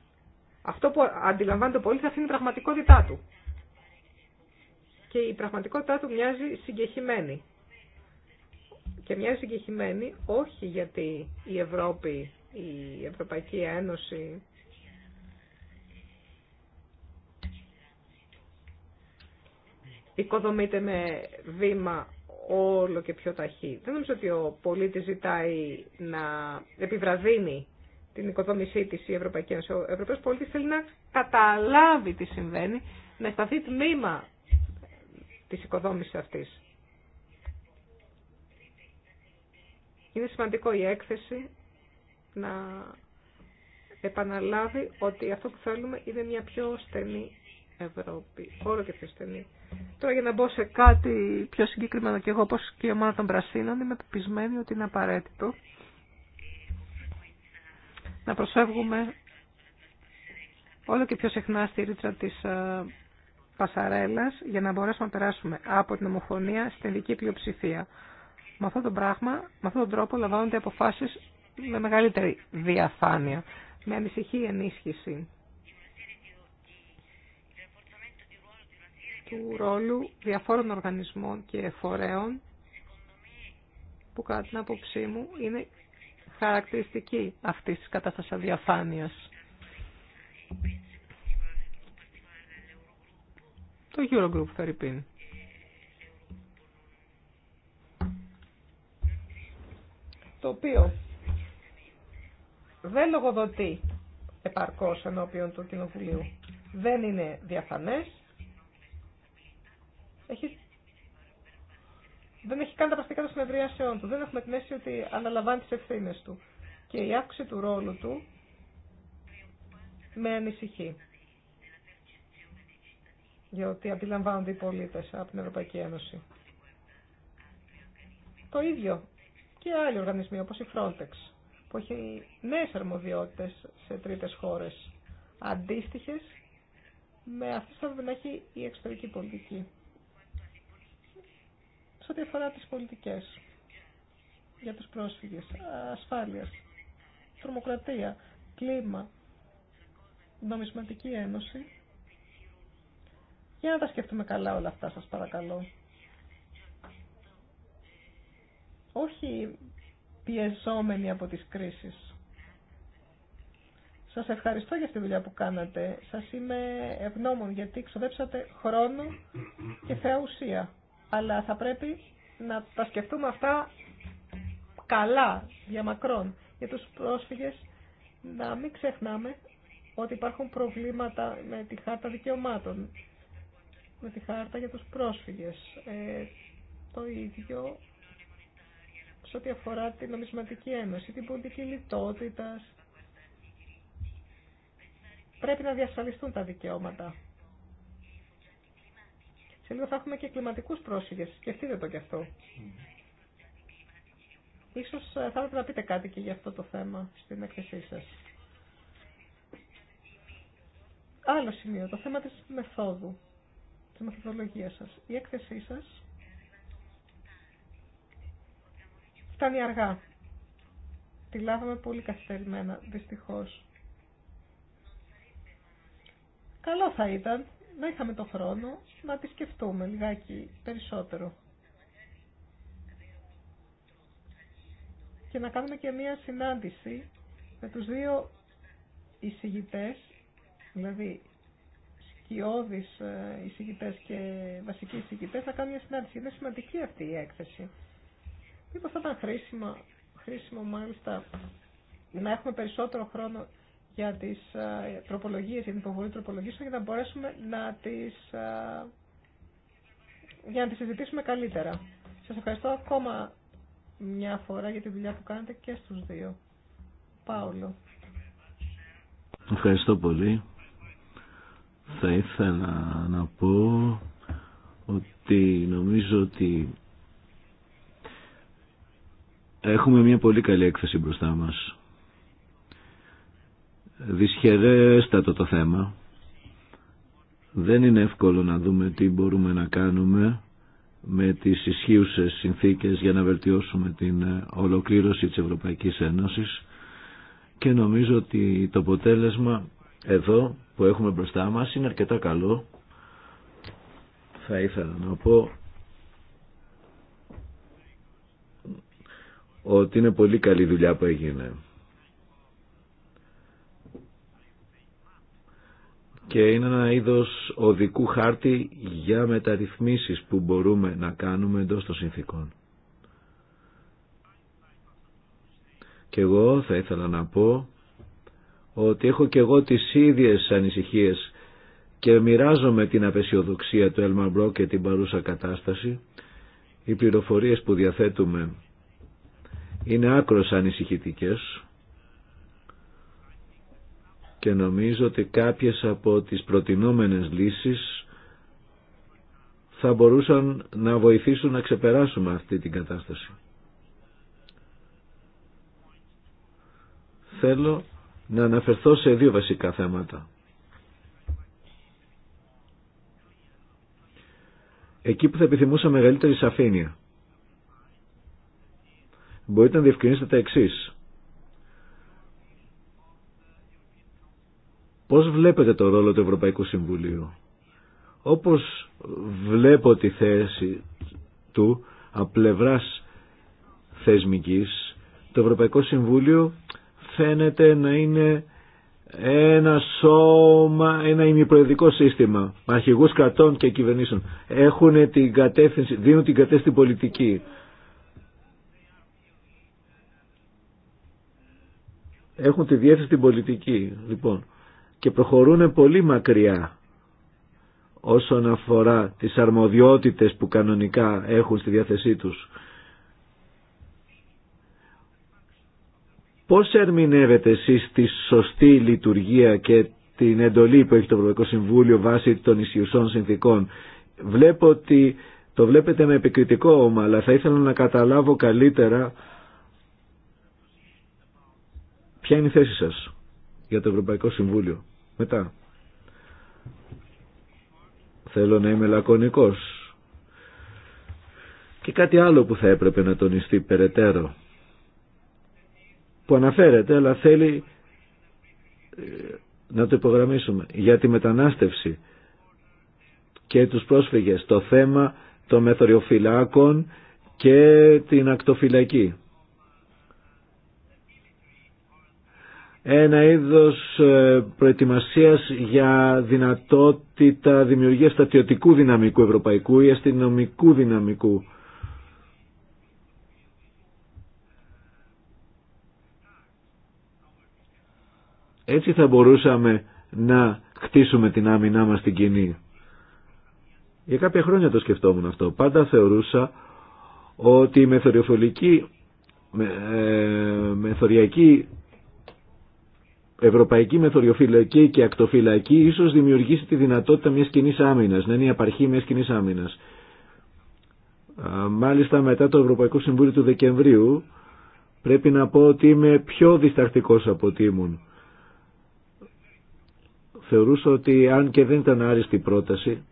Αυτό που αντιλαμβάνεται ο πολίτης αυτή είναι η πραγματικότητά του και η πραγματικότητά του μοιάζει συγκεχημένη. Και μοιάζει συγκεχημένη όχι γιατί η Ευρώπη, η Ευρωπαϊκή Ένωση οικοδομείται με βήμα όλο και πιο ταχύ. Δεν νομίζω ότι ο πολίτης ζητάει να επιβραδύνει την οικοδόμησή της η Ευρωπαϊκή Ένωση. Ο Ευρωπαϊκός πολίτης θέλει να καταλάβει τι συμβαίνει, να σταθεί τμήμα της οικοδόμησης αυτής. Είναι σημαντικό η έκθεση να επαναλάβει ότι αυτό που θέλουμε είναι μια πιο στενή Ευρώπη. Όλο και πιο στενή. Τώρα για να μπω σε κάτι πιο συγκεκριμένο και εγώ όπως και η ομάδα των Πρασίνων είμαι πεπισμένη ότι είναι απαραίτητο να προσφεύγουμε όλο και πιο συχνά στη ρήτρα της ε, πασαρέλας για να μπορέσουμε να περάσουμε από την ομοφωνία στην ειδική πλειοψηφία. Με αυτόν τον, πράγμα, με αυτόν τον τρόπο λαμβάνονται αποφάσεις με μεγαλύτερη διαφάνεια. Με ανησυχή ενίσχυση του ρόλου διαφόρων οργανισμών και φορέων που κατά την άποψή μου είναι χαρακτηριστική αυτής της κατάστασης αδιαφάνειας. το Eurogroup Φερρυπίν. Το οποίο δεν λογοδοτεί επαρκώς ενώπιον του Κοινοβουλίου. Δεν είναι διαφανές. Δεν έχει καν τα πρακτικά των συνεδριάσεών του. Δεν έχουμε την αίσθηση ότι αναλαμβάνει τις ευθύνες του. Και η αύξηση του ρόλου του με ανησυχεί για ότι αντιλαμβάνονται οι πολίτες από την Ευρωπαϊκή Ένωση. Το ίδιο και άλλοι οργανισμοί όπως η Frontex, που έχει νέες αρμοδιότητες σε τρίτες χώρες, αντίστοιχες με αυτές που έχει η εξωτερική πολιτική. Σε ό,τι αφορά τις πολιτικές για τους πρόσφυγες, ασφάλειας, τρομοκρατία, κλίμα, νομισματική ένωση, για να τα σκεφτούμε καλά όλα αυτά, σας παρακαλώ. Όχι πιεζόμενοι από τις κρίσεις. Σας ευχαριστώ για τη δουλειά που κάνατε. Σας είμαι ευγνώμων γιατί ξοδέψατε χρόνο και θεά ουσία. Αλλά θα πρέπει να τα σκεφτούμε αυτά καλά, για μακρόν Για τους πρόσφυγες να μην ξεχνάμε ότι υπάρχουν προβλήματα με τη χάρτα δικαιωμάτων με τη χάρτα για τους πρόσφυγες. Ε, το ίδιο σε ό,τι αφορά την νομισματική ένωση, την πολιτική λιτότητα. Πρέπει να διασφαλιστούν τα δικαιώματα. Σε λίγο θα έχουμε και κλιματικούς πρόσφυγες. Σκεφτείτε το κι αυτό. Ίσως ε, θα ήθελα να πείτε κάτι και για αυτό το θέμα στην έκθεσή σας. Άλλο σημείο, το θέμα της μεθόδου τη μεθοδολογία σα. Η έκθεσή σας φτάνει αργά. Τη λάβαμε πολύ καθυστερημένα, δυστυχώ. Καλό θα ήταν να είχαμε το χρόνο να τη σκεφτούμε λιγάκι περισσότερο. Και να κάνουμε και μία συνάντηση με τους δύο εισηγητές, δηλαδή σκιώδεις ε, εισηγητές και βασικοί εισηγητές θα κάνουν μια συνάντηση. Είναι σημαντική αυτή η έκθεση. Πώς θα ήταν χρήσιμο, μάλιστα να έχουμε περισσότερο χρόνο για τις ε, τροπολογίες, για την υποβολή τροπολογίσεων, για να μπορέσουμε να τις, ε, για να τις συζητήσουμε καλύτερα. Σας ευχαριστώ ακόμα μια φορά για τη δουλειά που κάνετε και στους δύο. Πάολο. Ευχαριστώ πολύ. Θα ήθελα να πω ότι νομίζω ότι έχουμε μια πολύ καλή έκθεση μπροστά μας. Δυσχερέστατο το θέμα. Δεν είναι εύκολο να δούμε τι μπορούμε να κάνουμε με τις ισχύουσες συνθήκες για να βελτιώσουμε την ολοκλήρωση της Ευρωπαϊκής Ένωσης και νομίζω ότι το αποτέλεσμα εδώ που έχουμε μπροστά μας είναι αρκετά καλό. Θα ήθελα να πω ότι είναι πολύ καλή δουλειά που έγινε. Και είναι ένα είδος οδικού χάρτη για μεταρρυθμίσεις που μπορούμε να κάνουμε εντός των συνθήκων. Και εγώ θα ήθελα να πω ότι έχω και εγώ τις ίδιες ανησυχίες και μοιράζομαι την απεσιοδοξία του Έλμαρ και την παρούσα κατάσταση. Οι πληροφορίες που διαθέτουμε είναι άκρος ανησυχητικές και νομίζω ότι κάποιες από τις προτινόμενες λύσεις θα μπορούσαν να βοηθήσουν να ξεπεράσουμε αυτή την κατάσταση. Θέλω να αναφερθώ σε δύο βασικά θέματα. Εκεί που θα επιθυμούσα μεγαλύτερη σαφήνεια. Μπορείτε να διευκρινίσετε τα εξής. Πώς βλέπετε το ρόλο του Ευρωπαϊκού Συμβουλίου. Όπως βλέπω τη θέση του απλευράς θεσμικής, το Ευρωπαϊκό Συμβούλιο φαίνεται να είναι ένα σώμα, ένα ημιπροεδρικό σύστημα αρχηγού κρατών και κυβερνήσεων έχουν την κατεύθυνση, δίνουν την κατεύθυνση πολιτική έχουν τη διεύθυνση στην πολιτική λοιπόν και προχωρούν πολύ μακριά όσον αφορά τις αρμοδιότητες που κανονικά έχουν στη διάθεσή τους Πώς ερμηνεύετε εσείς τη σωστή λειτουργία και την εντολή που έχει το Ευρωπαϊκό Συμβούλιο βάσει των ισχυουσών συνθήκων. Βλέπω ότι το βλέπετε με επικριτικό όμα, αλλά θα ήθελα να καταλάβω καλύτερα ποια είναι η θέση σας για το Ευρωπαϊκό Συμβούλιο. Μετά. Θέλω να είμαι λακωνικός. Και κάτι άλλο που θα έπρεπε να τονιστεί περαιτέρω που αναφέρεται, αλλά θέλει ε, να το υπογραμμίσουμε, για τη μετανάστευση και τους πρόσφυγες, το θέμα των μεθοριοφυλάκων και την ακτοφυλακή. Ένα είδος ε, προετοιμασίας για δυνατότητα δημιουργίας στατιωτικού δυναμικού ευρωπαϊκού ή αστυνομικού δυναμικού Έτσι θα μπορούσαμε να χτίσουμε την άμυνά μας την κοινή. Για κάποια χρόνια το σκεφτόμουν αυτό. Πάντα θεωρούσα ότι η μεθοριοφολική, με, ε, μεθοριακή, ευρωπαϊκή μεθοριοφυλακή και ακτοφυλακή ίσως δημιουργήσει τη δυνατότητα μιας κοινή άμυνας, να είναι η απαρχή μιας κοινή άμυνας. Μάλιστα μετά το Ευρωπαϊκό Συμβούλιο του Δεκεμβρίου πρέπει να πω ότι είμαι πιο διστακτικός από ότι ήμουν θεωρούσα ότι αν και δεν ήταν άριστη πρόταση,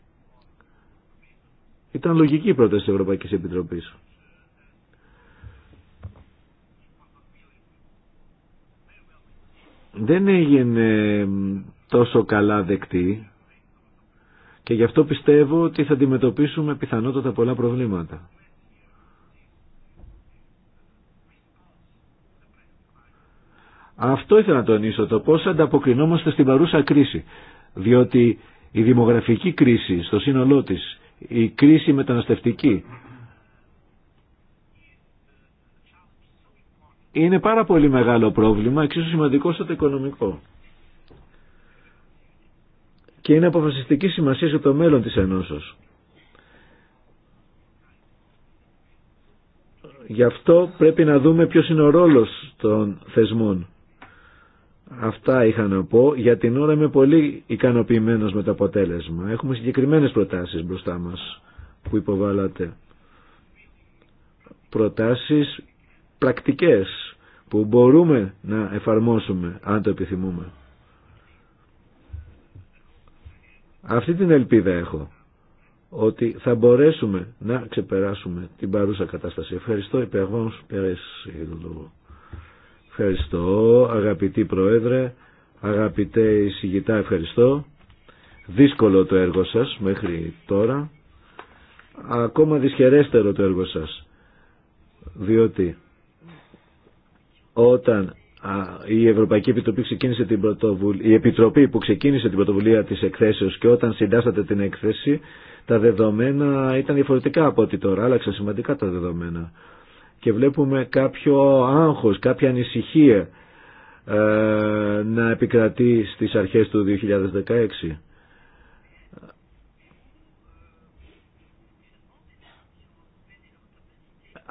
ήταν λογική πρόταση της Ευρωπαϊκής Επιτροπής. Δεν έγινε τόσο καλά δεκτή και γι' αυτό πιστεύω ότι θα αντιμετωπίσουμε πιθανότατα πολλά προβλήματα. Αυτό ήθελα να τονίσω, το πώς ανταποκρινόμαστε στην παρούσα κρίση. Διότι η δημογραφική κρίση στο σύνολό της, η κρίση μεταναστευτική, είναι πάρα πολύ μεγάλο πρόβλημα, εξίσου σημαντικό στο οικονομικό. Και είναι αποφασιστική σημασία για το μέλλον της ενώσεως. Γι' αυτό πρέπει να δούμε ποιος είναι ο ρόλος των θεσμών. Αυτά είχα να πω. Για την ώρα είμαι πολύ ικανοποιημένος με το αποτέλεσμα. Έχουμε συγκεκριμένες προτάσεις μπροστά μας που υποβάλλατε. Προτάσεις πρακτικές που μπορούμε να εφαρμόσουμε αν το επιθυμούμε. Αυτή την ελπίδα έχω ότι θα μπορέσουμε να ξεπεράσουμε την παρούσα κατάσταση. Ευχαριστώ υπερβάμους Ευχαριστώ αγαπητή Πρόεδρε, αγαπητέ εισηγητά ευχαριστώ. Δύσκολο το έργο σας μέχρι τώρα, ακόμα δυσχερέστερο το έργο σας, διότι όταν η Ευρωπαϊκή Επιτροπή, ξεκίνησε την πρωτοβουλία, η Επιτροπή που ξεκίνησε την πρωτοβουλία της εκθέσεως και όταν συντάσσατε την εκθέση, τα δεδομένα ήταν διαφορετικά από ό,τι τώρα, άλλαξαν σημαντικά τα δεδομένα και βλέπουμε κάποιο άγχος, κάποια ανησυχία ε, να επικρατεί στις αρχές του 2016.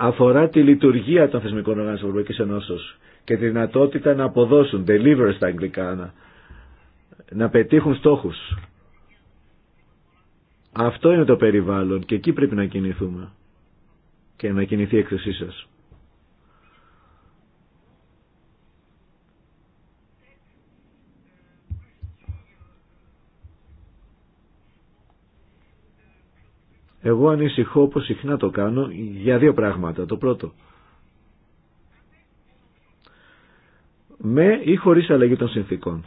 Αφορά τη λειτουργία των θεσμικών οργάνων της Ευρωπαϊκής Ενώσεως και τη δυνατότητα να αποδώσουν, deliver στα αγγλικά, να, να πετύχουν στόχους. Αυτό είναι το περιβάλλον και εκεί πρέπει να κινηθούμε και να κινηθεί η έκθεσή σας. Εγώ ανησυχώ όπως συχνά το κάνω για δύο πράγματα. Το πρώτο, με ή χωρίς αλλαγή των συνθήκων.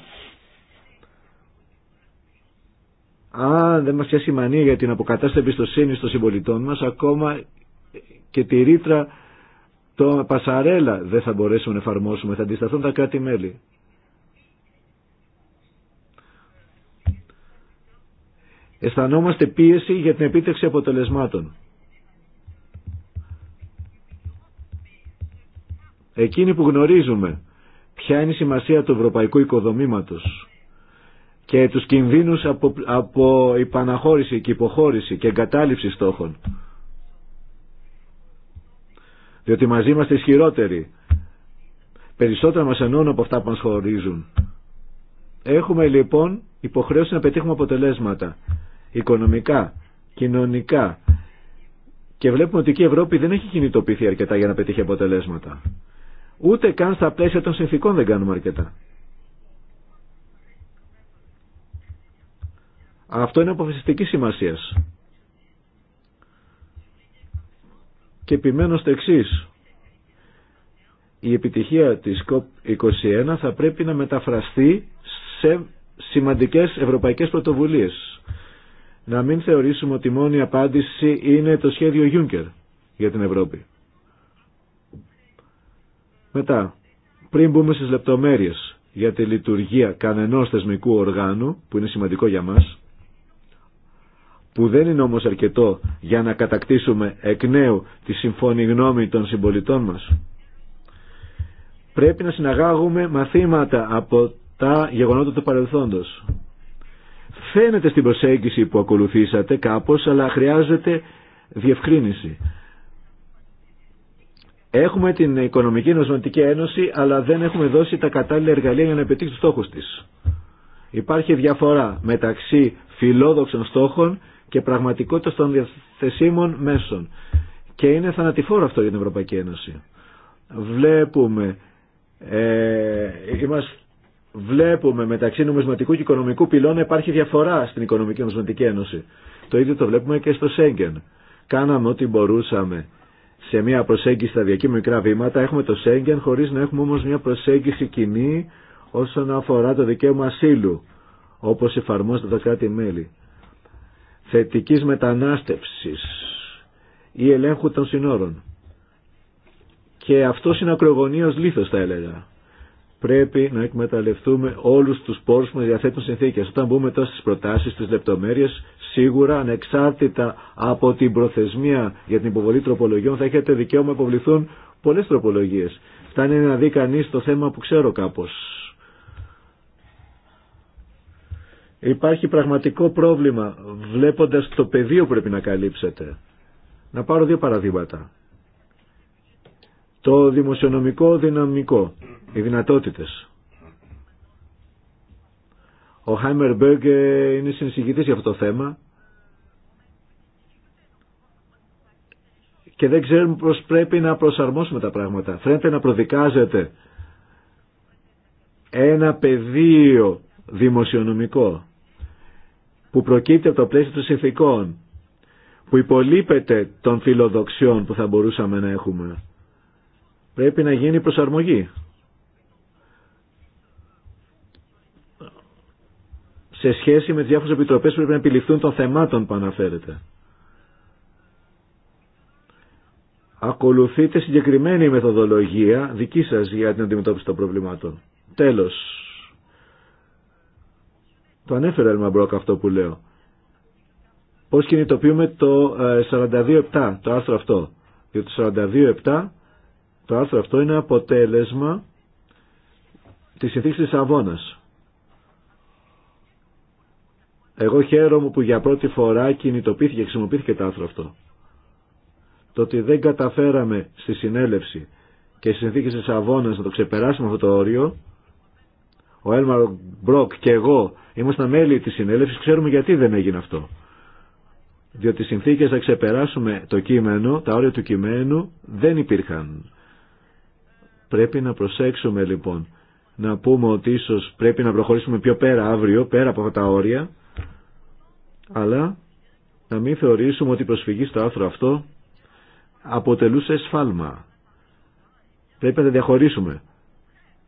Αν δεν μας πιάσει η μανία για την αποκατάσταση εμπιστοσύνη των συμπολιτών μας, ακόμα και τη ρήτρα το πασαρέλα δεν θα μπορέσουμε να εφαρμόσουμε, θα αντισταθούν τα κάτι μελη Αισθανόμαστε πίεση για την επίτευξη αποτελεσμάτων. Εκείνοι που γνωρίζουμε ποια είναι η σημασία του ευρωπαϊκού οικοδομήματος και τους κινδύνους από, από υπαναχώρηση και υποχώρηση και εγκατάλειψη στόχων διότι μαζί είμαστε ισχυρότεροι. Περισσότερα μας ενώνουν από αυτά που μας χωρίζουν. Έχουμε λοιπόν υποχρέωση να πετύχουμε αποτελέσματα, οικονομικά, κοινωνικά. Και βλέπουμε ότι και η Ευρώπη δεν έχει κινητοποιηθεί αρκετά για να πετύχει αποτελέσματα. Ούτε καν στα πλαίσια των συνθήκων δεν κάνουμε αρκετά. Αυτό είναι αποφασιστική σημασίας. και επιμένω στο εξή. Η επιτυχία της COP21 θα πρέπει να μεταφραστεί σε σημαντικές ευρωπαϊκές πρωτοβουλίες. Να μην θεωρήσουμε ότι μόνη απάντηση είναι το σχέδιο Juncker για την Ευρώπη. Μετά, πριν μπούμε στις λεπτομέρειες για τη λειτουργία κανενός θεσμικού οργάνου, που είναι σημαντικό για μας, που δεν είναι όμως αρκετό για να κατακτήσουμε εκ νέου τη συμφωνή γνώμη των συμπολιτών μας. Πρέπει να συναγάγουμε μαθήματα από τα γεγονότα του παρελθόντος. Φαίνεται στην προσέγγιση που ακολουθήσατε κάπως, αλλά χρειάζεται διευκρίνηση. Έχουμε την Οικονομική Νοσματική Ένωση, αλλά δεν έχουμε δώσει τα κατάλληλα εργαλεία για να επιτύχει τους στόχους της. Υπάρχει διαφορά μεταξύ φιλόδοξων στόχων και πραγματικότητα των διαθεσίμων μέσων. Και είναι θανατηφόρο αυτό για την Ευρωπαϊκή Ένωση. Βλέπουμε, ε, είμαστε, βλέπουμε μεταξύ νομισματικού και οικονομικού πυλών υπάρχει διαφορά στην Οικονομική Νομισματική Ένωση. Το ίδιο το βλέπουμε και στο Σέγγεν. Κάναμε ό,τι μπορούσαμε σε μια προσέγγιση σταδιακή με μικρά βήματα. Έχουμε το Σέγγεν χωρίς να έχουμε όμως μια προσέγγιση κοινή όσον αφορά το δικαίωμα ασύλου όπως εφαρμόζεται τα κράτη-μέλη θετικής μετανάστευσης ή ελέγχου των συνόρων. Και αυτό είναι ακρογωνίως λίθος, θα έλεγα. Πρέπει να εκμεταλλευτούμε όλους τους πόρους που μας διαθέτουν συνθήκες. Όταν μπούμε τώρα στις προτάσεις, στις λεπτομέρειες, σίγουρα ανεξάρτητα από την προθεσμία για την υποβολή τροπολογιών θα έχετε δικαίωμα υποβληθούν πολλές τροπολογίες. Φτάνει να δει κανείς το θέμα που ξέρω κάπως Υπάρχει πραγματικό πρόβλημα βλέποντας το πεδίο που πρέπει να καλύψετε. Να πάρω δύο παραδείγματα. Το δημοσιονομικό δυναμικό, οι δυνατότητες. Ο Χάιμερ Μπέργκ είναι συνεισηγητής για αυτό το θέμα και δεν ξέρουμε πώς πρέπει να προσαρμόσουμε τα πράγματα. Φαίνεται να προδικάζετε ένα πεδίο δημοσιονομικό που προκύπτει από το πλαίσιο των συνθηκών, που υπολείπεται των φιλοδοξιών που θα μπορούσαμε να έχουμε. Πρέπει να γίνει προσαρμογή. Σε σχέση με τις διάφορες επιτροπές που πρέπει να επιληφθούν των θεμάτων που αναφέρεται. Ακολουθείτε συγκεκριμένη μεθοδολογία δική σας για την αντιμετώπιση των προβλημάτων. Τέλος. Το ανέφερε ο Ελμαμπρόκ αυτό που λέω. Πώ κινητοποιούμε το 42-7, ε, το άρθρο αυτό. Διότι το 42-7, το άρθρο αυτό είναι αποτέλεσμα τη συνθήκη τη Αβώνα. Εγώ χαίρομαι που για πρώτη φορά κινητοποιήθηκε και χρησιμοποιήθηκε το άρθρο αυτό. Το ότι δεν καταφέραμε στη συνέλευση και στις συνθήκε τη Αβώνα να το ξεπεράσουμε αυτό το όριο, ο Έλμαρ Μπροκ και εγώ ήμασταν μέλη της συνέλευσης, ξέρουμε γιατί δεν έγινε αυτό. Διότι οι συνθήκες να ξεπεράσουμε το κείμενο, τα όρια του κειμένου δεν υπήρχαν. Πρέπει να προσέξουμε λοιπόν, να πούμε ότι ίσως πρέπει να προχωρήσουμε πιο πέρα αύριο, πέρα από αυτά τα όρια, αλλά να μην θεωρήσουμε ότι η προσφυγή στο άθρο αυτό αποτελούσε σφάλμα. Πρέπει να τα διαχωρίσουμε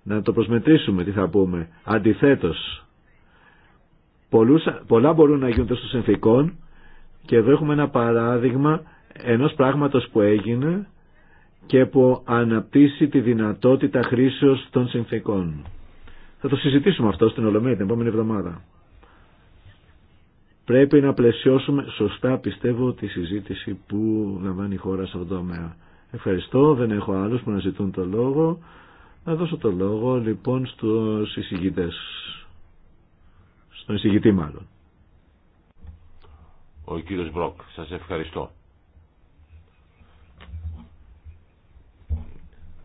να το προσμετρήσουμε τι θα πούμε. Αντιθέτως, πολλά μπορούν να γίνουν στους συνθήκων και εδώ έχουμε ένα παράδειγμα ενός πράγματος που έγινε και που αναπτύσσει τη δυνατότητα χρήσεως των συνθήκων. Θα το συζητήσουμε αυτό στην Ολομέλεια την επόμενη εβδομάδα. Πρέπει να πλαισιώσουμε σωστά πιστεύω τη συζήτηση που λαμβάνει η χώρα σε αυτό το τομέα. Ευχαριστώ, δεν έχω άλλους που να ζητούν το λόγο. Να δώσω το λόγο λοιπόν στους εισηγητές. Στον εισηγητή μάλλον. Ο κύριος Μπροκ, σας ευχαριστώ.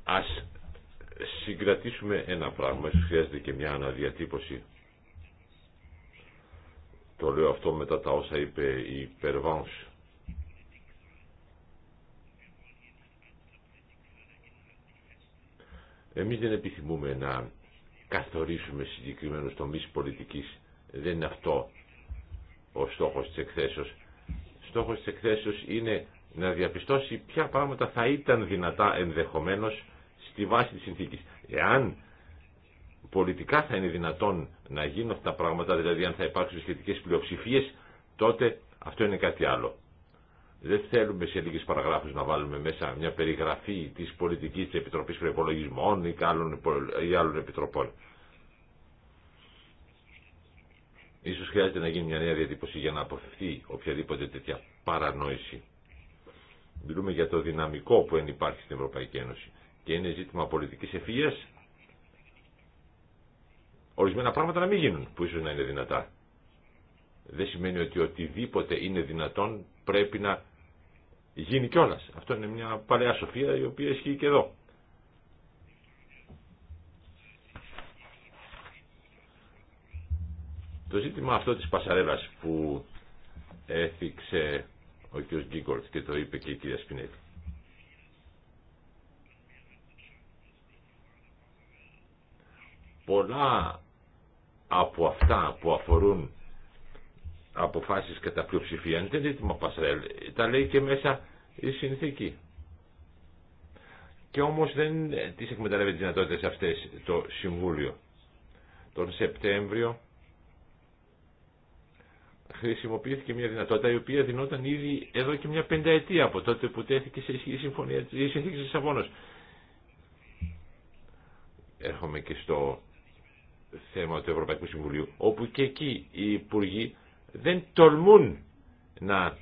Ας συγκρατήσουμε ένα πράγμα, ίσως χρειάζεται και μια αναδιατύπωση. Το λέω αυτό μετά τα όσα είπε η Περβάνς. Εμείς δεν επιθυμούμε να καθορίσουμε συγκεκριμένους τομείς πολιτικής. Δεν είναι αυτό ο στόχος της εκθέσεως. Στόχος της εκθέσεως είναι να διαπιστώσει ποια πράγματα θα ήταν δυνατά ενδεχομένως στη βάση της συνθήκης. Εάν πολιτικά θα είναι δυνατόν να γίνουν αυτά τα πράγματα, δηλαδή αν θα υπάρξουν σχετικές πλειοψηφίες, τότε αυτό είναι κάτι άλλο. Δεν θέλουμε σε λίγε παραγράφου να βάλουμε μέσα μια περιγραφή τη πολιτική τη Επιτροπής Προπολογισμών ή άλλων, ή άλλων επιτροπών. σω χρειάζεται να γίνει μια νέα διατύπωση για να αποφευθεί οποιαδήποτε τέτοια παρανόηση. Μιλούμε για το δυναμικό που υπάρχει στην Ευρωπαϊκή Ένωση και είναι ζήτημα πολιτική ευφυγίας ορισμένα πράγματα να μην γίνουν που ίσω να είναι δυνατά. Δεν σημαίνει ότι οτιδήποτε είναι δυνατόν πρέπει να γίνει κιόλα. Αυτό είναι μια παλαιά σοφία η οποία ισχύει και εδώ. Το ζήτημα αυτό της πασαρέλας που έθιξε ο κ. Γκίγκολτ και το είπε και η κυρία Σπινέτη. Πολλά από αυτά που αφορούν αποφάσεις κατά πλειοψηφία είναι ζήτημα πασαρέλ. Τα λέει και μέσα η συνθήκη. Και όμως δεν τις εκμεταλλεύει τις δυνατότητες αυτές το Συμβούλιο. Τον Σεπτέμβριο χρησιμοποιήθηκε μια δυνατότητα η οποία δινόταν ήδη εδώ και μια πενταετία από τότε που τέθηκε σε ισχύ η συμφωνία της συνθήκης Έρχομαι και στο θέμα του Ευρωπαϊκού Συμβουλίου, όπου και εκεί οι υπουργοί δεν τολμούν να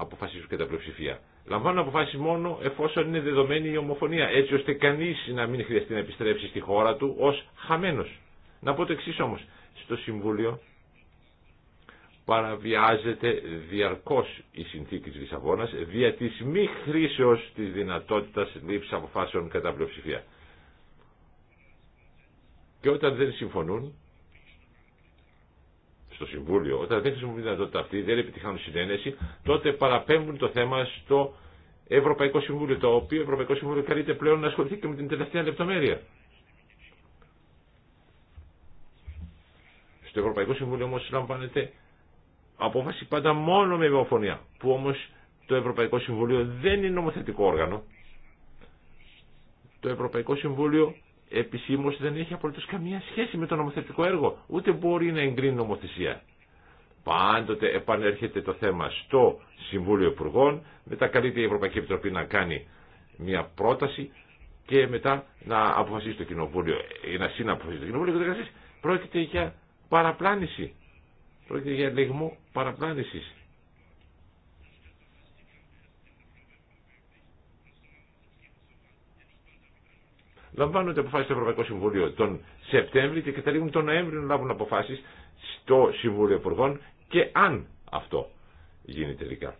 αποφασίζουν κατά πλειοψηφία. Λαμβάνουν αποφάσει μόνο εφόσον είναι δεδομένη η ομοφωνία, έτσι ώστε κανεί να μην χρειαστεί να επιστρέψει στη χώρα του ω χαμένο. Να πω το εξή όμω. Στο Συμβούλιο παραβιάζεται διαρκώ η συνθήκη τη Λισαβόνα δια τη μη χρήσεω τη δυνατότητα λήψη αποφάσεων κατά πλειοψηφία. Και όταν δεν συμφωνούν, στο Συμβούλιο, όταν δεν χρησιμοποιούν τη δυνατότητα αυτή, δεν επιτυχάνουν συνένεση, τότε παραπέμπουν το θέμα στο Ευρωπαϊκό Συμβούλιο, το οποίο Ευρωπαϊκό Συμβούλιο καλείται πλέον να ασχοληθεί και με την τελευταία λεπτομέρεια. Στο Ευρωπαϊκό Συμβούλιο όμω λαμβάνεται απόφαση πάντα μόνο με ευρωφωνία, που όμω το Ευρωπαϊκό Συμβούλιο δεν είναι νομοθετικό όργανο. Το Ευρωπαϊκό Συμβούλιο επισήμως δεν έχει απολύτως καμία σχέση με το νομοθετικό έργο, ούτε μπορεί να εγκρίνει νομοθεσία. Πάντοτε επανέρχεται το θέμα στο Συμβούλιο Υπουργών, μετά καλείται η Ευρωπαϊκή Επιτροπή να κάνει μια πρόταση και μετά να αποφασίσει το Κοινοβούλιο, ή να συναποφασίσει το Κοινοβούλιο και Πρόκειται για παραπλάνηση, πρόκειται για λεγμό παραπλάνησης. λαμβάνονται αποφάσει στο Ευρωπαϊκό Συμβούλιο τον Σεπτέμβριο και καταλήγουν τον Νοέμβριο να λάβουν αποφάσει στο Συμβούλιο Υπουργών και αν αυτό γίνει τελικά.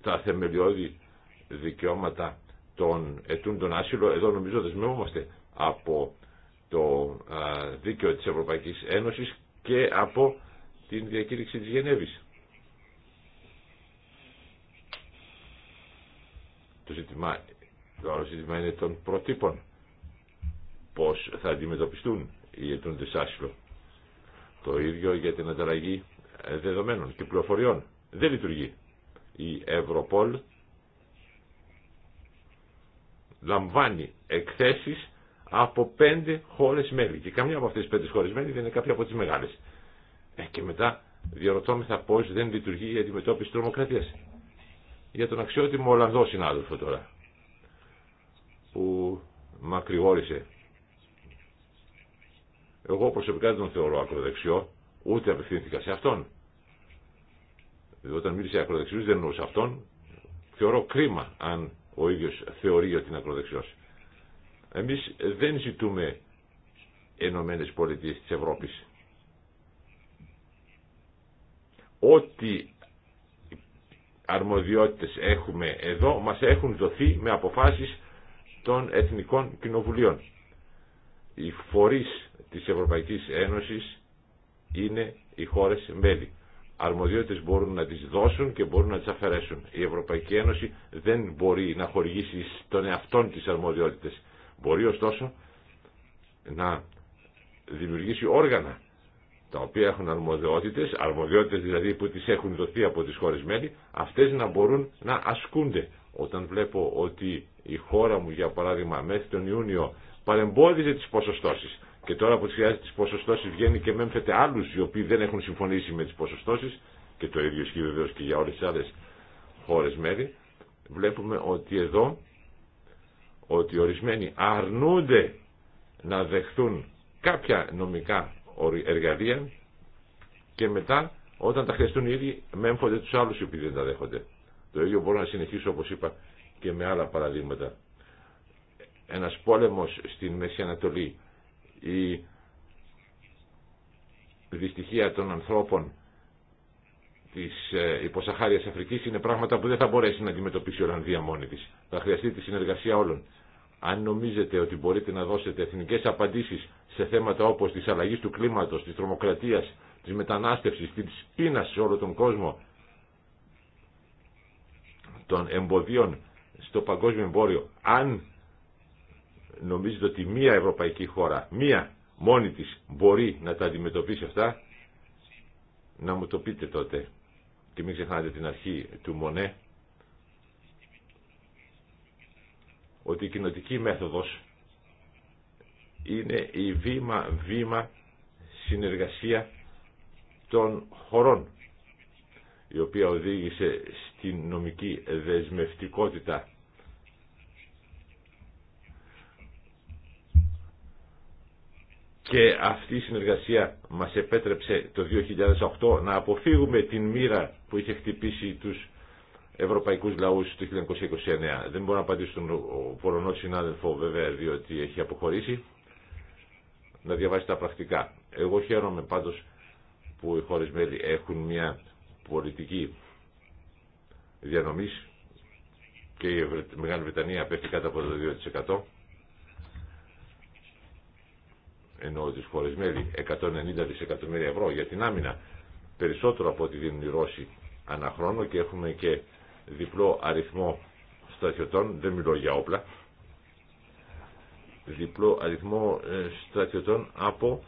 Τα θεμελιώδη δικαιώματα των ετούντων άσυλο, εδώ νομίζω δεσμεύομαστε από το δίκαιο της Ευρωπαϊκής Ένωσης και από την διακήρυξη της Γενέβης. Το ζήτημα, το άλλο ζήτημα είναι των προτύπων. Πώς θα αντιμετωπιστούν οι αιτούντες άσυλο. Το ίδιο για την ανταλλαγή ε, δεδομένων και πληροφοριών. Δεν λειτουργεί. Η Ευρωπόλ λαμβάνει εκθέσεις από πέντε χώρες μέλη. Και καμιά από αυτές τις πέντε χώρες μέλη δεν είναι κάποια από τις μεγάλες. Ε, και μετά διαρωτώμεθα πώς δεν λειτουργεί η αντιμετώπιση τρομοκρατίας για τον αξιότιμο Ολλανδό συνάδελφο τώρα που μακρηγόρησε. Εγώ προσωπικά δεν τον θεωρώ ακροδεξιό, ούτε απευθύνθηκα σε αυτόν. Όταν μίλησε ακροδεξιούς δεν σε αυτόν. Θεωρώ κρίμα αν ο ίδιος θεωρεί ότι είναι ακροδεξιός. Εμείς δεν ζητούμε ενωμένε Πολιτείες της Ευρώπης. Ό,τι αρμοδιότητες έχουμε εδώ μας έχουν δοθεί με αποφάσεις των Εθνικών Κοινοβουλίων. Οι φορείς της Ευρωπαϊκής Ένωσης είναι οι χώρες μέλη. Αρμοδιότητες μπορούν να τις δώσουν και μπορούν να τις αφαιρέσουν. Η Ευρωπαϊκή Ένωση δεν μπορεί να χορηγήσει στον εαυτόν τις αρμοδιότητες. Μπορεί ωστόσο να δημιουργήσει όργανα τα οποία έχουν αρμοδιότητες, αρμοδιότητες δηλαδή που τις έχουν δοθεί από τις χώρες μέλη, αυτές να μπορούν να ασκούνται. Όταν βλέπω ότι η χώρα μου, για παράδειγμα, μέχρι τον Ιούνιο παρεμπόδιζε τις ποσοστώσεις και τώρα που χρειάζεται τις ποσοστώσεις βγαίνει και μέμφεται άλλους οι οποίοι δεν έχουν συμφωνήσει με τις ποσοστώσεις και το ίδιο ισχύει βεβαίως και για όλες τις άλλες χώρες μέλη, βλέπουμε ότι εδώ ότι ορισμένοι αρνούνται να δεχθούν κάποια νομικά εργαλεία και μετά όταν τα χρειαστούν οι ίδιοι με έμφονται τους άλλους οι δεν τα δέχονται. Το ίδιο μπορώ να συνεχίσω όπως είπα και με άλλα παραδείγματα. Ένας πόλεμος στην Μέση Ανατολή, η δυστυχία των ανθρώπων της ε, υποσαχάριας Αφρικής είναι πράγματα που δεν θα μπορέσει να αντιμετωπίσει η Ολλανδία μόνη της. Θα χρειαστεί τη συνεργασία όλων. Αν νομίζετε ότι μπορείτε να δώσετε εθνικές απαντήσεις σε θέματα όπως της αλλαγής του κλίματος, της τρομοκρατίας, της μετανάστευσης, της πείνας σε όλο τον κόσμο, των εμποδίων στο παγκόσμιο εμπόριο, αν νομίζετε ότι μία ευρωπαϊκή χώρα, μία μόνη της μπορεί να τα αντιμετωπίσει αυτά, να μου το πείτε τότε. Και μην ξεχνάτε την αρχή του Μονέ, ότι η κοινοτική μέθοδος είναι η βήμα-βήμα συνεργασία των χωρών η οποία οδήγησε στην νομική δεσμευτικότητα και αυτή η συνεργασία μας επέτρεψε το 2008 να αποφύγουμε την μοίρα που είχε χτυπήσει τους Ευρωπαϊκού λαού το 1929. Δεν μπορώ να απαντήσω στον Πολωνό συνάδελφο βέβαια διότι έχει αποχωρήσει να διαβάσει τα πρακτικά. Εγώ χαίρομαι πάντως που οι χώρε μέλη έχουν μια πολιτική διανομή και η Μεγάλη Βρετανία πέφτει κάτω από το 2% ενώ τις χώρες μέλη 190 δισεκατομμύρια ευρώ για την άμυνα περισσότερο από ό,τι δίνουν οι Ρώσοι ανά χρόνο και έχουμε και διπλό αριθμό στρατιωτών, δεν μιλώ για όπλα, διπλό αριθμό ε, στρατιωτών από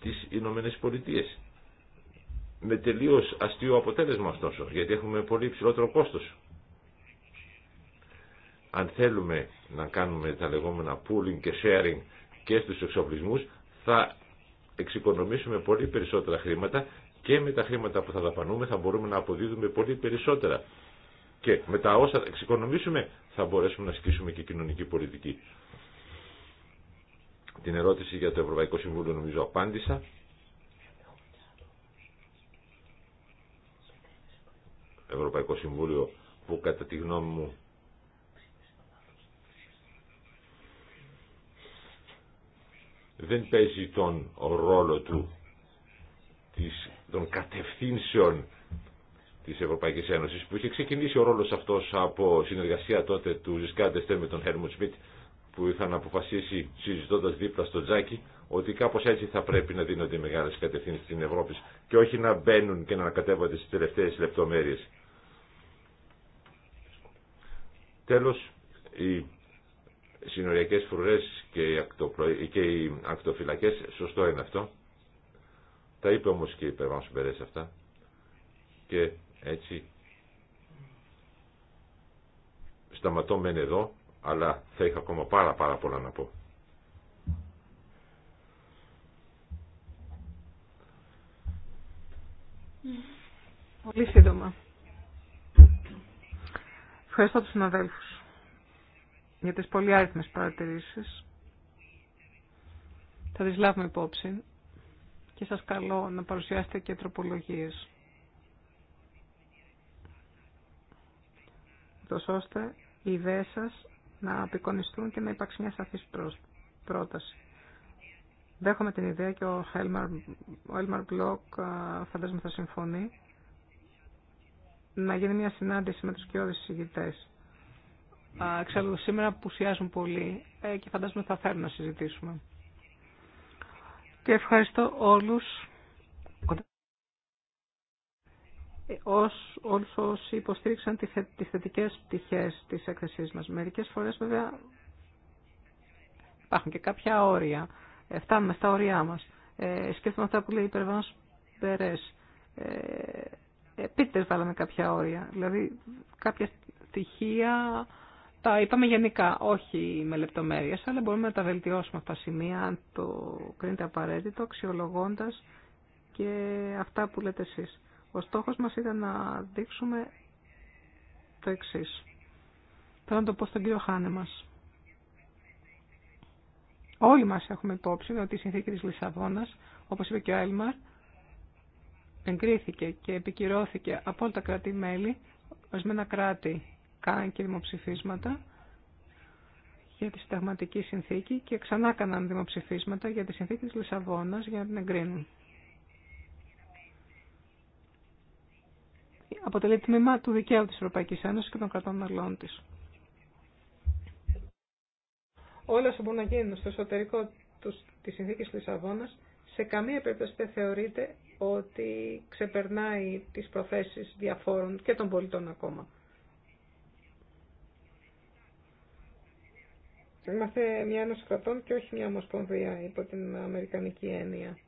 τις Ηνωμένε Πολιτείες. Με τελείως αστείο αποτέλεσμα ωστόσο, γιατί έχουμε πολύ υψηλότερο κόστος. Αν θέλουμε να κάνουμε τα λεγόμενα pooling και sharing και στους εξοπλισμούς, θα εξοικονομήσουμε πολύ περισσότερα χρήματα και με τα χρήματα που θα δαπανούμε θα μπορούμε να αποδίδουμε πολύ περισσότερα. Και με τα όσα εξοικονομήσουμε θα μπορέσουμε να σκίσουμε και κοινωνική πολιτική. Την ερώτηση για το Ευρωπαϊκό Συμβούλιο νομίζω απάντησα. Ευρωπαϊκό Συμβούλιο που κατά τη γνώμη μου δεν παίζει τον ρόλο του της, των κατευθύνσεων της Ευρωπαϊκής Ένωσης που είχε ξεκινήσει ο ρόλος αυτός από συνεργασία τότε του Ζισκάντε με τον Χέρμουντ Σμιτ που είχαν αποφασίσει συζητώντα δίπλα στο τζάκι ότι κάπω έτσι θα πρέπει να δίνονται οι μεγάλε κατευθύνσει στην Ευρώπη και όχι να μπαίνουν και να ανακατεύονται στι τελευταίε λεπτομέρειε. Τέλο, οι συνοριακέ φρουρέ και οι ακτοφυλακέ, σωστό είναι αυτό, τα είπε όμω και η σου Μπερές αυτά και έτσι σταματώ μεν εδώ αλλά θα είχα ακόμα πάρα πάρα πολλά να πω. Πολύ σύντομα. Ευχαριστώ τους συναδέλφους για τις πολύ παρατηρήσεις. Θα τις λάβουμε υπόψη και σας καλώ να παρουσιάσετε και τροπολογίες. Τόσο ώστε οι ιδέες σας να απεικονιστούν και να υπάρξει μια σαφής πρόταση. Δέχομαι την ιδέα και ο Έλμαρ, ο Μπλοκ φαντάζομαι θα συμφωνεί να γίνει μια συνάντηση με τους κοιόδης συζητητές. Εξάλλου σήμερα που πολύ ε, και φαντάζομαι θα θέλουν να συζητήσουμε και ευχαριστώ όλους ως, όλους όσοι υποστήριξαν τις θετικές πτυχές της έκθεσής μας. Μερικές φορές βέβαια υπάρχουν και κάποια όρια. Ε, φτάνουμε στα όρια μας. Ε, σκέφτομαι αυτά που λέει η Περβάνος Περές. Ε, βάλαμε κάποια όρια. Δηλαδή κάποια στοιχεία τα είπαμε γενικά, όχι με λεπτομέρειες, αλλά μπορούμε να τα βελτιώσουμε αυτά τα σημεία, αν το κρίνετε απαραίτητο, αξιολογώντα και αυτά που λέτε εσεί. Ο στόχος μας ήταν να δείξουμε το εξή. Θέλω να το πω στον κύριο Χάνε μα. Όλοι μας έχουμε υπόψη ότι η συνθήκη της Λισαβόνας, όπως είπε και ο Έλμαρ, εγκρίθηκε και επικυρώθηκε από όλα τα κράτη-μέλη, ορισμένα κράτη κάνει και δημοψηφίσματα για τη συνταγματική συνθήκη και ξανά κάναν δημοψηφίσματα για τη συνθήκη της Λισαβόνας για να την εγκρίνουν. Αποτελεί τμήμα του δικαίου της Ευρωπαϊκής Ένωσης και των κρατών μελών της. Όλα όσα μπορούν να γίνουν στο εσωτερικό της συνθήκης Λισαβόνας σε καμία περίπτωση δεν θεωρείται ότι ξεπερνάει τις προθέσεις διαφόρων και των πολιτών ακόμα. Είμαστε μια ένωση κρατών και όχι μια ομοσπονδία υπό την Αμερικανική έννοια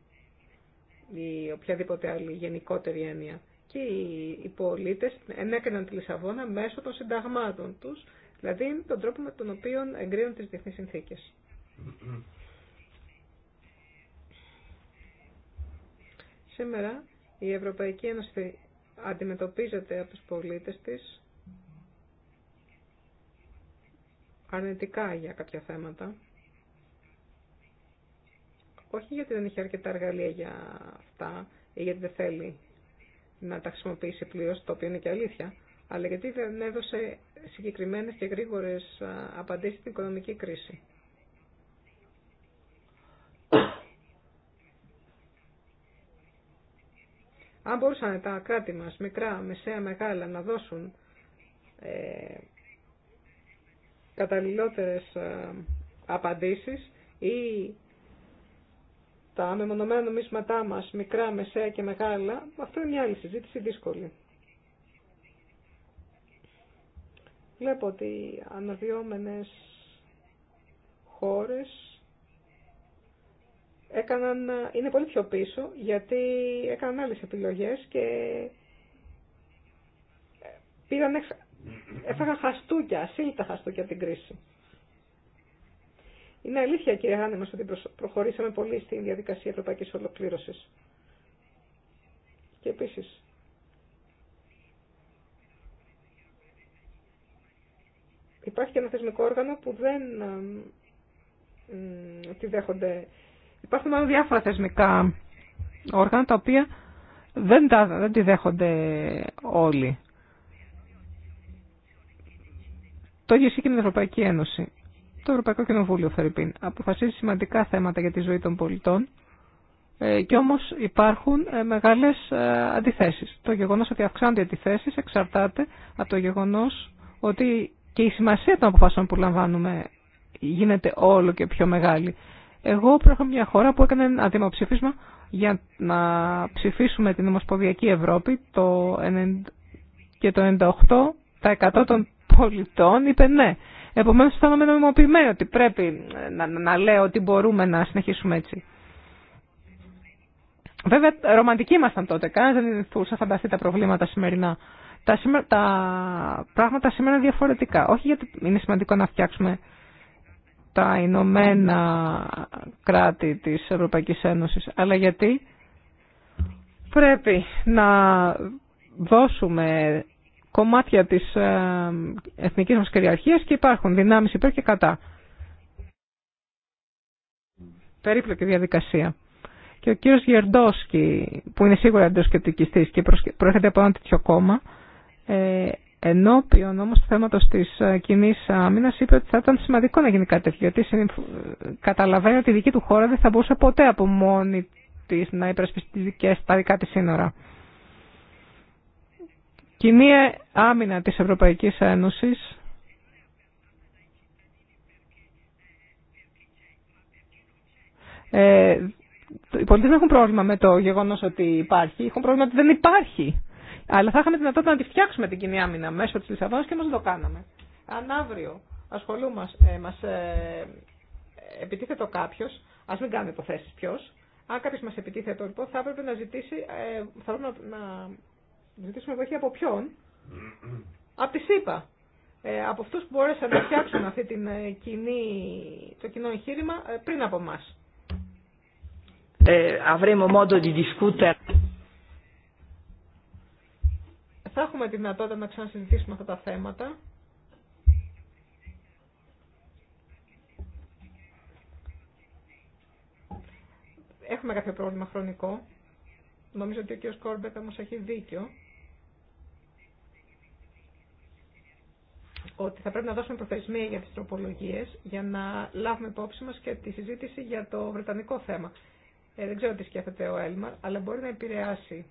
ή οποιαδήποτε άλλη γενικότερη έννοια. Και οι πολίτες ενέκριναν τη Λισαβόνα μέσω των συνταγμάτων τους, δηλαδή τον τρόπο με τον οποίο εγκρίνουν τις διεθνείς συνθήκες. Σήμερα η Ευρωπαϊκή Ένωση αντιμετωπίζεται από τους πολίτες της αρνητικά για κάποια θέματα. Όχι γιατί δεν έχει αρκετά εργαλεία για αυτά ή γιατί δεν θέλει να τα χρησιμοποιήσει πλήρω, το οποίο είναι και αλήθεια, αλλά γιατί δεν έδωσε συγκεκριμένε και γρήγορε απαντήσει στην οικονομική κρίση. Αν μπορούσαν τα κράτη μας, μικρά, μεσαία, μεγάλα, να δώσουν ε, καταλληλότερες ε, απαντήσεις ή τα μεμονωμένα νομίσματά μας, μικρά, μεσαία και μεγάλα, αυτό είναι μια άλλη συζήτηση δύσκολη. Βλέπω ότι αναβιώμενες χώρες έκαναν, είναι πολύ πιο πίσω γιατί έκαναν άλλες επιλογές και πήραν έφαγα χαστούκια, ασύλτα χαστούκια από την κρίση. Είναι αλήθεια κύριε Χάνε μας ότι προχωρήσαμε πολύ στην διαδικασία ευρωπαϊκής ολοκλήρωσης. Και επίσης, υπάρχει και ένα θεσμικό όργανο που δεν τη δέχονται. Υπάρχουν μάλλον διάφορα θεσμικά όργανα τα οποία δεν, τα, δεν τη δέχονται όλοι. Το ίδιο ισχύει και την Ευρωπαϊκή Ένωση. Το Ευρωπαϊκό Κοινοβούλιο, Φερρυπίν, αποφασίζει σημαντικά θέματα για τη ζωή των πολιτών ε, και όμως υπάρχουν ε, μεγάλες ε, αντιθέσεις. Το γεγονός ότι αυξάνονται οι αντιθέσεις εξαρτάται από το γεγονός ότι και η σημασία των αποφάσεων που λαμβάνουμε γίνεται όλο και πιο μεγάλη. Εγώ προέρχομαι μια χώρα που έκανε ένα δημοψήφισμα για να ψηφίσουμε την Ομοσπονδιακή Ευρώπη το 1998 το 98% των πολιτών είπε ναι. Επομένω, αισθάνομαι νομιμοποιημένη ότι πρέπει ε, να, να, να λέω ότι μπορούμε να συνεχίσουμε έτσι. Βέβαια, ρομαντικοί ήμασταν τότε. Κανένα δεν να φανταστεί τα προβλήματα σημερινά. Τα, σημε τα πράγματα σήμερα είναι διαφορετικά. Όχι γιατί είναι σημαντικό να φτιάξουμε τα Ηνωμένα κράτη της Ευρωπαϊκής Ένωσης, αλλά γιατί πρέπει να δώσουμε κομμάτια της ε, εθνικής μα κυριαρχία και υπάρχουν δυνάμεις υπέρ και κατά. Περίπλοκη διαδικασία. Και ο κύριο Γερντόσκι, που είναι σίγουρα αντιοσκεπτικιστής και προέρχεται από ένα τέτοιο κόμμα, ε, ενώπιον όμως του θέματος της ε, κοινή άμυνα είπε ότι θα ήταν σημαντικό να γίνει κάτι τέτοιο, γιατί καταλαβαίνει ότι η δική του χώρα δεν θα μπορούσε ποτέ από μόνη της να υπερασπιστεί τα δικά της σύνορα κοινή άμυνα της Ευρωπαϊκής Ένωσης ε, οι πολίτες δεν έχουν πρόβλημα με το γεγονός ότι υπάρχει, έχουν πρόβλημα ότι δεν υπάρχει. Αλλά θα είχαμε τη δυνατότητα να τη φτιάξουμε την κοινή άμυνα μέσω της Λισαβόνας και μας το κάναμε. Αν αύριο ασχολούμαστε, ε, μας ε, επιτίθετο κάποιος, ας μην κάνουμε υποθέσεις ποιος, αν κάποιος μας επιτίθεται, λοιπόν θα έπρεπε να ζητήσει, ε, θα έπρεπε να ζητήσουμε βοήθεια από ποιον. από τη ΣΥΠΑ. Ε, από αυτού που μπόρεσαν να φτιάξουν αυτή την ε, κοινή, το κοινό εγχείρημα ε, πριν από εμά. Θα έχουμε τη δυνατότητα να ξανασυζητήσουμε αυτά τα θέματα. Έχουμε κάποιο πρόβλημα χρονικό. Νομίζω ότι ο κ. Κόρμπεκ όμω έχει δίκιο. ότι θα πρέπει να δώσουμε προθεσμία για τις τροπολογίες για να λάβουμε υπόψη μας και τη συζήτηση για το βρετανικό θέμα. Ε, δεν ξέρω τι σκέφτεται ο Έλμαρ, αλλά μπορεί να επηρεάσει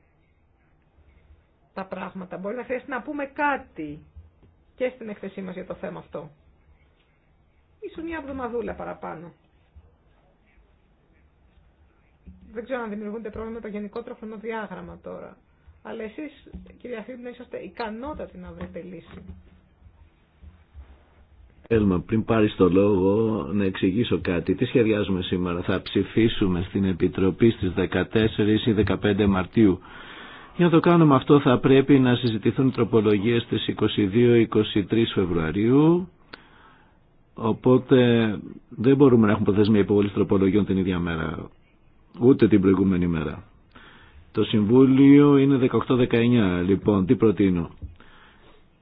τα πράγματα. Μπορεί να χρειαστεί να πούμε κάτι και στην εκθεσή μας για το θέμα αυτό. Ίσως μια εβδομαδούλα παραπάνω. Δεν ξέρω αν δημιουργούνται πρόβλημα με το γενικό χρονοδιάγραμμα τώρα. Αλλά εσείς, κυρία Φίμπνα, είσαστε ικανότατοι να βρείτε λύση. Έλμα, πριν πάρει το λόγο να εξηγήσω κάτι. Τι σχεδιάζουμε σήμερα. Θα ψηφίσουμε στην Επιτροπή στις 14 ή 15 Μαρτίου. Για να το κάνουμε αυτό θα πρέπει να συζητηθούν τροπολογίες στις 22-23 Φεβρουαρίου. Οπότε δεν μπορούμε να έχουμε προθεσμία υποβολή τροπολογιών την ίδια μέρα, ούτε την προηγούμενη μέρα. Το Συμβούλιο είναι 18-19, λοιπόν, τι προτείνω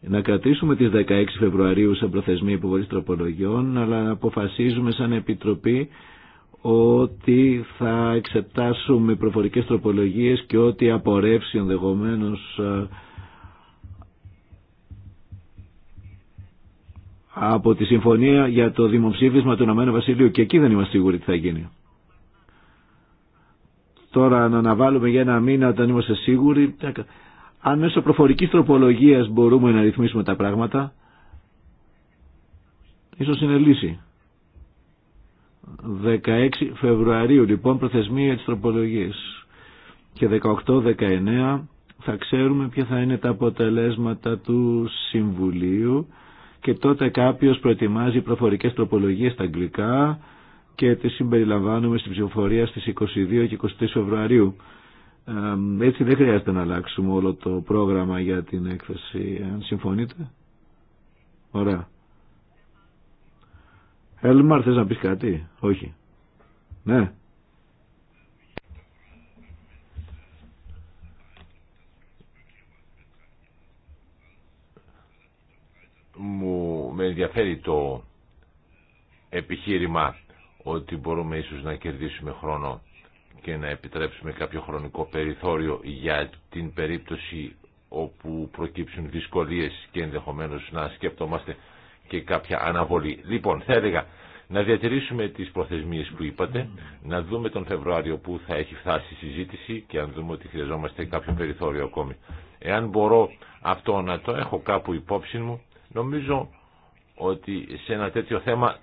να κρατήσουμε τις 16 Φεβρουαρίου σε προθεσμία υποβολής τροπολογιών, αλλά να αποφασίζουμε σαν Επιτροπή ότι θα εξετάσουμε προφορικές τροπολογίες και ότι απορρεύσει ενδεχομένω από τη συμφωνία για το δημοψήφισμα του Ηνωμένου Βασιλείου και εκεί δεν είμαστε σίγουροι τι θα γίνει. Τώρα να αναβάλουμε για ένα μήνα όταν είμαστε σίγουροι αν μέσω προφορικής τροπολογίας μπορούμε να ρυθμίσουμε τα πράγματα, ίσως είναι λύση. 16 Φεβρουαρίου λοιπόν προθεσμία της τροπολογίας και 18-19 θα ξέρουμε ποια θα είναι τα αποτελέσματα του Συμβουλίου και τότε κάποιος προετοιμάζει προφορικές τροπολογίες στα αγγλικά και τις συμπεριλαμβάνουμε στην ψηφοφορία στις 22 και 23 Φεβρουαρίου έτσι δεν χρειάζεται να αλλάξουμε όλο το πρόγραμμα για την έκθεση. Αν συμφωνείτε. Ωραία. Έλμαρ, θες να πεις κάτι. Όχι. Ναι. Μου με ενδιαφέρει το επιχείρημα ότι μπορούμε ίσως να κερδίσουμε χρόνο και να επιτρέψουμε κάποιο χρονικό περιθώριο για την περίπτωση όπου προκύψουν δυσκολίες και ενδεχομένως να σκεφτόμαστε και κάποια αναβολή. Λοιπόν, θα έλεγα να διατηρήσουμε τις προθεσμίες που είπατε, να δούμε τον Φεβρουάριο που θα έχει φτάσει η συζήτηση και αν δούμε ότι χρειαζόμαστε κάποιο περιθώριο ακόμη. Εάν μπορώ αυτό να το έχω κάπου υπόψη μου, νομίζω ότι σε ένα τέτοιο θέμα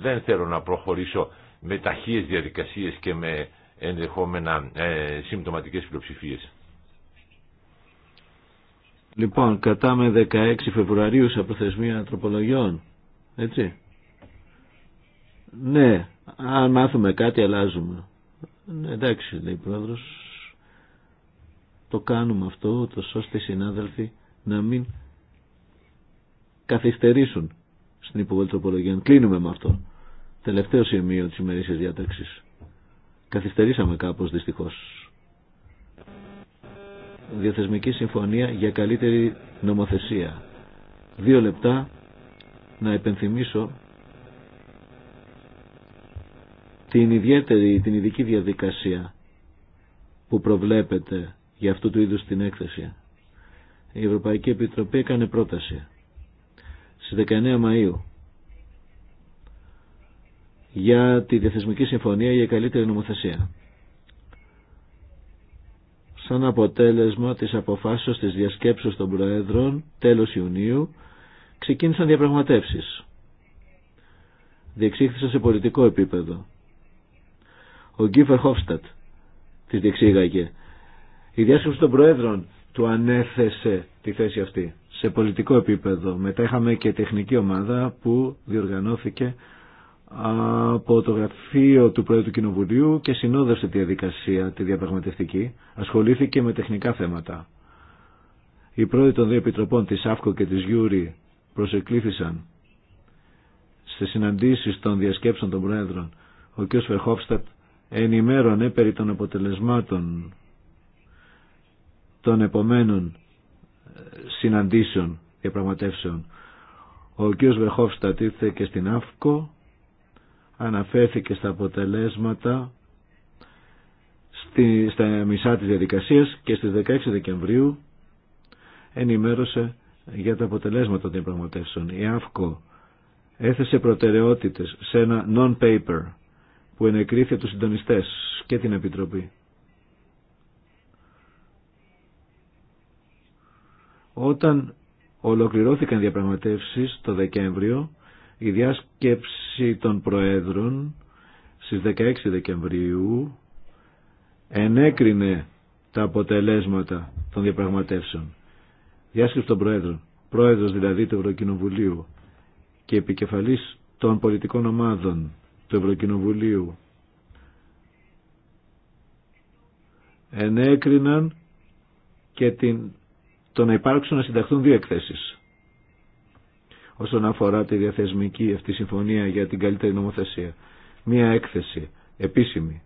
δεν θέλω να προχωρήσω με ταχείες διαδικασίες και με ενδεχόμενα ε, συμπτωματικές πλειοψηφίες. Λοιπόν, κατάμε 16 Φεβρουαρίου σε προθεσμία τροπολογιών, έτσι. Ναι, αν μάθουμε κάτι αλλάζουμε. Ναι, εντάξει, λέει ο πρόεδρος, το κάνουμε αυτό, το ώστε οι συνάδελφοι να μην καθυστερήσουν στην υποβολή τροπολογιών. Κλείνουμε με αυτό. Τελευταίο σημείο της ημερήσιας διάταξης. Καθυστερήσαμε κάπως δυστυχώς. Διαθεσμική συμφωνία για καλύτερη νομοθεσία. Δύο λεπτά να επενθυμίσω την ιδιαίτερη, την ειδική διαδικασία που προβλέπεται για αυτού του είδους την έκθεση. Η Ευρωπαϊκή Επιτροπή έκανε πρόταση. Στις 19 Μαΐου για τη διαθεσμική συμφωνία για καλύτερη νομοθεσία. Σαν αποτέλεσμα της αποφάσεως της διασκέψεως των Προέδρων τέλος Ιουνίου ξεκίνησαν διαπραγματεύσεις. Διεξήχθησαν σε πολιτικό επίπεδο. Ο Γκίφερ Χόφστατ τις διεξήγαγε. Η διάσκεψη των Προέδρων του ανέθεσε τη θέση αυτή σε πολιτικό επίπεδο. Μετά είχαμε και τεχνική ομάδα που διοργανώθηκε από το γραφείο του Πρόεδρου του Κοινοβουλίου και συνόδευσε τη διαδικασία τη διαπραγματευτική. Ασχολήθηκε με τεχνικά θέματα. Οι πρόεδροι των δύο επιτροπών της ΑΦΚΟ και της Γιούρη προσεκλήθησαν σε συναντήσεις των διασκέψεων των πρόεδρων. Ο κ. Φερχόφστατ ενημέρωνε περί των αποτελεσμάτων των επομένων ε, συναντήσεων διαπραγματεύσεων. Ο κ. Βεχόφστατ ήρθε και στην ΑΦΚΟ αναφέρθηκε στα αποτελέσματα στη, στα μισά της διαδικασίας και στις 16 Δεκεμβρίου ενημέρωσε για τα αποτελέσματα των διαπραγματεύσεων. Η ΑΦΚΟ έθεσε προτεραιότητες σε ένα non-paper που ενεκρίθη από τους συντονιστές και την Επιτροπή. Όταν ολοκληρώθηκαν διαπραγματεύσεις το Δεκέμβριο, η διάσκεψη των Προέδρων στις 16 Δεκεμβρίου ενέκρινε τα αποτελέσματα των διαπραγματεύσεων. Διάσκεψη των Προέδρων, Πρόεδρος δηλαδή του Ευρωκοινοβουλίου και επικεφαλής των πολιτικών ομάδων του Ευρωκοινοβουλίου ενέκριναν και την, το να υπάρξουν να συνταχθούν δύο εκθέσεις όσον αφορά τη διαθεσμική αυτή συμφωνία για την καλύτερη νομοθεσία. Μία έκθεση επίσημη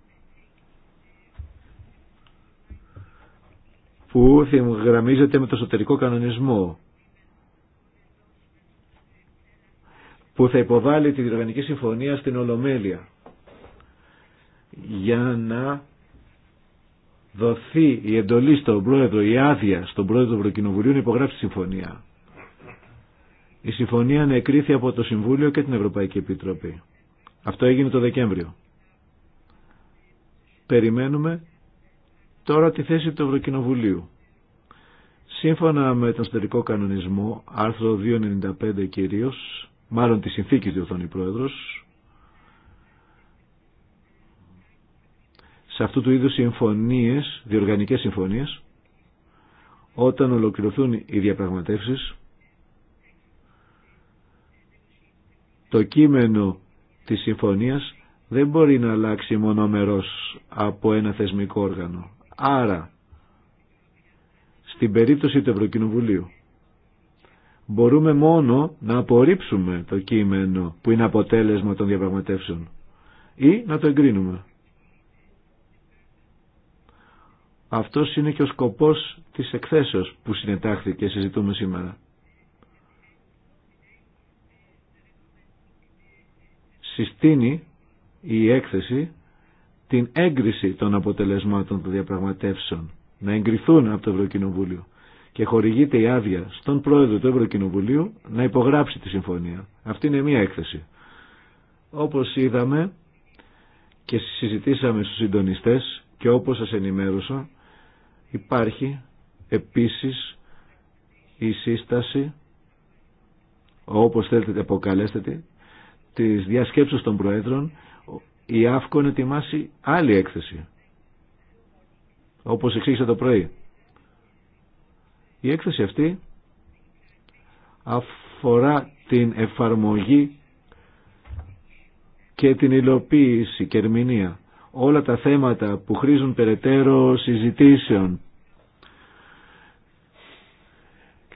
που γραμμίζεται με το εσωτερικό κανονισμό που θα υποβάλει τη διεργανική Συμφωνία στην Ολομέλεια για να δοθεί η εντολή στον πρόεδρο, η άδεια στον πρόεδρο του Ευρωκοινοβουλίου να υπογράψει τη συμφωνία. Η συμφωνία ανεκρίθη από το Συμβούλιο και την Ευρωπαϊκή Επιτροπή. Αυτό έγινε το Δεκέμβριο. Περιμένουμε τώρα τη θέση του Ευρωκοινοβουλίου. Σύμφωνα με τον στερικό κανονισμό, άρθρο 295 κυρίως, μάλλον τη συνθήκη διορθώνει πρόεδρος, σε αυτού του είδους συμφωνίες, διοργανικές συμφωνίες, όταν ολοκληρωθούν οι διαπραγματεύσεις, Το κείμενο της συμφωνίας δεν μπορεί να αλλάξει μονομερός από ένα θεσμικό όργανο. Άρα, στην περίπτωση του Ευρωκοινοβουλίου, μπορούμε μόνο να απορρίψουμε το κείμενο που είναι αποτέλεσμα των διαπραγματεύσεων ή να το εγκρίνουμε. Αυτός είναι και ο σκοπός της εκθέσεως που συνετάχθηκε και συζητούμε σήμερα. συστήνει η έκθεση την έγκριση των αποτελεσμάτων των διαπραγματεύσεων, να εγκριθούν από το Ευρωκοινοβούλιο και χορηγείται η άδεια στον πρόεδρο του Ευρωκοινοβουλίου να υπογράψει τη συμφωνία. Αυτή είναι μία έκθεση. Όπως είδαμε και συζητήσαμε στους συντονιστές και όπως σας ενημέρωσα, υπάρχει επίσης η σύσταση, όπως θέλετε αποκαλέστε της διασκέψης των Προέδρων η ΑΦΚΟ ετοιμάσει άλλη έκθεση. Όπως εξήγησα το πρωί. Η έκθεση αυτή αφορά την εφαρμογή και την υλοποίηση και ερμηνεία. Όλα τα θέματα που χρήζουν περαιτέρω συζητήσεων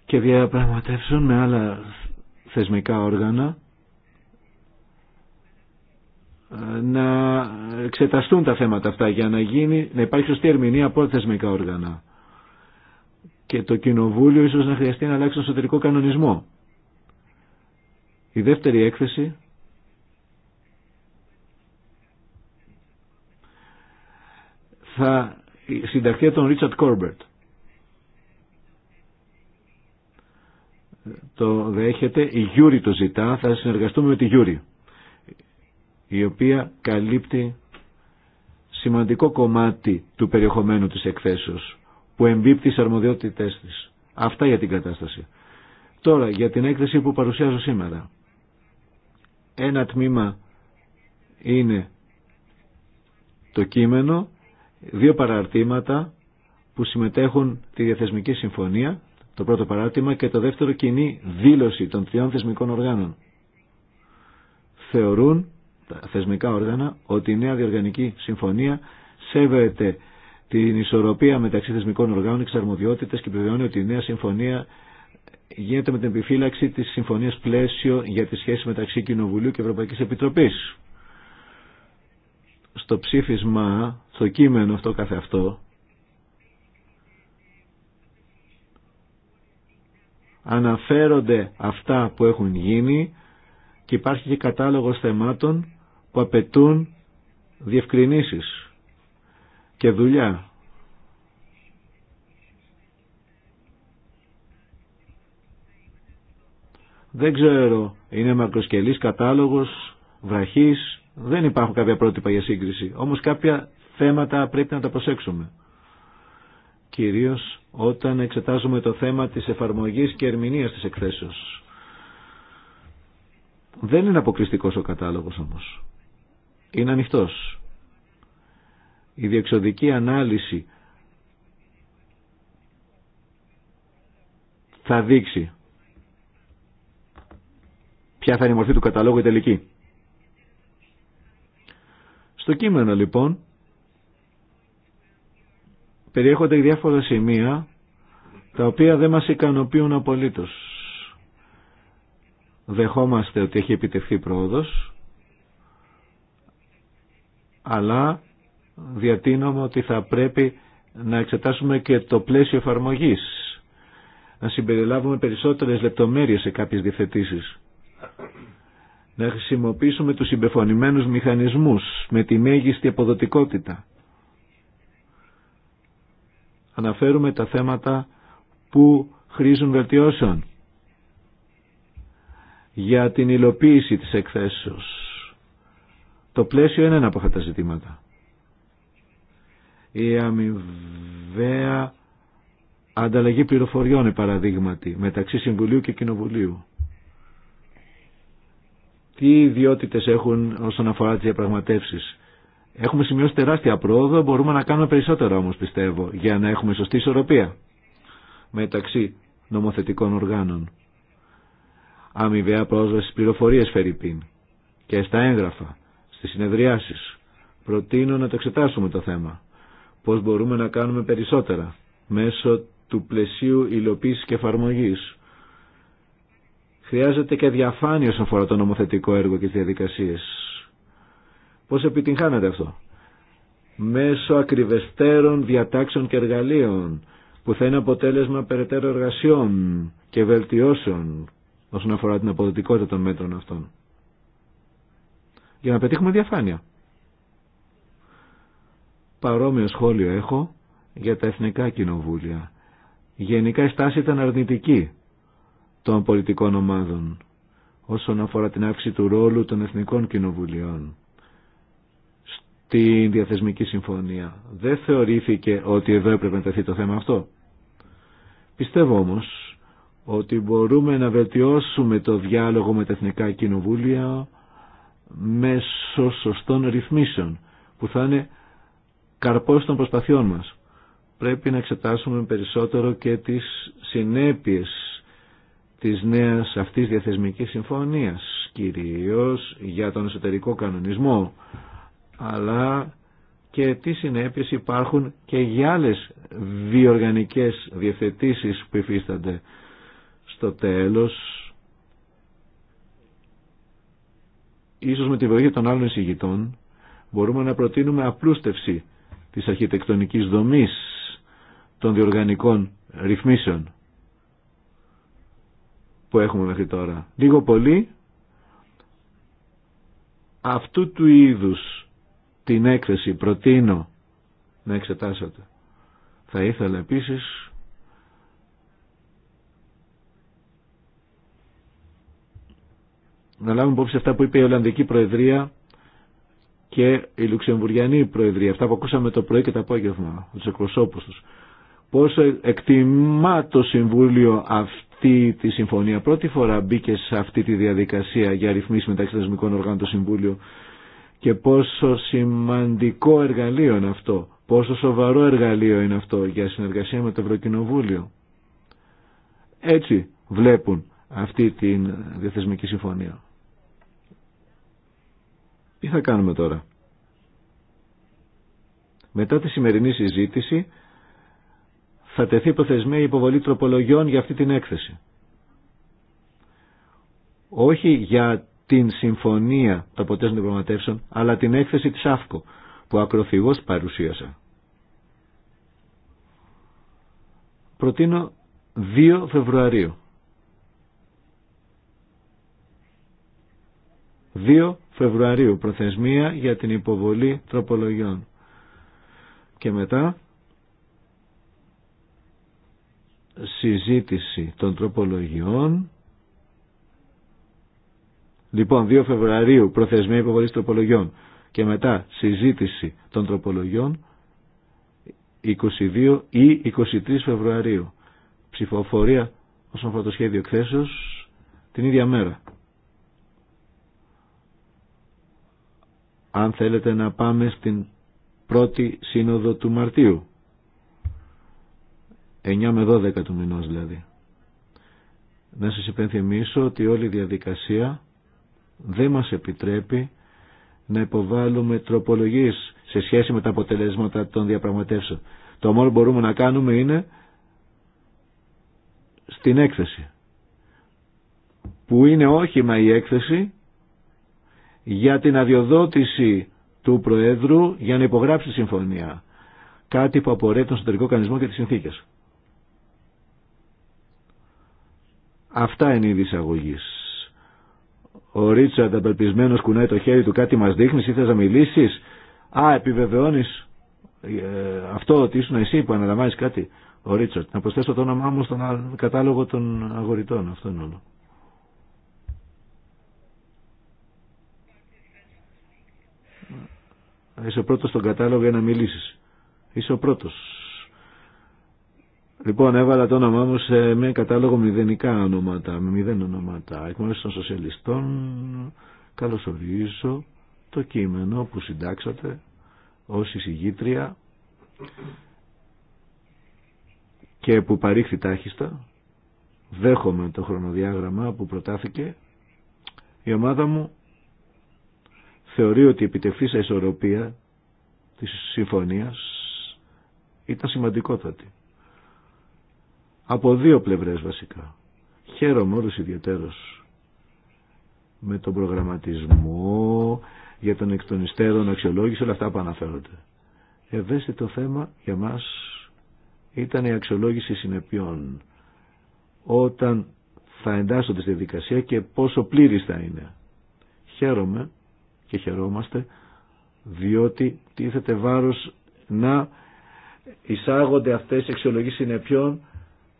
και διαπραγματεύσουν με άλλα θεσμικά όργανα να εξεταστούν τα θέματα αυτά για να, γίνει, να υπάρχει σωστή ερμηνεία από τα θεσμικά όργανα. Και το Κοινοβούλιο ίσως να χρειαστεί να αλλάξει τον εσωτερικό κανονισμό. Η δεύτερη έκθεση θα συνταχθεί τον Ρίτσαρτ Κόρμπερτ. Το δέχεται, η Γιούρι το ζητά, θα συνεργαστούμε με τη Γιούρι η οποία καλύπτει σημαντικό κομμάτι του περιεχομένου της εκθέσεως που εμπίπτει στις αρμοδιότητές της. Αυτά για την κατάσταση. Τώρα για την έκθεση που παρουσιάζω σήμερα. Ένα τμήμα είναι το κείμενο, δύο παραρτήματα που συμμετέχουν τη Διαθεσμική Συμφωνία, το πρώτο παράρτημα και το δεύτερο κοινή δήλωση των τριών θεσμικών οργάνων. Θεωρούν θεσμικά όργανα ότι η νέα διοργανική συμφωνία σέβεται την ισορροπία μεταξύ θεσμικών οργάνων και εξαρμοδιότητες και επιβεβαιώνει ότι η νέα συμφωνία γίνεται με την επιφύλαξη της συμφωνίας πλαίσιο για τη σχέση μεταξύ Κοινοβουλίου και Ευρωπαϊκής Επιτροπής. Στο ψήφισμα, στο κείμενο αυτό καθεαυτό, αναφέρονται αυτά που έχουν γίνει και υπάρχει και κατάλογος θεμάτων που απαιτούν διευκρινήσεις και δουλειά. Δεν ξέρω, είναι μακροσκελής κατάλογος, βραχής, δεν υπάρχουν κάποια πρότυπα για σύγκριση. Όμως κάποια θέματα πρέπει να τα προσέξουμε. Κυρίως όταν εξετάζουμε το θέμα της εφαρμογής και ερμηνείας της εκθέσεως. Δεν είναι αποκλειστικός ο κατάλογος όμως είναι ανοιχτός. Η διεξοδική ανάλυση θα δείξει ποια θα είναι η μορφή του καταλόγου η τελική. Στο κείμενο λοιπόν περιέχονται διάφορα σημεία τα οποία δεν μας ικανοποιούν απολύτως. Δεχόμαστε ότι έχει επιτευχθεί πρόοδος αλλά διατείνομαι ότι θα πρέπει να εξετάσουμε και το πλαίσιο εφαρμογής, να συμπεριλάβουμε περισσότερες λεπτομέρειες σε κάποιες διευθετήσεις, να χρησιμοποιήσουμε τους συμπεφωνημένους μηχανισμούς με τη μέγιστη αποδοτικότητα. Αναφέρουμε τα θέματα που χρήζουν βελτιώσεων για την υλοποίηση της εκθέσεως το πλαίσιο είναι ένα από αυτά τα ζητήματα. Η αμοιβαία ανταλλαγή πληροφοριών, παραδείγματι, μεταξύ Συμβουλίου και Κοινοβουλίου. Τι ιδιότητε έχουν όσον αφορά τι διαπραγματεύσει. Έχουμε σημειώσει τεράστια πρόοδο, μπορούμε να κάνουμε περισσότερα όμω πιστεύω, για να έχουμε σωστή ισορροπία μεταξύ νομοθετικών οργάνων. Αμοιβαία πρόσβαση στι πληροφορίε, Φερρυπίν, και στα έγγραφα στις συνεδριάσεις. Προτείνω να το εξετάσουμε το θέμα. Πώς μπορούμε να κάνουμε περισσότερα μέσω του πλαισίου υλοποίηση και εφαρμογή. Χρειάζεται και διαφάνεια όσον αφορά το νομοθετικό έργο και τι διαδικασίες. Πώς επιτυγχάνεται αυτό. Μέσω ακριβεστέρων διατάξεων και εργαλείων που θα είναι αποτέλεσμα περαιτέρω εργασιών και βελτιώσεων όσον αφορά την αποδοτικότητα των μέτρων αυτών για να πετύχουμε διαφάνεια. Παρόμοιο σχόλιο έχω για τα εθνικά κοινοβούλια. Γενικά η στάση ήταν αρνητική των πολιτικών ομάδων όσον αφορά την αύξηση του ρόλου των εθνικών κοινοβουλίων στη διαθεσμική συμφωνία. Δεν θεωρήθηκε ότι εδώ έπρεπε να τεθεί το θέμα αυτό. Πιστεύω όμως ότι μπορούμε να βελτιώσουμε το διάλογο με τα εθνικά κοινοβούλια μέσω σωστών ρυθμίσεων που θα είναι καρπός των προσπαθειών μας. Πρέπει να εξετάσουμε περισσότερο και τις συνέπειες της νέας αυτής διαθεσμικής συμφωνίας, κυρίως για τον εσωτερικό κανονισμό, αλλά και τι συνέπειες υπάρχουν και για άλλες βιοργανικές διευθετήσεις που υφίστανται. Στο τέλος, Ίσως με τη βοήθεια των άλλων εισηγητών μπορούμε να προτείνουμε απλούστευση της αρχιτεκτονικής δομής των διοργανικών ρυθμίσεων που έχουμε μέχρι τώρα. Λίγο πολύ αυτού του είδους την έκθεση προτείνω να εξετάσετε. Θα ήθελα επίσης να λάβουμε υπόψη αυτά που είπε η Ολλανδική Προεδρία και η Λουξεμβουριανή Προεδρία, αυτά που ακούσαμε το πρωί και το απόγευμα, του εκπροσώπου του. πόσο εκτιμά το Συμβούλιο αυτή τη συμφωνία. Πρώτη φορά μπήκε σε αυτή τη διαδικασία για ρυθμίσει μεταξύ θεσμικών οργάνων το Συμβούλιο και πόσο σημαντικό εργαλείο είναι αυτό, πόσο σοβαρό εργαλείο είναι αυτό για συνεργασία με το Ευρωκοινοβούλιο. Έτσι βλέπουν αυτή τη διαθεσμική συμφωνία. Τι θα κάνουμε τώρα. Μετά τη σημερινή συζήτηση θα τεθεί προθεσμία η υποβολή τροπολογιών για αυτή την έκθεση. Όχι για την συμφωνία των αποτέλεσμα των αλλά την έκθεση της ΑΦΚΟ που ακροθυγώς παρουσίασα. Προτείνω 2 Φεβρουαρίου. 2 Φεβρουαρίου προθεσμία για την υποβολή τροπολογιών. Και μετά συζήτηση των τροπολογιών. Λοιπόν, 2 Φεβρουαρίου προθεσμία υποβολής τροπολογιών και μετά συζήτηση των τροπολογιών 22 ή 23 Φεβρουαρίου. Ψηφοφορία όσον αφορά το σχέδιο εκθέσεως την ίδια μέρα. αν θέλετε να πάμε στην πρώτη σύνοδο του Μαρτίου. 9 με 12 του μηνός δηλαδή. Να σας υπενθυμίσω ότι όλη η διαδικασία δεν μας επιτρέπει να υποβάλουμε τροπολογίες σε σχέση με τα αποτελέσματα των διαπραγματεύσεων. Το μόνο που μπορούμε να κάνουμε είναι στην έκθεση. Που είναι όχημα η έκθεση για την αδειοδότηση του Προέδρου για να υπογράψει συμφωνία. Κάτι που απορρέει τον εσωτερικό κανονισμό και τις συνθήκες. Αυτά είναι η εισαγωγή. Ο Ρίτσαρντ απελπισμένος κουνάει το χέρι του, κάτι μας δείχνεις, ήθελες να μιλήσεις. Α, επιβεβαιώνεις ε, αυτό ότι ήσουν εσύ που αναλαμβάνεις κάτι. Ο Ρίτσαρτ. Να προσθέσω το όνομά μου στον κατάλογο των αγορητών. Αυτό είναι όλο. Είσαι ο πρώτος στον κατάλογο για να μιλήσεις. Είσαι ο πρώτος. Λοιπόν, έβαλα το όνομά μου σε μια κατάλογο μηδενικά ονόματα, με μηδέν ονόματα. Εκμόνωση των σοσιαλιστών, καλωσορίζω το κείμενο που συντάξατε ως εισηγήτρια και που παρήχθη τάχιστα. Δέχομαι το χρονοδιάγραμμα που προτάθηκε. Η ομάδα μου θεωρεί ότι η επιτευχής ισορροπία της συμφωνίας ήταν σημαντικότατη. Από δύο πλευρές βασικά. Χαίρομαι όλους ιδιαίτερος με τον προγραμματισμό, για τον εκ των υστέρων αξιολόγηση, όλα αυτά που αναφέρονται. Ευαίσθητο θέμα για μας ήταν η αξιολόγηση συνεπειών. Όταν θα εντάσσονται στη δικασία και πόσο πλήρης θα είναι. Χαίρομαι και χαιρόμαστε διότι τίθεται βάρος να εισάγονται αυτές οι αξιολογήσεις συνεπιών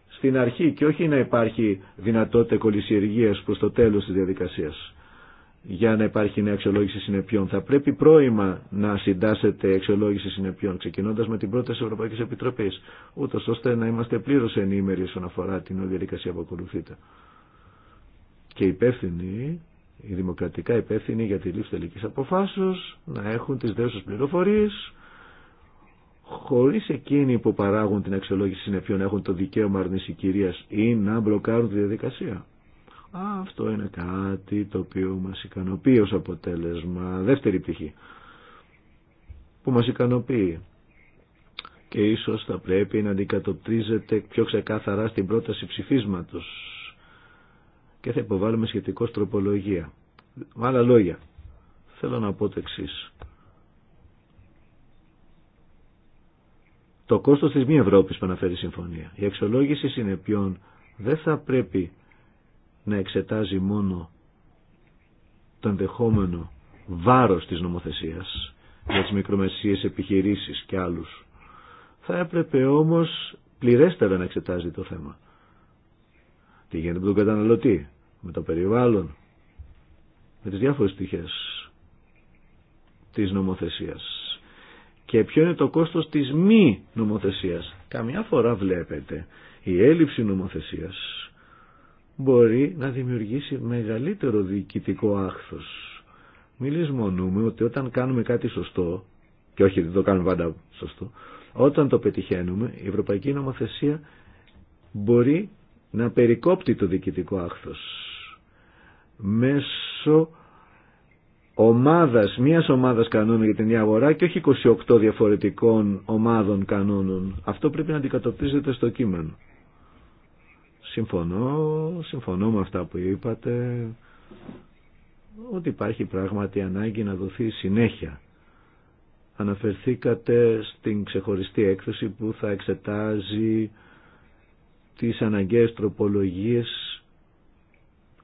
στην αρχή και όχι να υπάρχει δυνατότητα κολυσιεργίας προς το τέλος της διαδικασίας. Για να υπάρχει νέα αξιολόγηση συνεπιών θα πρέπει πρώιμα να συντάσσεται αξιολόγηση συνεπιών ξεκινώντα με την πρόταση Ευρωπαϊκή Επιτροπή, ούτω ώστε να είμαστε πλήρω ενήμεροι όσον αφορά την όλη διαδικασία που ακολουθείται. Και υπεύθυνοι οι δημοκρατικά υπεύθυνοι για τη λήψη τελική αποφάσεως να έχουν τις δέουσες πληροφορίε χωρίς εκείνοι που παράγουν την αξιολόγηση συνεπιών να έχουν το δικαίωμα αρνηση κυρία ή να μπλοκάρουν τη διαδικασία. Αυτό είναι κάτι το οποίο μας ικανοποιεί ω αποτέλεσμα. Δεύτερη πτυχή που μας ικανοποιεί και ίσως θα πρέπει να αντικατοπτρίζεται πιο ξεκάθαρα στην πρόταση ψηφίσματος και θα υποβάλουμε σχετικό τροπολογία. Με άλλα λόγια, θέλω να πω το εξή. Το κόστος της μη Ευρώπης που αναφέρει η συμφωνία. Η αξιολόγηση συνεπιών δεν θα πρέπει να εξετάζει μόνο το ενδεχόμενο βάρος της νομοθεσίας για τις μικρομεσίες επιχειρήσεις και άλλους. Θα έπρεπε όμως πληρέστερα να εξετάζει το θέμα. Τι γίνεται με τον καταναλωτή, με το περιβάλλον, με τις διάφορες στοιχές της νομοθεσίας. Και ποιο είναι το κόστος της μη νομοθεσίας. Καμιά φορά βλέπετε η έλλειψη νομοθεσίας μπορεί να δημιουργήσει μεγαλύτερο διοικητικό άχθος. μιλήσμονούμε ότι όταν κάνουμε κάτι σωστό, και όχι δεν το κάνουμε πάντα σωστό, όταν το πετυχαίνουμε η Ευρωπαϊκή Νομοθεσία μπορεί να περικόπτει το διοικητικό άχθος μέσω ομάδας, μιας ομάδας κανόνων για την αγορά και όχι 28 διαφορετικών ομάδων κανόνων. Αυτό πρέπει να αντικατοπτρίζεται στο κείμενο. Συμφωνώ, συμφωνώ με αυτά που είπατε, ότι υπάρχει πράγματι ανάγκη να δοθεί συνέχεια. Αναφερθήκατε στην ξεχωριστή έκθεση που θα εξετάζει τις αναγκαίες τροπολογίες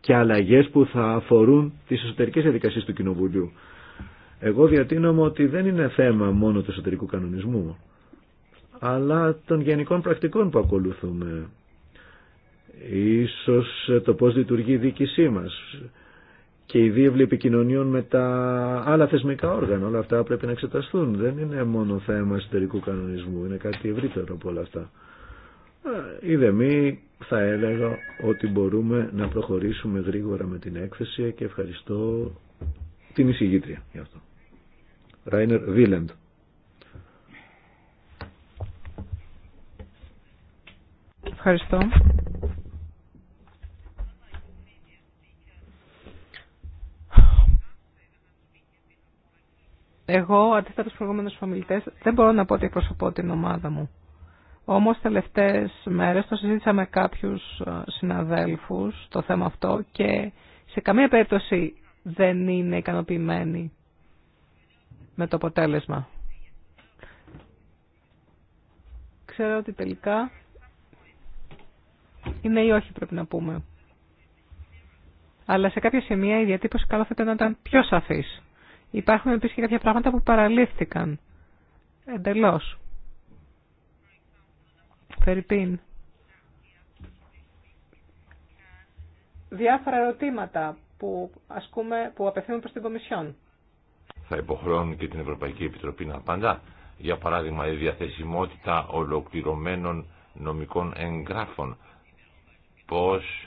και αλλαγές που θα αφορούν τις εσωτερικές διαδικασίες του Κοινοβουλίου. Εγώ διατείνομαι ότι δεν είναι θέμα μόνο του εσωτερικού κανονισμού, αλλά των γενικών πρακτικών που ακολουθούμε. Ίσως το πώς λειτουργεί η διοίκησή μας και η δίευλη επικοινωνιών με τα άλλα θεσμικά όργανα. Όλα αυτά πρέπει να εξεταστούν. Δεν είναι μόνο θέμα εσωτερικού κανονισμού, είναι κάτι ευρύτερο από όλα αυτά. Ε, δε μη, θα έλεγα ότι μπορούμε να προχωρήσουμε γρήγορα με την έκθεση και ευχαριστώ την εισηγήτρια γι' αυτό. Ράινερ Βίλεντ. Ευχαριστώ. Εγώ, αντίθετα στους προηγούμενους ομιλητές, δεν μπορώ να πω ότι εκπροσωπώ την ομάδα μου. Όμως τελευταίες μέρες το συζήτησα με κάποιους ε, συναδέλφους το θέμα αυτό και σε καμία περίπτωση δεν είναι ικανοποιημένοι με το αποτέλεσμα. Ξέρω ότι τελικά είναι ή όχι πρέπει να πούμε. Αλλά σε κάποια σημεία η διατύπωση καλό θα ήταν να ήταν πιο σαφής. Υπάρχουν επίσης και κάποια πράγματα που παραλήφθηκαν εντελώς. Φερρυπίν. Διάφορα ερωτήματα που, ασκούμε, που απευθύνουν προς την Κομισιόν. Θα υποχρεώνουν και την Ευρωπαϊκή Επιτροπή να απαντά. Για παράδειγμα, η διαθεσιμότητα ολοκληρωμένων νομικών εγγράφων. Πώς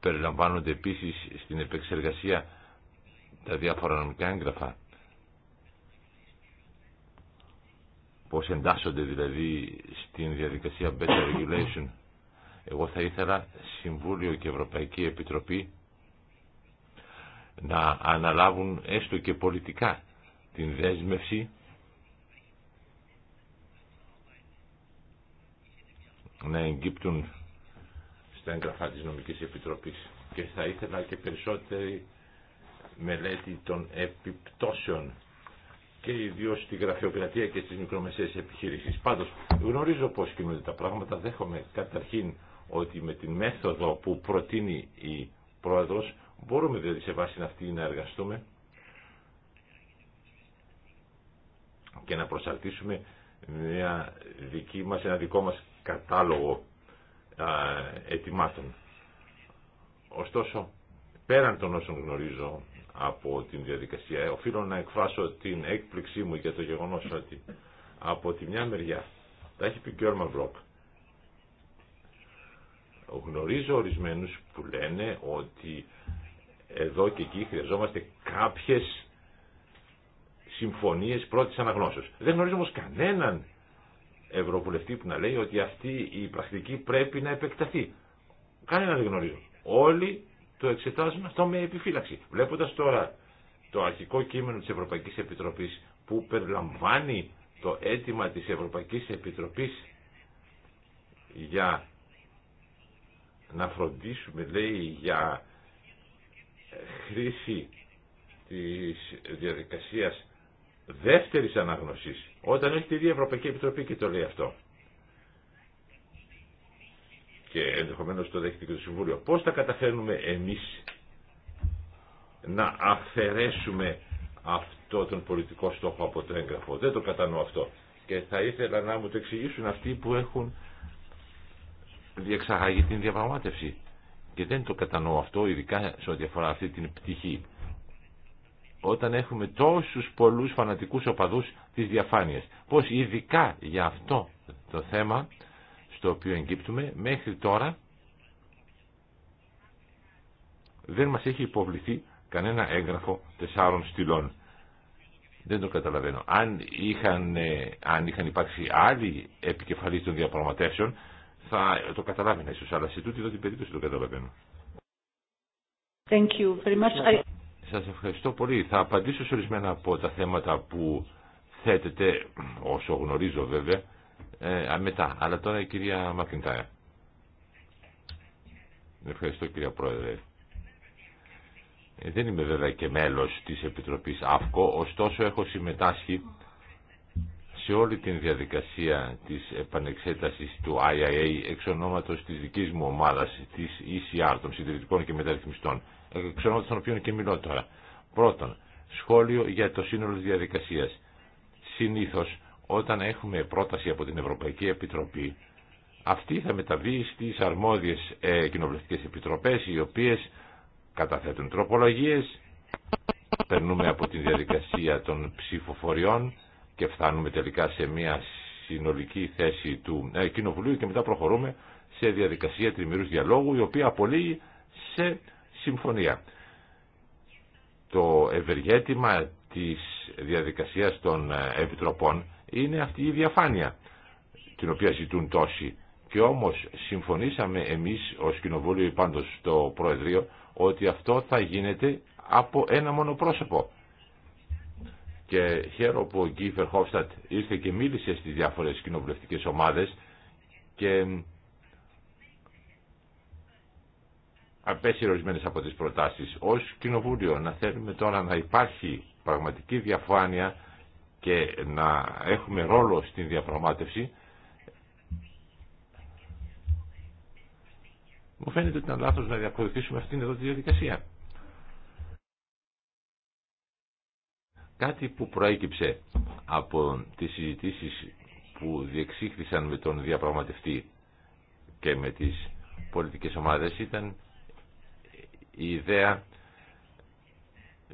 περιλαμβάνονται επίσης στην επεξεργασία τα διάφορα νομικά έγγραφα πώς εντάσσονται δηλαδή στην διαδικασία better regulation. Εγώ θα ήθελα Συμβούλιο και Ευρωπαϊκή Επιτροπή να αναλάβουν έστω και πολιτικά την δέσμευση να εγκύπτουν στα έγγραφα της Νομικής Επιτροπής και θα ήθελα και περισσότερη μελέτη των επιπτώσεων και ιδίω στη γραφειοκρατία και στι μικρομεσαίες επιχειρήσει πάντω γνωρίζω πώς κινούνται τα πράγματα. Δέχομαι καταρχήν ότι με την μέθοδο που προτείνει η Πρόεδρος μπορούμε δηλαδή σε βάση αυτή να εργαστούμε και να προσαρτήσουμε μια δική μας, ένα δικό μας κατάλογο ετοιμάτων. Ωστόσο, πέραν των όσων γνωρίζω, από την διαδικασία. Οφείλω να εκφράσω την έκπληξή μου για το γεγονός ότι από τη μια μεριά τα έχει πει και ο Μαυρόκ. Γνωρίζω ορισμένους που λένε ότι εδώ και εκεί χρειαζόμαστε κάποιες συμφωνίες πρώτης αναγνώσεως. Δεν γνωρίζω όμως κανέναν ευρωβουλευτή που να λέει ότι αυτή η πρακτική πρέπει να επεκταθεί. Κανένα δεν γνωρίζω. Όλοι το εξετάζουν αυτό με επιφύλαξη. βλέποντα τώρα το αρχικό κείμενο τη Ευρωπαϊκή Επιτροπή, που περιλαμβάνει το αίτημα της Ευρωπαϊκής Επιτροπής για να φροντίσουμε λέει για χρήση της διαδικασίας δεύτερης αναγνωσής όταν έχει τη Ευρωπαϊκή Επιτροπή και το λέει αυτό και ενδεχομένως το δέχεται και το Συμβούλιο. Πώς θα καταφέρνουμε εμείς να αφαιρέσουμε αυτό τον πολιτικό στόχο από το έγγραφο. Δεν το κατανοώ αυτό. Και θα ήθελα να μου το εξηγήσουν αυτοί που έχουν διεξαγάγει την διαπραγμάτευση. Και δεν το κατανοώ αυτό, ειδικά σε ό,τι αφορά αυτή την πτυχή. Όταν έχουμε τόσους πολλούς φανατικούς οπαδούς της διαφάνειας. Πώς ειδικά για αυτό το θέμα στο οποίο εγκύπτουμε, μέχρι τώρα δεν μας έχει υποβληθεί κανένα έγγραφο τεσσάρων στυλών. Δεν το καταλαβαίνω. Αν είχαν, ε, αν είχαν υπάρξει άλλοι επικεφαλής των διαπραγματεύσεων, θα το καταλάβαινα ίσως, αλλά σε τούτη εδώ την περίπτωση το καταλαβαίνω. Thank you very much. Σας ευχαριστώ πολύ. Θα απαντήσω σε ορισμένα από τα θέματα που θέτεται, όσο γνωρίζω βέβαια, ε, μετά. Αλλά τώρα η κυρία Μακιντάρα. Ευχαριστώ κυρία Πρόεδρε. Ε, δεν είμαι βέβαια και μέλος της Επιτροπής ΑΦΚΟ, ωστόσο έχω συμμετάσχει σε όλη την διαδικασία της επανεξέτασης του IIA εξ ονόματος της δικής μου ομάδας, της ECR, των συντηρητικών και μεταρρυθμιστών, εξ ονόματος των οποίων και μιλώ τώρα. Πρώτον, σχόλιο για το σύνολο της διαδικασίας. Συνήθως όταν έχουμε πρόταση από την Ευρωπαϊκή Επιτροπή, αυτή θα μεταβεί στις αρμόδιες ε, κοινοβουλευτικές επιτροπές, οι οποίες καταθέτουν τροπολογίες, περνούμε από τη διαδικασία των ψηφοφοριών και φτάνουμε τελικά σε μια συνολική θέση του ε, Κοινοβουλίου και μετά προχωρούμε σε διαδικασία τριμηρούς διαλόγου, η οποία απολύει σε συμφωνία. Το ευεργέτημα της διαδικασίας των ε, επιτροπών είναι αυτή η διαφάνεια την οποία ζητούν τόσοι. Και όμως συμφωνήσαμε εμείς ως κοινοβούλιο ή πάντως στο Προεδρείο ότι αυτό θα γίνεται από ένα μόνο πρόσωπο. Και χαίρομαι που ο Γκίφερ Χόφστατ ήρθε και μίλησε στις διάφορες κοινοβουλευτικές ομάδες και απέσυρε ορισμένε από τις προτάσεις. Ως κοινοβούλιο να θέλουμε τώρα να υπάρχει πραγματική διαφάνεια και να έχουμε ρόλο στην διαπραγμάτευση μου φαίνεται ότι ήταν λάθος να διακολουθήσουμε αυτήν εδώ τη διαδικασία. Κάτι που προέκυψε από τις συζητήσεις που διεξήχθησαν με τον διαπραγματευτή και με τις πολιτικές ομάδες ήταν η ιδέα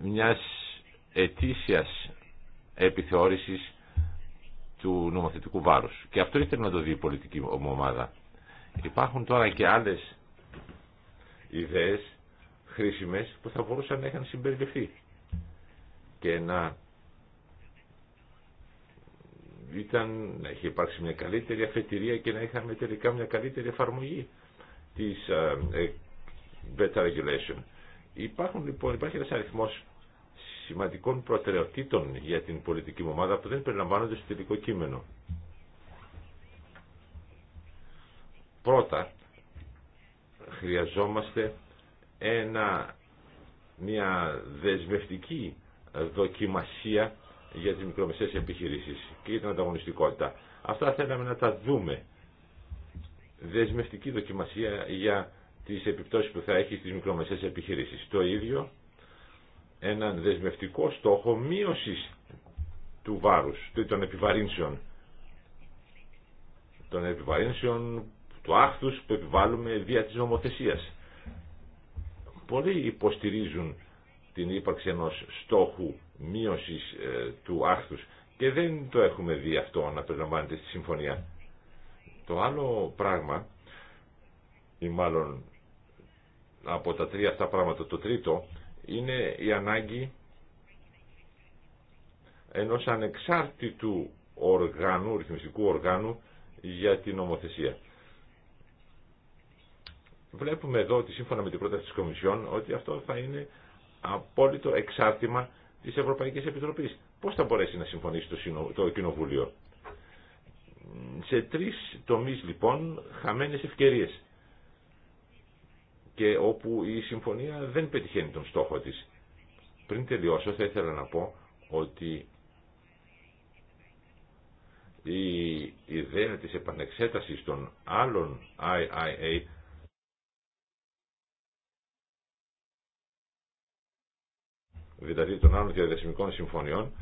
μιας ετήσιας επιθεώρησης του νομοθετικού βάρους. Και αυτό ήθελε να το δει η πολιτική ομάδα. Υπάρχουν τώρα και άλλες ιδέες χρήσιμες που θα μπορούσαν να είχαν συμπεριληφθεί και να ήταν να είχε υπάρξει μια καλύτερη αφετηρία και να είχαμε τελικά μια καλύτερη εφαρμογή της uh, Better Regulation. Υπάρχουν λοιπόν, υπάρχει ένας αριθμός σημαντικών προτεραιοτήτων για την πολιτική μου ομάδα που δεν περιλαμβάνονται στο τελικό κείμενο. Πρώτα, χρειαζόμαστε ένα, μια δεσμευτική δοκιμασία για τις μικρομεσαίες επιχειρήσεις και για την ανταγωνιστικότητα. Αυτά θέλαμε να τα δούμε. Δεσμευτική δοκιμασία για τις επιπτώσεις που θα έχει στις μικρομεσαίες επιχειρήσεις. Το ίδιο έναν δεσμευτικό στόχο μείωσης του βάρους, των επιβαρύνσεων. Των επιβαρύνσεων του άχθους που επιβάλλουμε δια της νομοθεσίας. Πολλοί υποστηρίζουν την ύπαρξη ενός στόχου μείωσης ε, του άχθους και δεν το έχουμε δει αυτό να περιλαμβάνεται στη συμφωνία. Το άλλο πράγμα, ή μάλλον από τα τρία αυτά πράγματα το τρίτο, είναι η ανάγκη ενός ανεξάρτητου οργάνου, ρυθμιστικού οργάνου για την νομοθεσία. Βλέπουμε εδώ ότι σύμφωνα με την πρόταση της Κομισιόν ότι αυτό θα είναι απόλυτο εξάρτημα της Ευρωπαϊκής Επιτροπής. Πώς θα μπορέσει να συμφωνήσει το Κοινοβούλιο. Σε τρεις τομείς λοιπόν χαμένες ευκαιρίες και όπου η συμφωνία δεν πετυχαίνει τον στόχο της. Πριν τελειώσω θα ήθελα να πω ότι η ιδέα της επανεξέτασης των άλλων IIA δηλαδή των άλλων διαδεσμικών συμφωνιών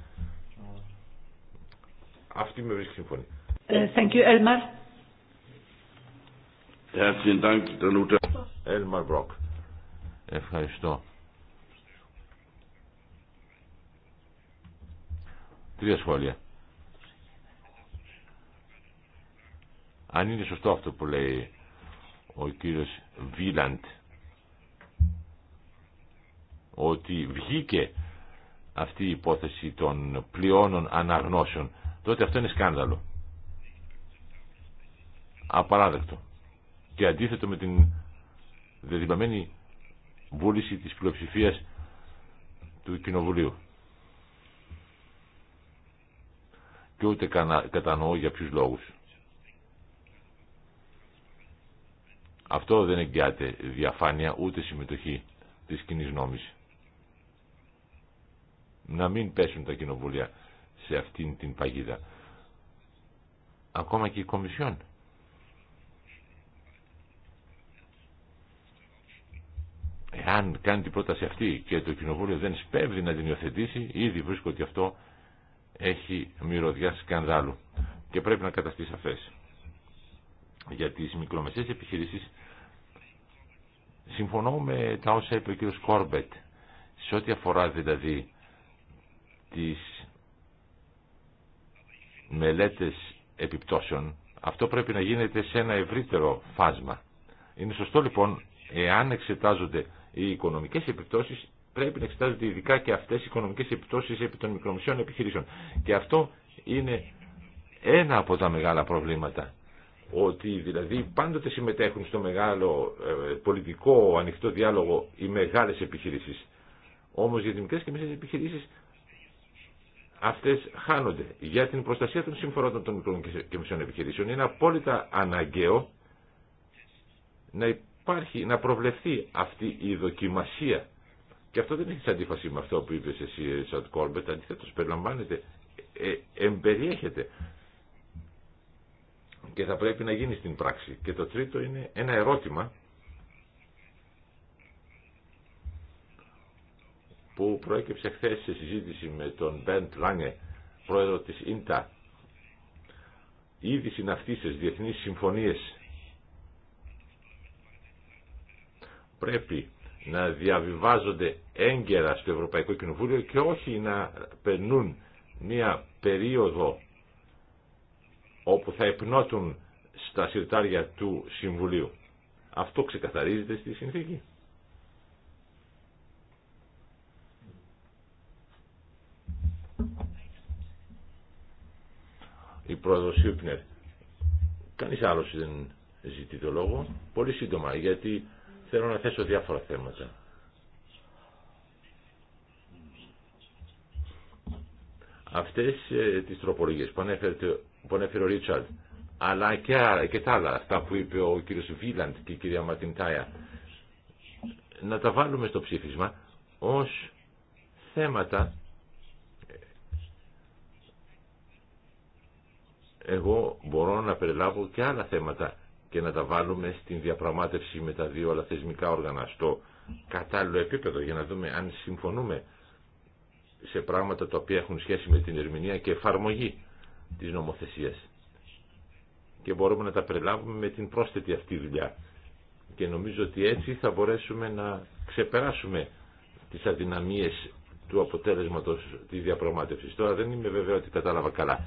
αυτή με βρίσκει συμφωνία. Ε, Ευχαριστώ. Τρία σχόλια. Αν είναι σωστό αυτό που λέει ο κύριος Βίλαντ ότι βγήκε αυτή η υπόθεση των πλειώνων αναγνώσεων τότε αυτό είναι σκάνδαλο. Απαράδεκτο και αντίθετο με την δεδειγμένη βούληση της πλειοψηφία του Κοινοβουλίου. Και ούτε κατανοώ για ποιους λόγους. Αυτό δεν εγγυάται διαφάνεια ούτε συμμετοχή της κοινή νόμης. Να μην πέσουν τα κοινοβούλια σε αυτήν την παγίδα. Ακόμα και η Κομισιόν Εάν κάνει την πρόταση αυτή και το κοινοβούλιο δεν σπέβδει να την υιοθετήσει, ήδη βρίσκω ότι αυτό έχει μυρωδιά σκανδάλου και πρέπει να καταστεί σαφές. Για τις μικρομεσαίε επιχειρήσεις συμφωνώ με τα όσα είπε ο κ. Κόρμπετ σε ό,τι αφορά δηλαδή τις μελέτες επιπτώσεων αυτό πρέπει να γίνεται σε ένα ευρύτερο φάσμα. Είναι σωστό λοιπόν εάν εξετάζονται οι οικονομικέ επιπτώσει πρέπει να εξετάζονται ειδικά και αυτέ οι οικονομικέ επιπτώσει επί των μικρομεσαίων επιχειρήσεων. Και αυτό είναι ένα από τα μεγάλα προβλήματα. Ότι δηλαδή πάντοτε συμμετέχουν στο μεγάλο ε, πολιτικό ανοιχτό διάλογο οι μεγάλε επιχειρήσεις. όμω για τι μικρές και μεσαίε επιχειρήσεις αυτές χάνονται. Για την προστασία των συμφορών των μικρών και μεσαίων επιχειρήσεων είναι απόλυτα αναγκαίο να υπάρχει, να προβλεφθεί αυτή η δοκιμασία. Και αυτό δεν έχει αντίφαση με αυτό που είπε εσύ, Ρισαντ Κόρμπετ, αντιθέτως περιλαμβάνεται, ε, εμπεριέχεται και θα πρέπει να γίνει στην πράξη. Και το τρίτο είναι ένα ερώτημα που προέκυψε χθε σε συζήτηση με τον Μπεντ Λάνγκε, πρόεδρο της ΙΝΤΑ. Η είδηση είναι συμφωνίες πρέπει να διαβιβάζονται έγκαιρα στο Ευρωπαϊκό Κοινοβούλιο και όχι να περνούν μία περίοδο όπου θα υπνώτουν στα συρτάρια του Συμβουλίου. Αυτό ξεκαθαρίζεται στη συνθήκη. Η πρόεδρος Ιούπνερ. Κανείς άλλος δεν ζητεί το λόγο. Πολύ σύντομα, γιατί Θέλω να θέσω διάφορα θέματα. Αυτές ε, τις τροπολογίες που ανέφερε, που ανέφερε ο Ρίτσαρντ, αλλά και, τα άλλα, αυτά που είπε ο κύριος Βίλαντ και η κυρία Ματιντάια, να τα βάλουμε στο ψήφισμα ως θέματα ε, εγώ μπορώ να περιλάβω και άλλα θέματα και να τα βάλουμε στην διαπραγμάτευση με τα δύο θεσμικά όργανα στο κατάλληλο επίπεδο για να δούμε αν συμφωνούμε σε πράγματα τα οποία έχουν σχέση με την ερμηνεία και εφαρμογή της νομοθεσίας. Και μπορούμε να τα περιλάβουμε με την πρόσθετη αυτή δουλειά. Και νομίζω ότι έτσι θα μπορέσουμε να ξεπεράσουμε τις αδυναμίες του αποτέλεσματος της διαπραγμάτευσης. Τώρα δεν είμαι βέβαιο ότι κατάλαβα καλά,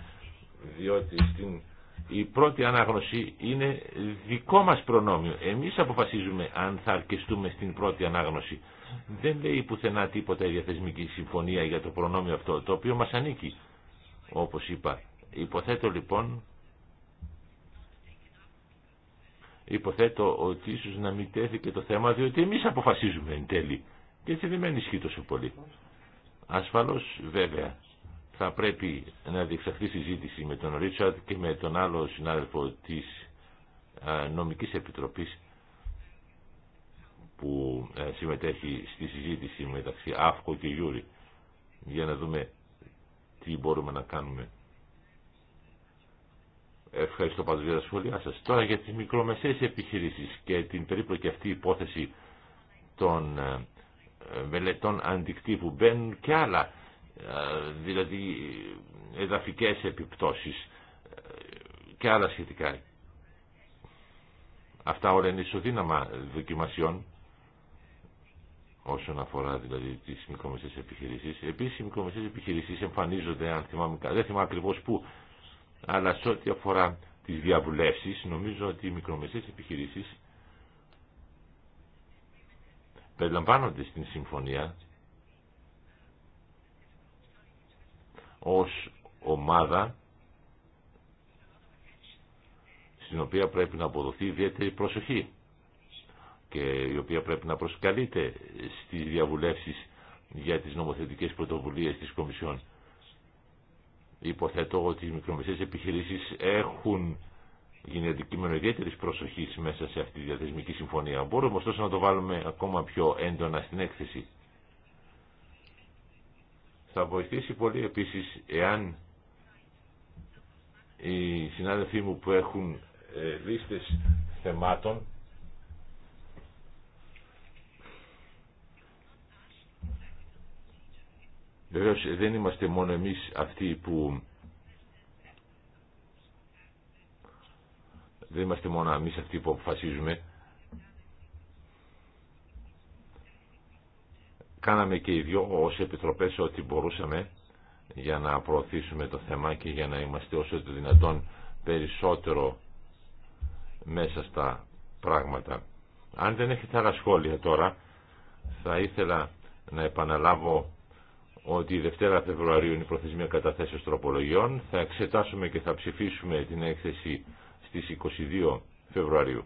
διότι στην η πρώτη ανάγνωση είναι δικό μας προνόμιο. Εμείς αποφασίζουμε αν θα αρκεστούμε στην πρώτη ανάγνωση. Δεν λέει πουθενά τίποτα η διαθεσμική συμφωνία για το προνόμιο αυτό, το οποίο μας ανήκει, όπως είπα. Υποθέτω λοιπόν, υποθέτω ότι ίσως να μην τέθηκε το θέμα, διότι εμείς αποφασίζουμε εν τέλει. Και έτσι δεν με ενισχύει τόσο πολύ. Ασφαλώς βέβαια θα πρέπει να διεξαχθεί συζήτηση με τον Ρίτσαρτ και με τον άλλο συνάδελφο της ε, νομικής επιτροπής που ε, συμμετέχει στη συζήτηση μεταξύ ΑΦΚΟ και Γιούρι για να δούμε τι μπορούμε να κάνουμε. Ευχαριστώ πάντως για τα σχόλιά σας. Τώρα για τις μικρομεσαίες επιχειρήσεις και την περίπλοκη αυτή υπόθεση των ε, μελετών αντικτύπου μπαίνουν και άλλα ε, δηλαδή εδαφικές επιπτώσεις ε, και άλλα σχετικά. Αυτά όλα είναι ισοδύναμα δοκιμασιών όσον αφορά δηλαδή τις μικρομεσαίες επιχειρήσεις. Επίσης οι μικρομεσαίες επιχειρήσεις εμφανίζονται, αν θυμάμαι, δεν θυμάμαι ακριβώς πού, αλλά σε ό,τι αφορά τις διαβουλεύσεις, νομίζω ότι οι μικρομεσαίες επιχειρήσεις περιλαμβάνονται στην συμφωνία ως ομάδα στην οποία πρέπει να αποδοθεί ιδιαίτερη προσοχή και η οποία πρέπει να προσκαλείται στις διαβουλεύσεις για τις νομοθετικές πρωτοβουλίες της Κομισιόν. Υποθέτω ότι οι μικρομεσαίες επιχειρήσεις έχουν γίνει αντικείμενο ιδιαίτερη προσοχή μέσα σε αυτή τη διαθεσμική συμφωνία. Μπορούμε ωστόσο να το βάλουμε ακόμα πιο έντονα στην έκθεση. Θα βοηθήσει πολύ επίσης εάν οι συνάδελφοί μου που έχουν ε, λίστες θεμάτων Βεβαίω δεν είμαστε μόνο εμείς αυτοί που δεν είμαστε μόνο εμείς αυτοί που αποφασίζουμε κάναμε και οι δυο ως επιτροπές ό,τι μπορούσαμε για να προωθήσουμε το θέμα και για να είμαστε όσο το δυνατόν περισσότερο μέσα στα πράγματα. Αν δεν έχετε άλλα σχόλια τώρα, θα ήθελα να επαναλάβω ότι η Δευτέρα Φεβρουαρίου είναι η προθεσμία καταθέσεως τροπολογιών. Θα εξετάσουμε και θα ψηφίσουμε την έκθεση στις 22 Φεβρουαρίου.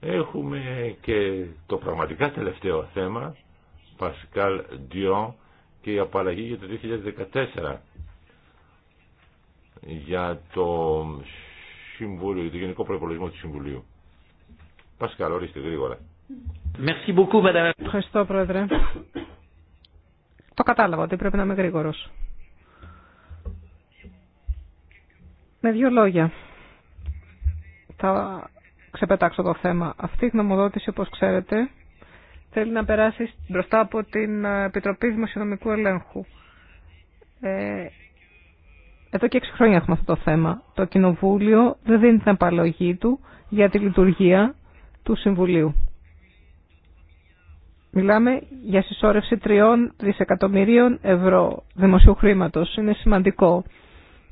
Έχουμε και το πραγματικά τελευταίο θέμα, Πασκάλ Διόν και η απαλλαγή για το 2014 για το Συμβούλιο, το Γενικό Προπολογισμό του Συμβουλίου. Πασκάλ, ορίστε γρήγορα. Ευχαριστώ, Πρόεδρε. Το κατάλαβα ότι πρέπει να είμαι γρήγορο. Με δύο λόγια. Θα ξεπετάξω το θέμα. Αυτή η γνωμοδότηση, όπως ξέρετε, θέλει να περάσει μπροστά από την ε, Επιτροπή Δημοσιονομικού Ελέγχου. Ε, εδώ και 6 χρόνια έχουμε αυτό το θέμα. Το Κοινοβούλιο δεν δίνει την απαλλαγή του για τη λειτουργία του Συμβουλίου. Μιλάμε για συσσόρευση 3 δισεκατομμυρίων ευρώ δημοσίου χρήματος. Είναι σημαντικό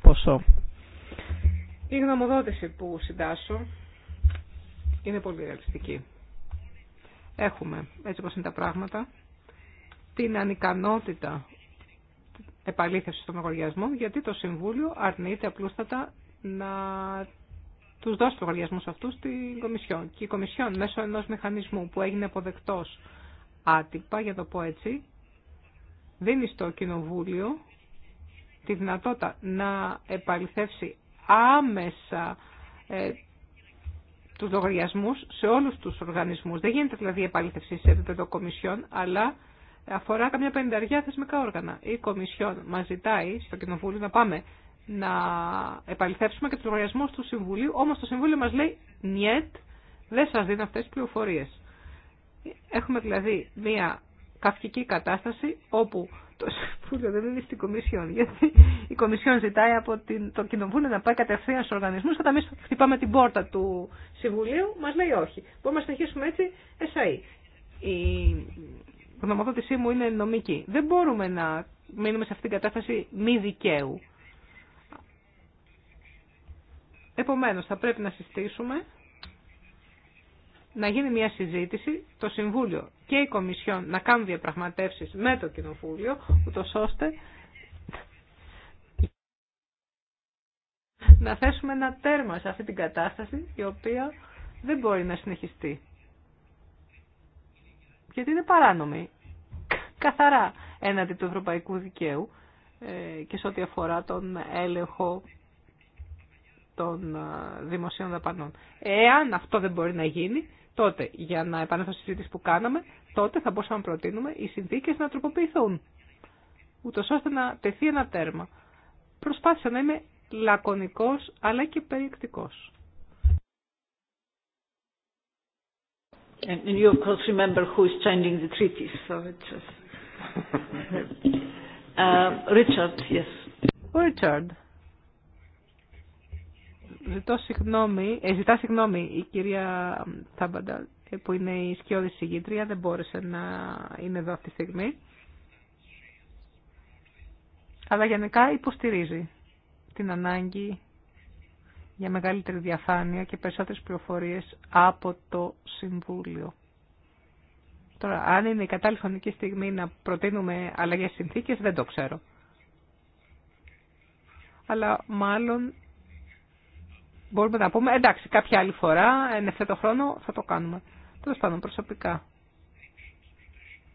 ποσό. Η γνωμοδότηση που συντάσσω είναι πολύ ρεαλιστική. Έχουμε, έτσι όπως είναι τα πράγματα, την ανικανότητα επαλήθευσης των λογαριασμών, γιατί το Συμβούλιο αρνείται απλούστατα να τους δώσει λογαριασμούς αυτούς στην Κομισιόν. Και η Κομισιόν μέσω ενός μηχανισμού που έγινε αποδεκτός άτυπα, για το πω έτσι, δίνει στο Κοινοβούλιο τη δυνατότητα να επαληθεύσει άμεσα ε, τους λογαριασμούς σε όλους τους οργανισμούς. Δεν γίνεται δηλαδή επαλήθευση σε επίπεδο κομισιόν, αλλά αφορά καμιά πενταριά θεσμικά όργανα. Η κομισιόν μας ζητάει στο Κοινοβούλιο να πάμε να επαληθεύσουμε και τους λογαριασμούς του Συμβουλίου, όμως το Συμβούλιο μας λέει «νιέτ, δεν σας δίνω αυτές τις πληροφορίες». Έχουμε δηλαδή μία καυκική κατάσταση όπου το Συμβούλιο δεν είναι στην Κομισιόν. Γιατί η Κομισιόν ζητάει από την, το Κοινοβούλιο να πάει κατευθείαν στου οργανισμού. Όταν εμεί χτυπάμε την πόρτα του Συμβουλίου, μα λέει όχι. Μπορούμε να συνεχίσουμε έτσι, εσαί. E. Η γνωμοδότησή μου είναι νομική. Δεν μπορούμε να μείνουμε σε αυτήν την κατάσταση μη δικαίου. Επομένως, θα πρέπει να συστήσουμε να γίνει μια συζήτηση, το Συμβούλιο και η Κομισιόν να κάνουν διαπραγματεύσεις με το Κοινοβούλιο, ούτω ώστε να θέσουμε ένα τέρμα σε αυτή την κατάσταση η οποία δεν μπορεί να συνεχιστεί. Γιατί είναι παράνομη, καθαρά έναντι του ευρωπαϊκού δικαίου ε, και σε ό,τι αφορά τον έλεγχο των ε, δημοσίων δαπανών. Εάν αυτό δεν μπορεί να γίνει, τότε, για να επανέλθω στη συζήτηση που κάναμε, τότε θα μπορούσαμε να προτείνουμε οι συνθήκε να τροποποιηθούν. Ούτω ώστε να τεθεί ένα τέρμα. Προσπάθησα να είμαι λακωνικό αλλά και περιεκτικό. And you Ζητώ συγγνώμη, ε, ζητά συγγνώμη η κυρία Τάμπαντα ε, που είναι η σκιώδη συγγήτρια, δεν μπόρεσε να είναι εδώ αυτή τη στιγμή. Αλλά γενικά υποστηρίζει την ανάγκη για μεγαλύτερη διαφάνεια και περισσότερες πληροφορίες από το Συμβούλιο. Τώρα, αν είναι η κατάλληλη στιγμή να προτείνουμε αλλαγές συνθήκες, δεν το ξέρω. Αλλά μάλλον μπορούμε να πούμε εντάξει κάποια άλλη φορά, εν ευθέτω χρόνο θα το κάνουμε. Τέλο πάντων προσωπικά.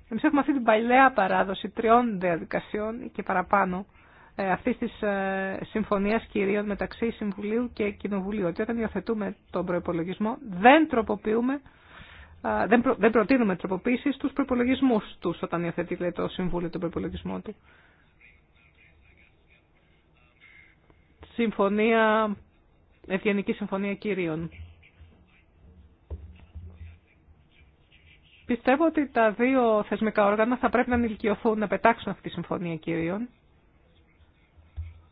Εμεί έχουμε αυτή την παλιά παράδοση τριών διαδικασιών και παραπάνω ε, αυτή τη ε, συμφωνία κυρίων μεταξύ Συμβουλίου και Κοινοβουλίου. Ότι όταν υιοθετούμε τον προπολογισμό δεν τροποποιούμε. Δεν, δεν προτείνουμε τροποποίηση στου προπολογισμού του όταν υιοθετεί το Συμβούλιο τον προπολογισμό του. Συμφωνία Ευγενική Συμφωνία Κυρίων. Πιστεύω ότι τα δύο θεσμικά όργανα θα πρέπει να ενηλικιωθούν, να πετάξουν αυτή τη Συμφωνία Κυρίων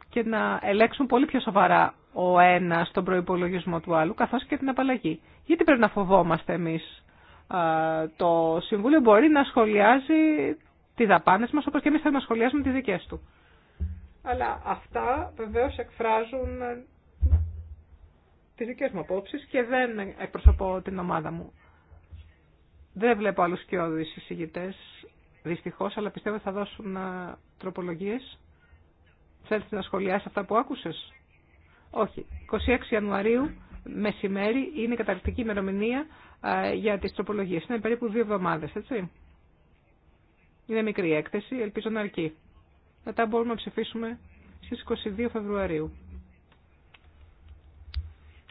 και να ελέξουν πολύ πιο σοβαρά ο ένα τον προπολογισμό του άλλου, καθώ και την απαλλαγή. Γιατί πρέπει να φοβόμαστε εμεί. Το Συμβούλιο μπορεί να σχολιάζει τι δαπάνε μα, όπω και εμεί θέλουμε να σχολιάζουμε τι δικέ του. Αλλά αυτά βεβαίω εκφράζουν τις δικές μου απόψεις και δεν εκπροσωπώ την ομάδα μου. Δεν βλέπω άλλους σκιώδεις εισηγητές, δυστυχώς, αλλά πιστεύω θα δώσουν ε, τροπολογίες. Θέλεις να σχολιάσεις αυτά που άκουσες. Όχι. 26 Ιανουαρίου, μεσημέρι, είναι η καταληκτική ημερομηνία ε, για τις τροπολογίες. Είναι περίπου δύο εβδομάδες, έτσι. Είναι μικρή έκθεση, ελπίζω να αρκεί. Μετά μπορούμε να ψηφίσουμε στις 22 Φεβρουαρίου.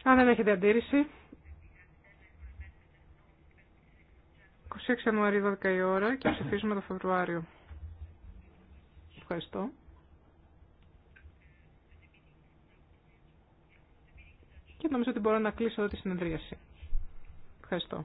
Αν δεν έχετε αντίρρηση. 26 Ιανουαρίου 12 η ώρα και ψηφίζουμε το Φεβρουάριο. Ευχαριστώ. Και νομίζω ότι μπορώ να κλείσω εδώ τη συνεδρίαση. Ευχαριστώ.